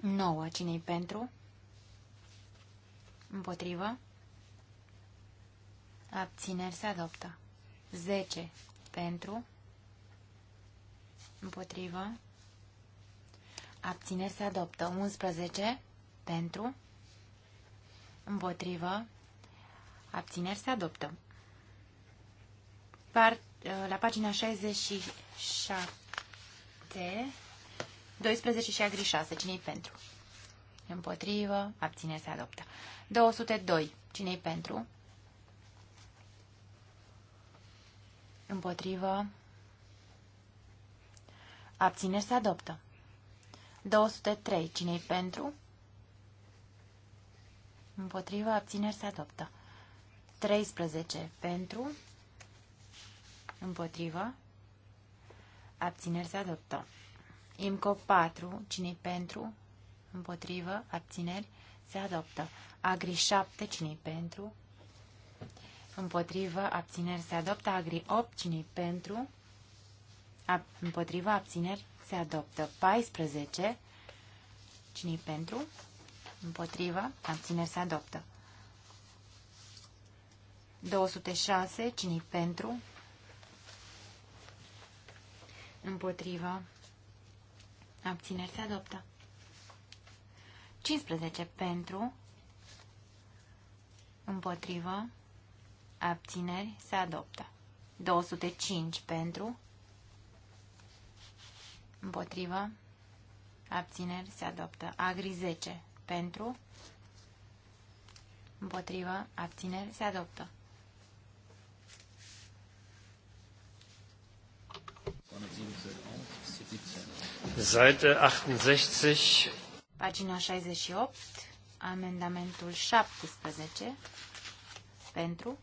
9. cine pentru? Împotrivă? Abțineri se adoptă. 10. Pentru? Împotrivă? Abțineri se adoptă. 11. Pentru? Împotrivă? Abțineri se adoptă. Part, la pagina 67 7, 12 și agri 6. Cine-i pentru? Împotrivă, abține, se adoptă. 202. Cine-i pentru? Împotrivă, abține, se adoptă. 203. Cine-i pentru? Împotrivă, abțineri se adoptă. 13. Pentru. Împotrivă, abțineri se adoptă. IMCO 4, cine pentru, împotrivă, abțineri, se adoptă. Agri 7, cine pentru, împotrivă, abțineri, se adoptă. Agri 8, cine pentru, ab, împotrivă, abțineri, se adoptă. 14, cine pentru, împotrivă, abțineri, se adoptă. 206, cine pentru, Împotrivă. Abțineri se adoptă. 15 pentru. Împotrivă. Abțineri se adoptă. 205 pentru. Împotrivă. Abțineri se adoptă. Agri 10 pentru. Împotrivă. Abțineri se adoptă. Bună ziua. Seite 68. Pagina 68, amendamentul 17, pentru,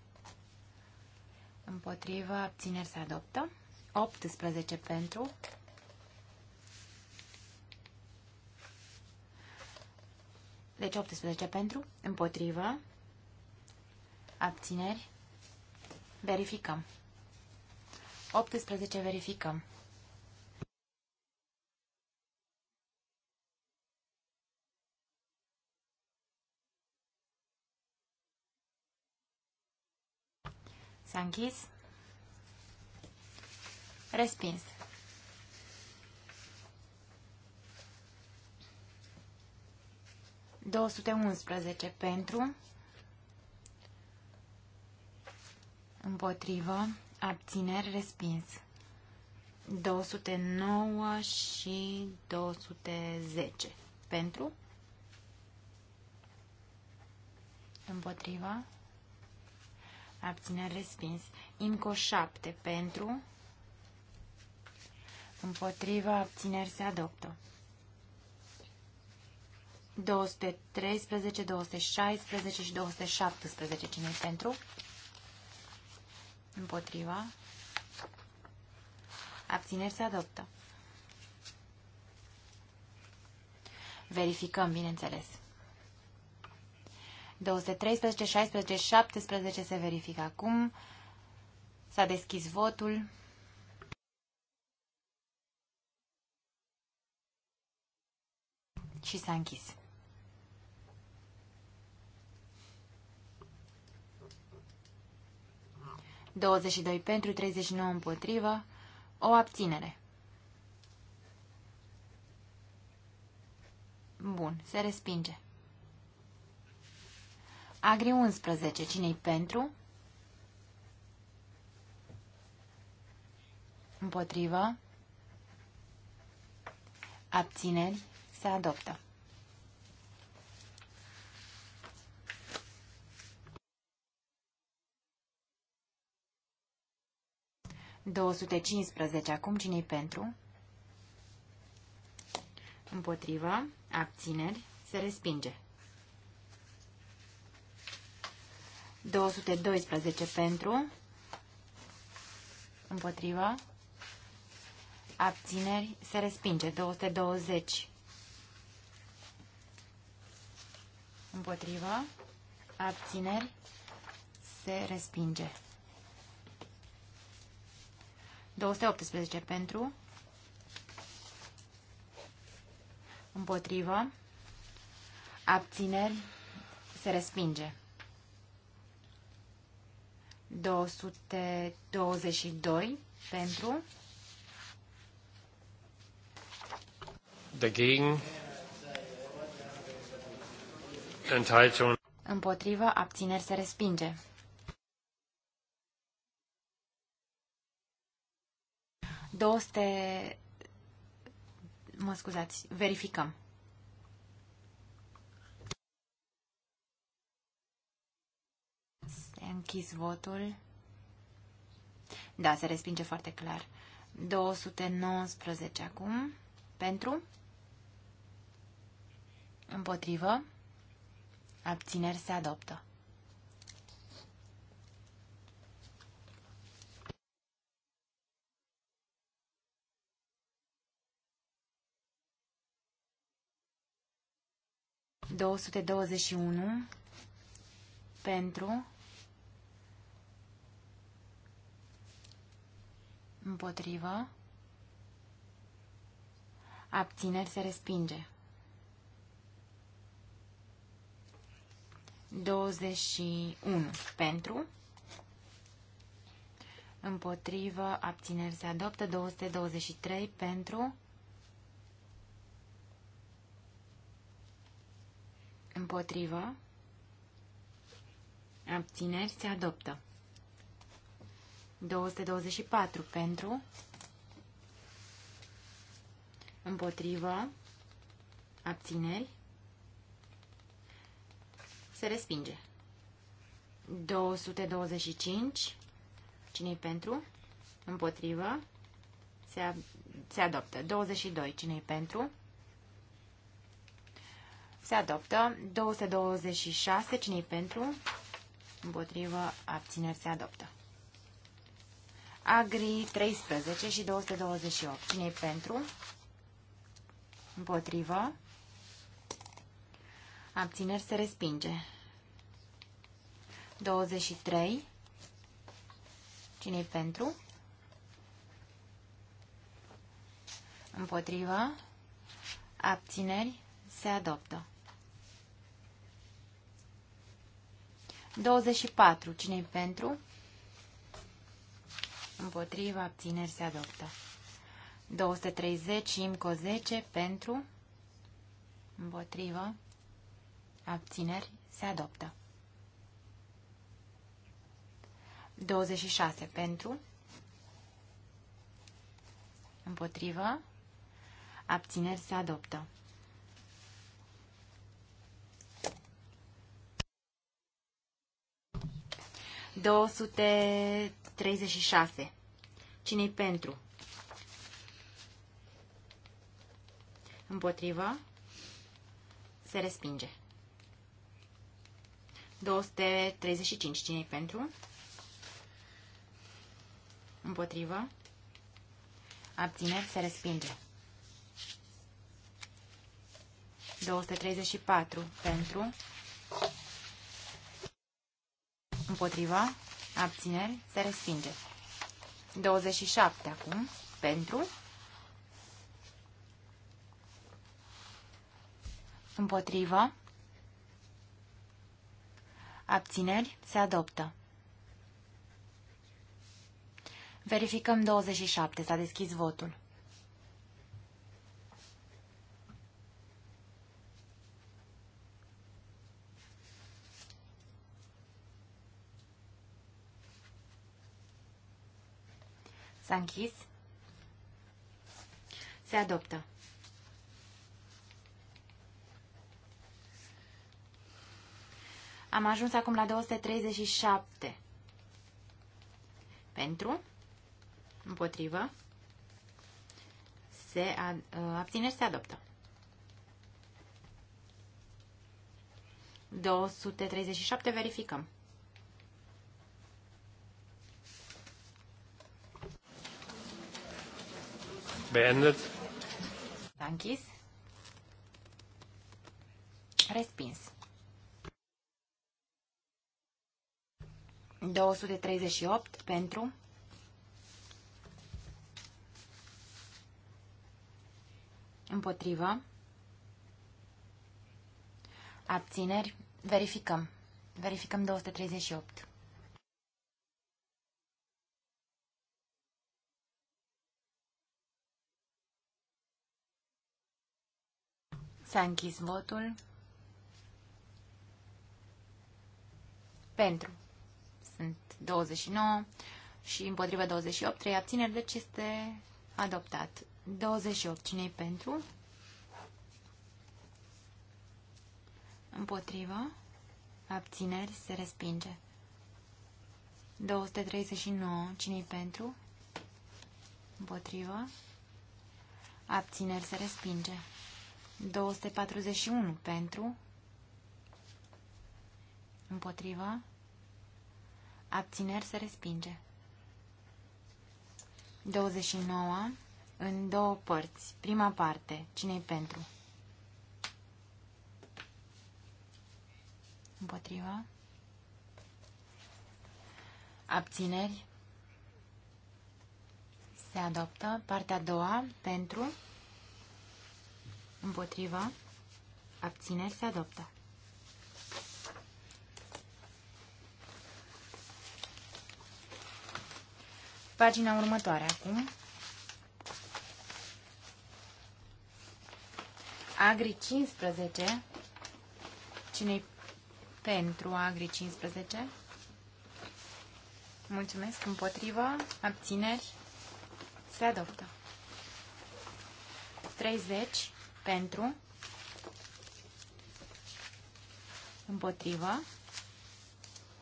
împotrivă, abțineri se adoptă, 18 pentru, deci 18 pentru, împotrivă, abțineri, verificăm. 18 verificăm. S-a închis. Respins. ...211 pentru, împotrivă, abțineri, respins. 209 și 210 pentru, împotriva, abțineri respins. Inco 7 pentru, împotriva, abțineri se adoptă. 213, 216 și 217 cine pentru? Împotriva. Abțineri se adoptă. Verificăm, bineînțeles. 213, 16, 17 se verifică acum. S-a deschis votul. Și s-a închis. Douăzeci doi pentru, treizeci nouă împotrivă, o abținere. Bun, se respinge. Agri 11. Cine-i pentru? Împotrivă. Abțineri. Se adoptă. cincisprezece Acum cine-i pentru? Împotrivă. Abțineri. Se respinge. 212 pentru, împotrivă, abțineri, se respinge. 220 împotrivă, abțineri, se respinge. 218 pentru, împotrivă, abțineri, se respinge. 222 pentru. Dagegen. Enthaltung. Împotrivă, abțineri se respinge. Două mă scuzați, verificăm. Închis votul. Da, se respinge foarte clar. 219 acum. Pentru? Împotrivă? Abțineri se adoptă. Două sute douăzeci și unu pentru Împotrivă. Abțineri se respinge. 21 pentru. Împotrivă, abțineri se adoptă. 223 pentru. Împotrivă. Abțineri se adoptă. 224 pentru, împotrivă, abțineri, se respinge. 225, cine pentru, împotrivă, se, se adoptă. 22, cine pentru, se adoptă. 226, cine pentru, împotrivă, abțineri, se adoptă. Agri 13 și 228. Cine-i pentru? Împotrivă. Abțineri se respinge. 23. Cine-i pentru? Împotrivă. Abțineri se adoptă. 24. Cine-i pentru? împotriva, abțineri se adoptă. 230, IMCO 10, pentru, împotriva, abțineri se adoptă. 26, pentru, împotriva, abțineri se adoptă. 36. Cine-i pentru? Împotrivă. Se respinge. 235. Cine-i pentru? Împotrivă. Abțineri. Se respinge. 234. Pentru. Împotriva abțineri, se respinge. 27 acum, pentru, împotrivă, abțineri, se adoptă. Verificăm 27, s-a deschis votul. S-a închis. Se adoptă. Am ajuns acum la 237. Pentru? Împotrivă? Se ad, ă, abține și se adoptă. 237 verificăm. beendet. s închis. Respins. 238 pentru împotrivă abțineri verificăm verificăm 238 S-a închis votul. Pentru. Sunt 29 și împotriva 28, 3 abțineri, deci este adoptat. 28. cine pentru? Împotriva. Abțineri se respinge. 239. Cine-i pentru? Împotrivă. Abțineri se respinge. 241 pentru, împotrivă, abțineri se respinge. 29 în două părți. Prima parte, cine pentru? Împotriva. Abțineri. Se adoptă. Partea a doua, pentru. Împotriva. Abțineri se adoptă. Pagina următoare acum. Agri 15. cine pentru Agri 15? Mulțumesc. Împotriva. Abțineri. Se adoptă. 30 pentru, împotrivă,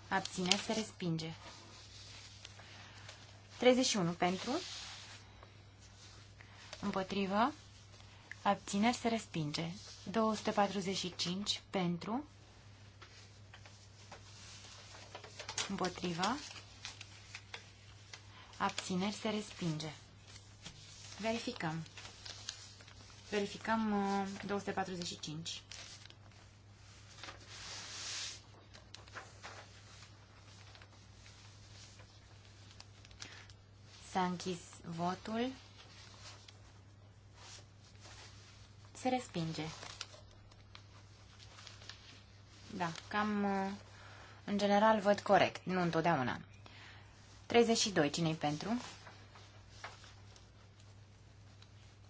abține, se respinge. 31 pentru, împotrivă, abțineri, se respinge. 245 pentru, împotriva, abțineri se respinge. Verificăm. Verificăm 245. Uh, S-a închis votul. Se respinge. Da, cam uh, în general văd corect, nu întotdeauna. 32, cine pentru?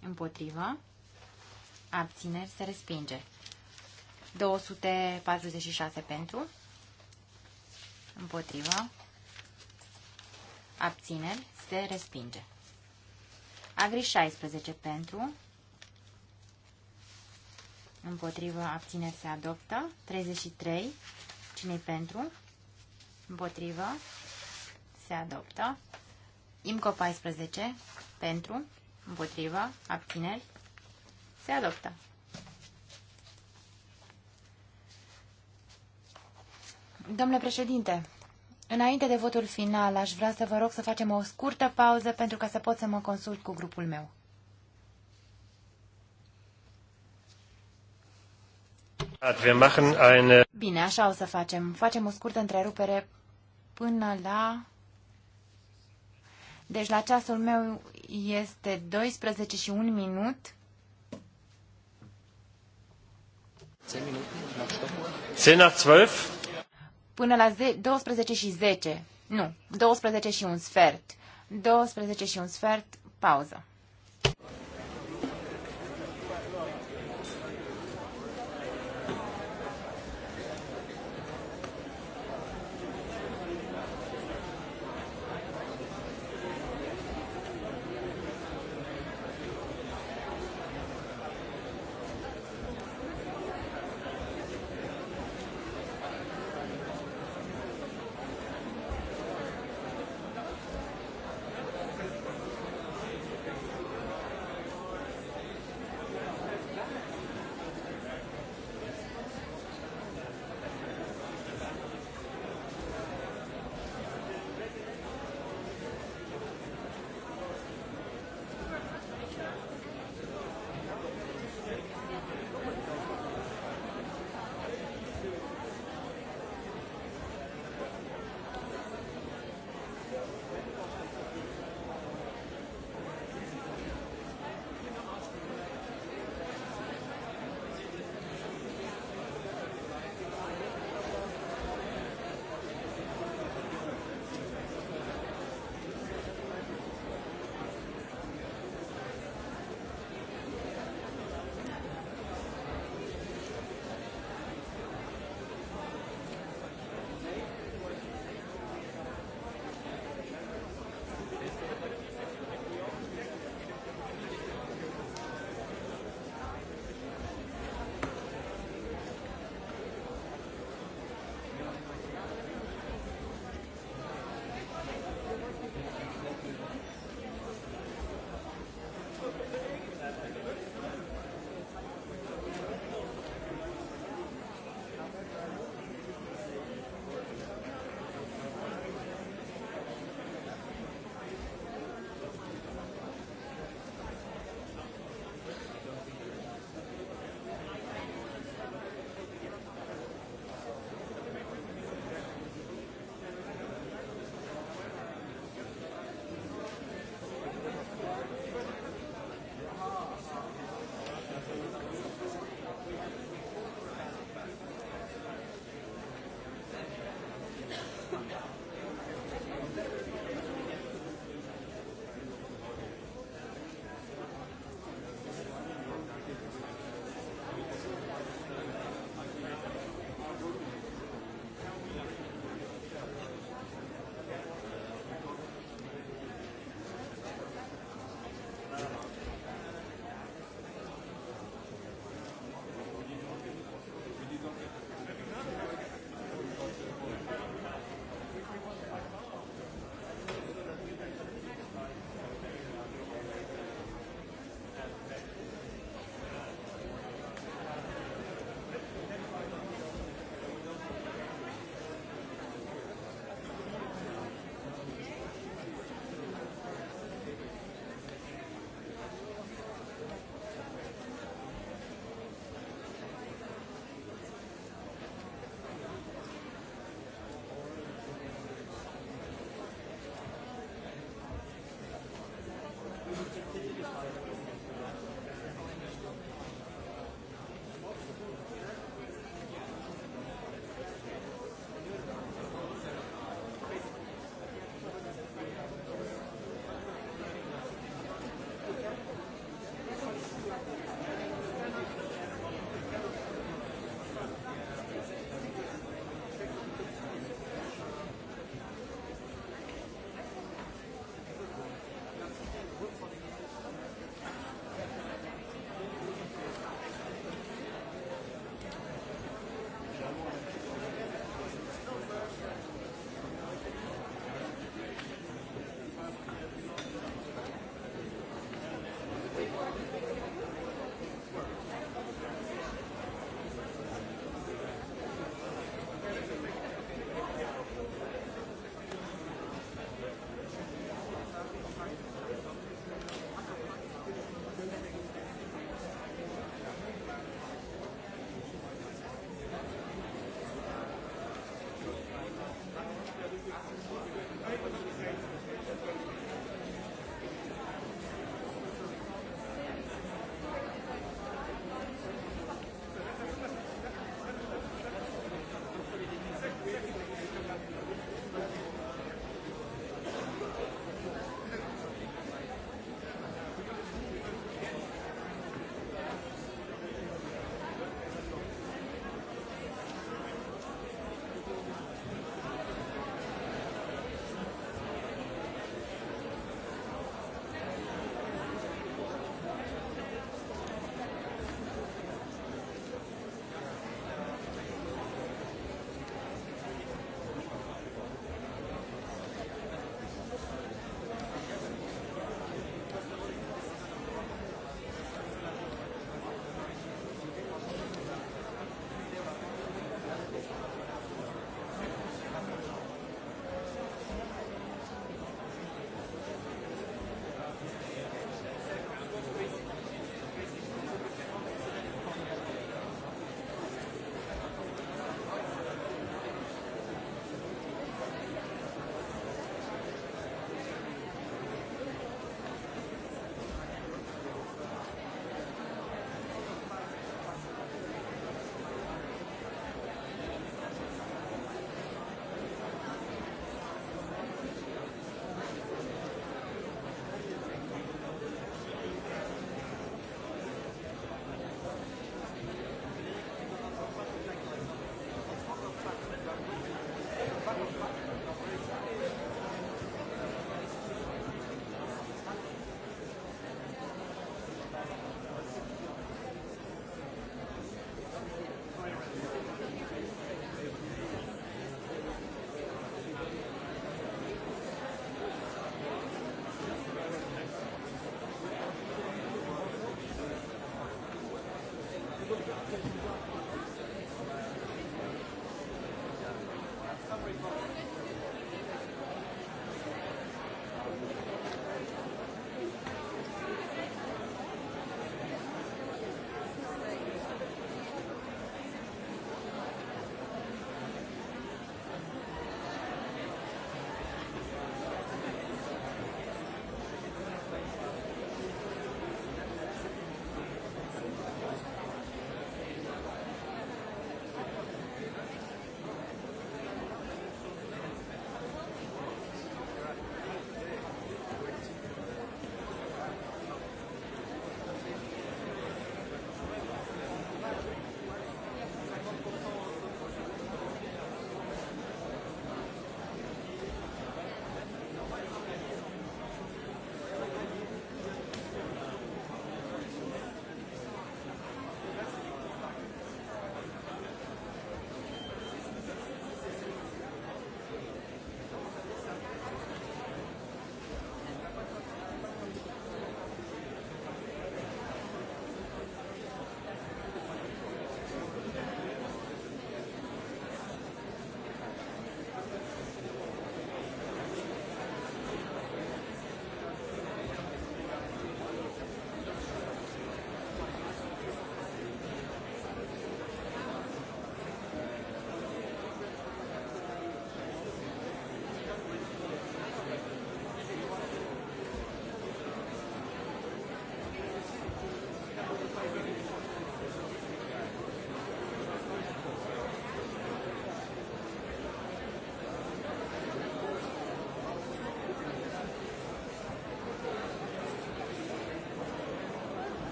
Împotriva abțineri, se respinge. 246 pentru, Împotriva. abțineri, se respinge. Agri 16 pentru, Împotriva. abțineri, se adoptă. 33, cine pentru, Împotriva. se adoptă. IMCO 14 pentru, Împotriva. abțineri, se adoptă. Domnule președinte, înainte de votul final, aș vrea să vă rog să facem o scurtă pauză pentru ca să pot să mă consult cu grupul meu. Eh, Bine, așa o să facem. Facem o scurtă întrerupere până la... Deci la ceasul meu este 12 și 1 minut 10 nach 12? Până la 12 și 10. Nu, 12 și un sfert. 12 și un sfert, pauză.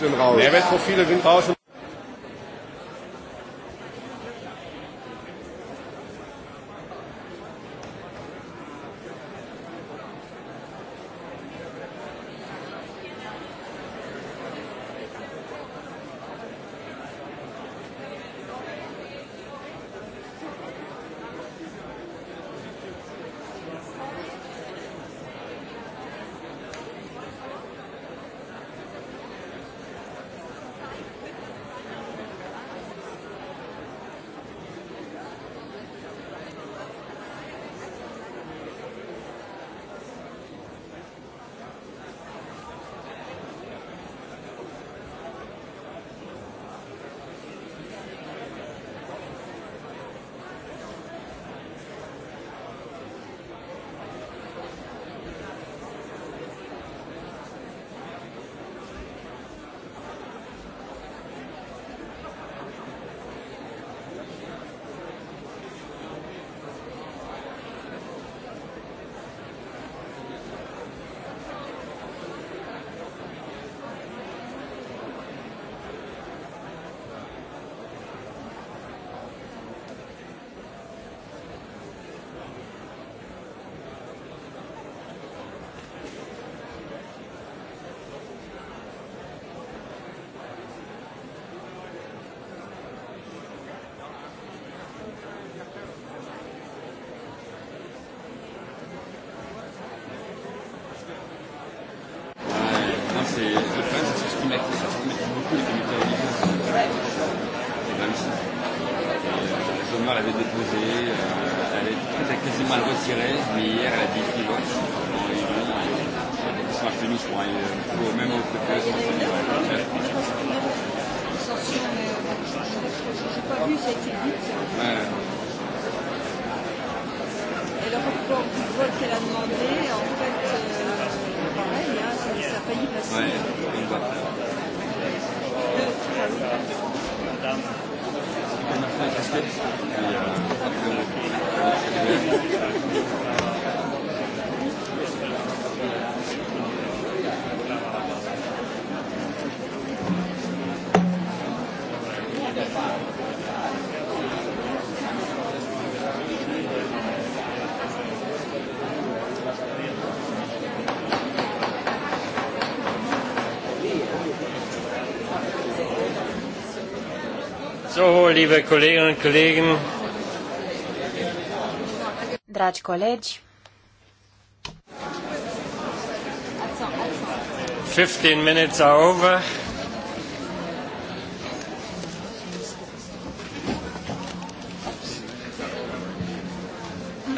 sind raus. Nährwertprofile sind raus. liebe Kolleginnen und Kollegen. Dragi colegi, 15 minutes are over.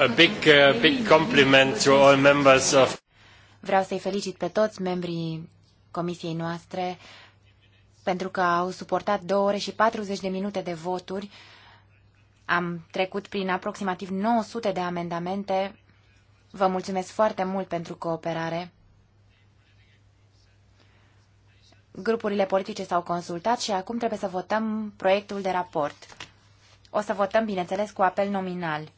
A big, uh, big compliment to all members of Vreau să-i felicit pe toți membrii comisiei noastre pentru că au suportat 2 ore și 40 de minute de voturi. Am trecut prin aproximativ 900 de amendamente. Vă mulțumesc foarte mult pentru cooperare. Grupurile politice s-au consultat și acum trebuie să votăm proiectul de raport. O să votăm, bineînțeles, cu apel nominal.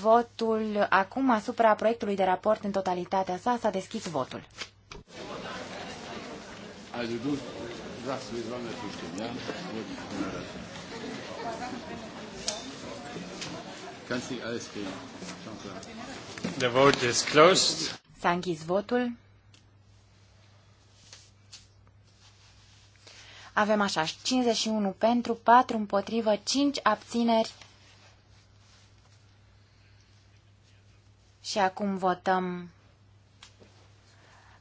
Votul acum asupra proiectului de raport în totalitatea sa s-a deschis votul. Also du sagst, wir sollen dazu stimmen, ja? Gut, Kannst nicht alles kriegen. The vote is closed. S-a votul. Avem așa, 51 pentru, 4 împotrivă, 5 abțineri. Și acum votăm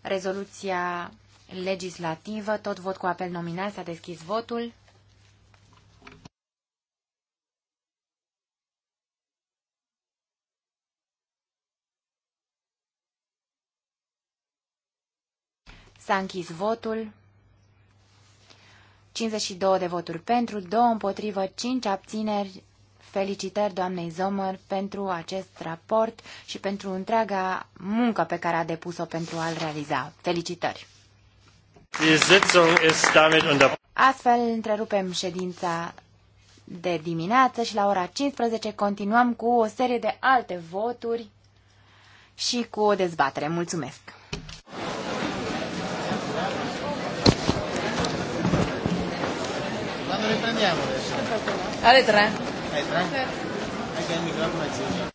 rezoluția legislativă, tot vot cu apel nominal, s-a deschis votul. S-a închis votul. 52 de voturi pentru, 2 împotrivă, 5 abțineri. Felicitări doamnei Zomăr pentru acest raport și pentru întreaga muncă pe care a depus-o pentru a-l realiza. Felicitări! Astfel întrerupem ședința de dimineață și la ora 15 continuăm cu o serie de alte voturi și cu o dezbatere. Mulțumesc! Quando riprendiamo adesso? Alle tre. Alle tre? Hai che il microfono acceso.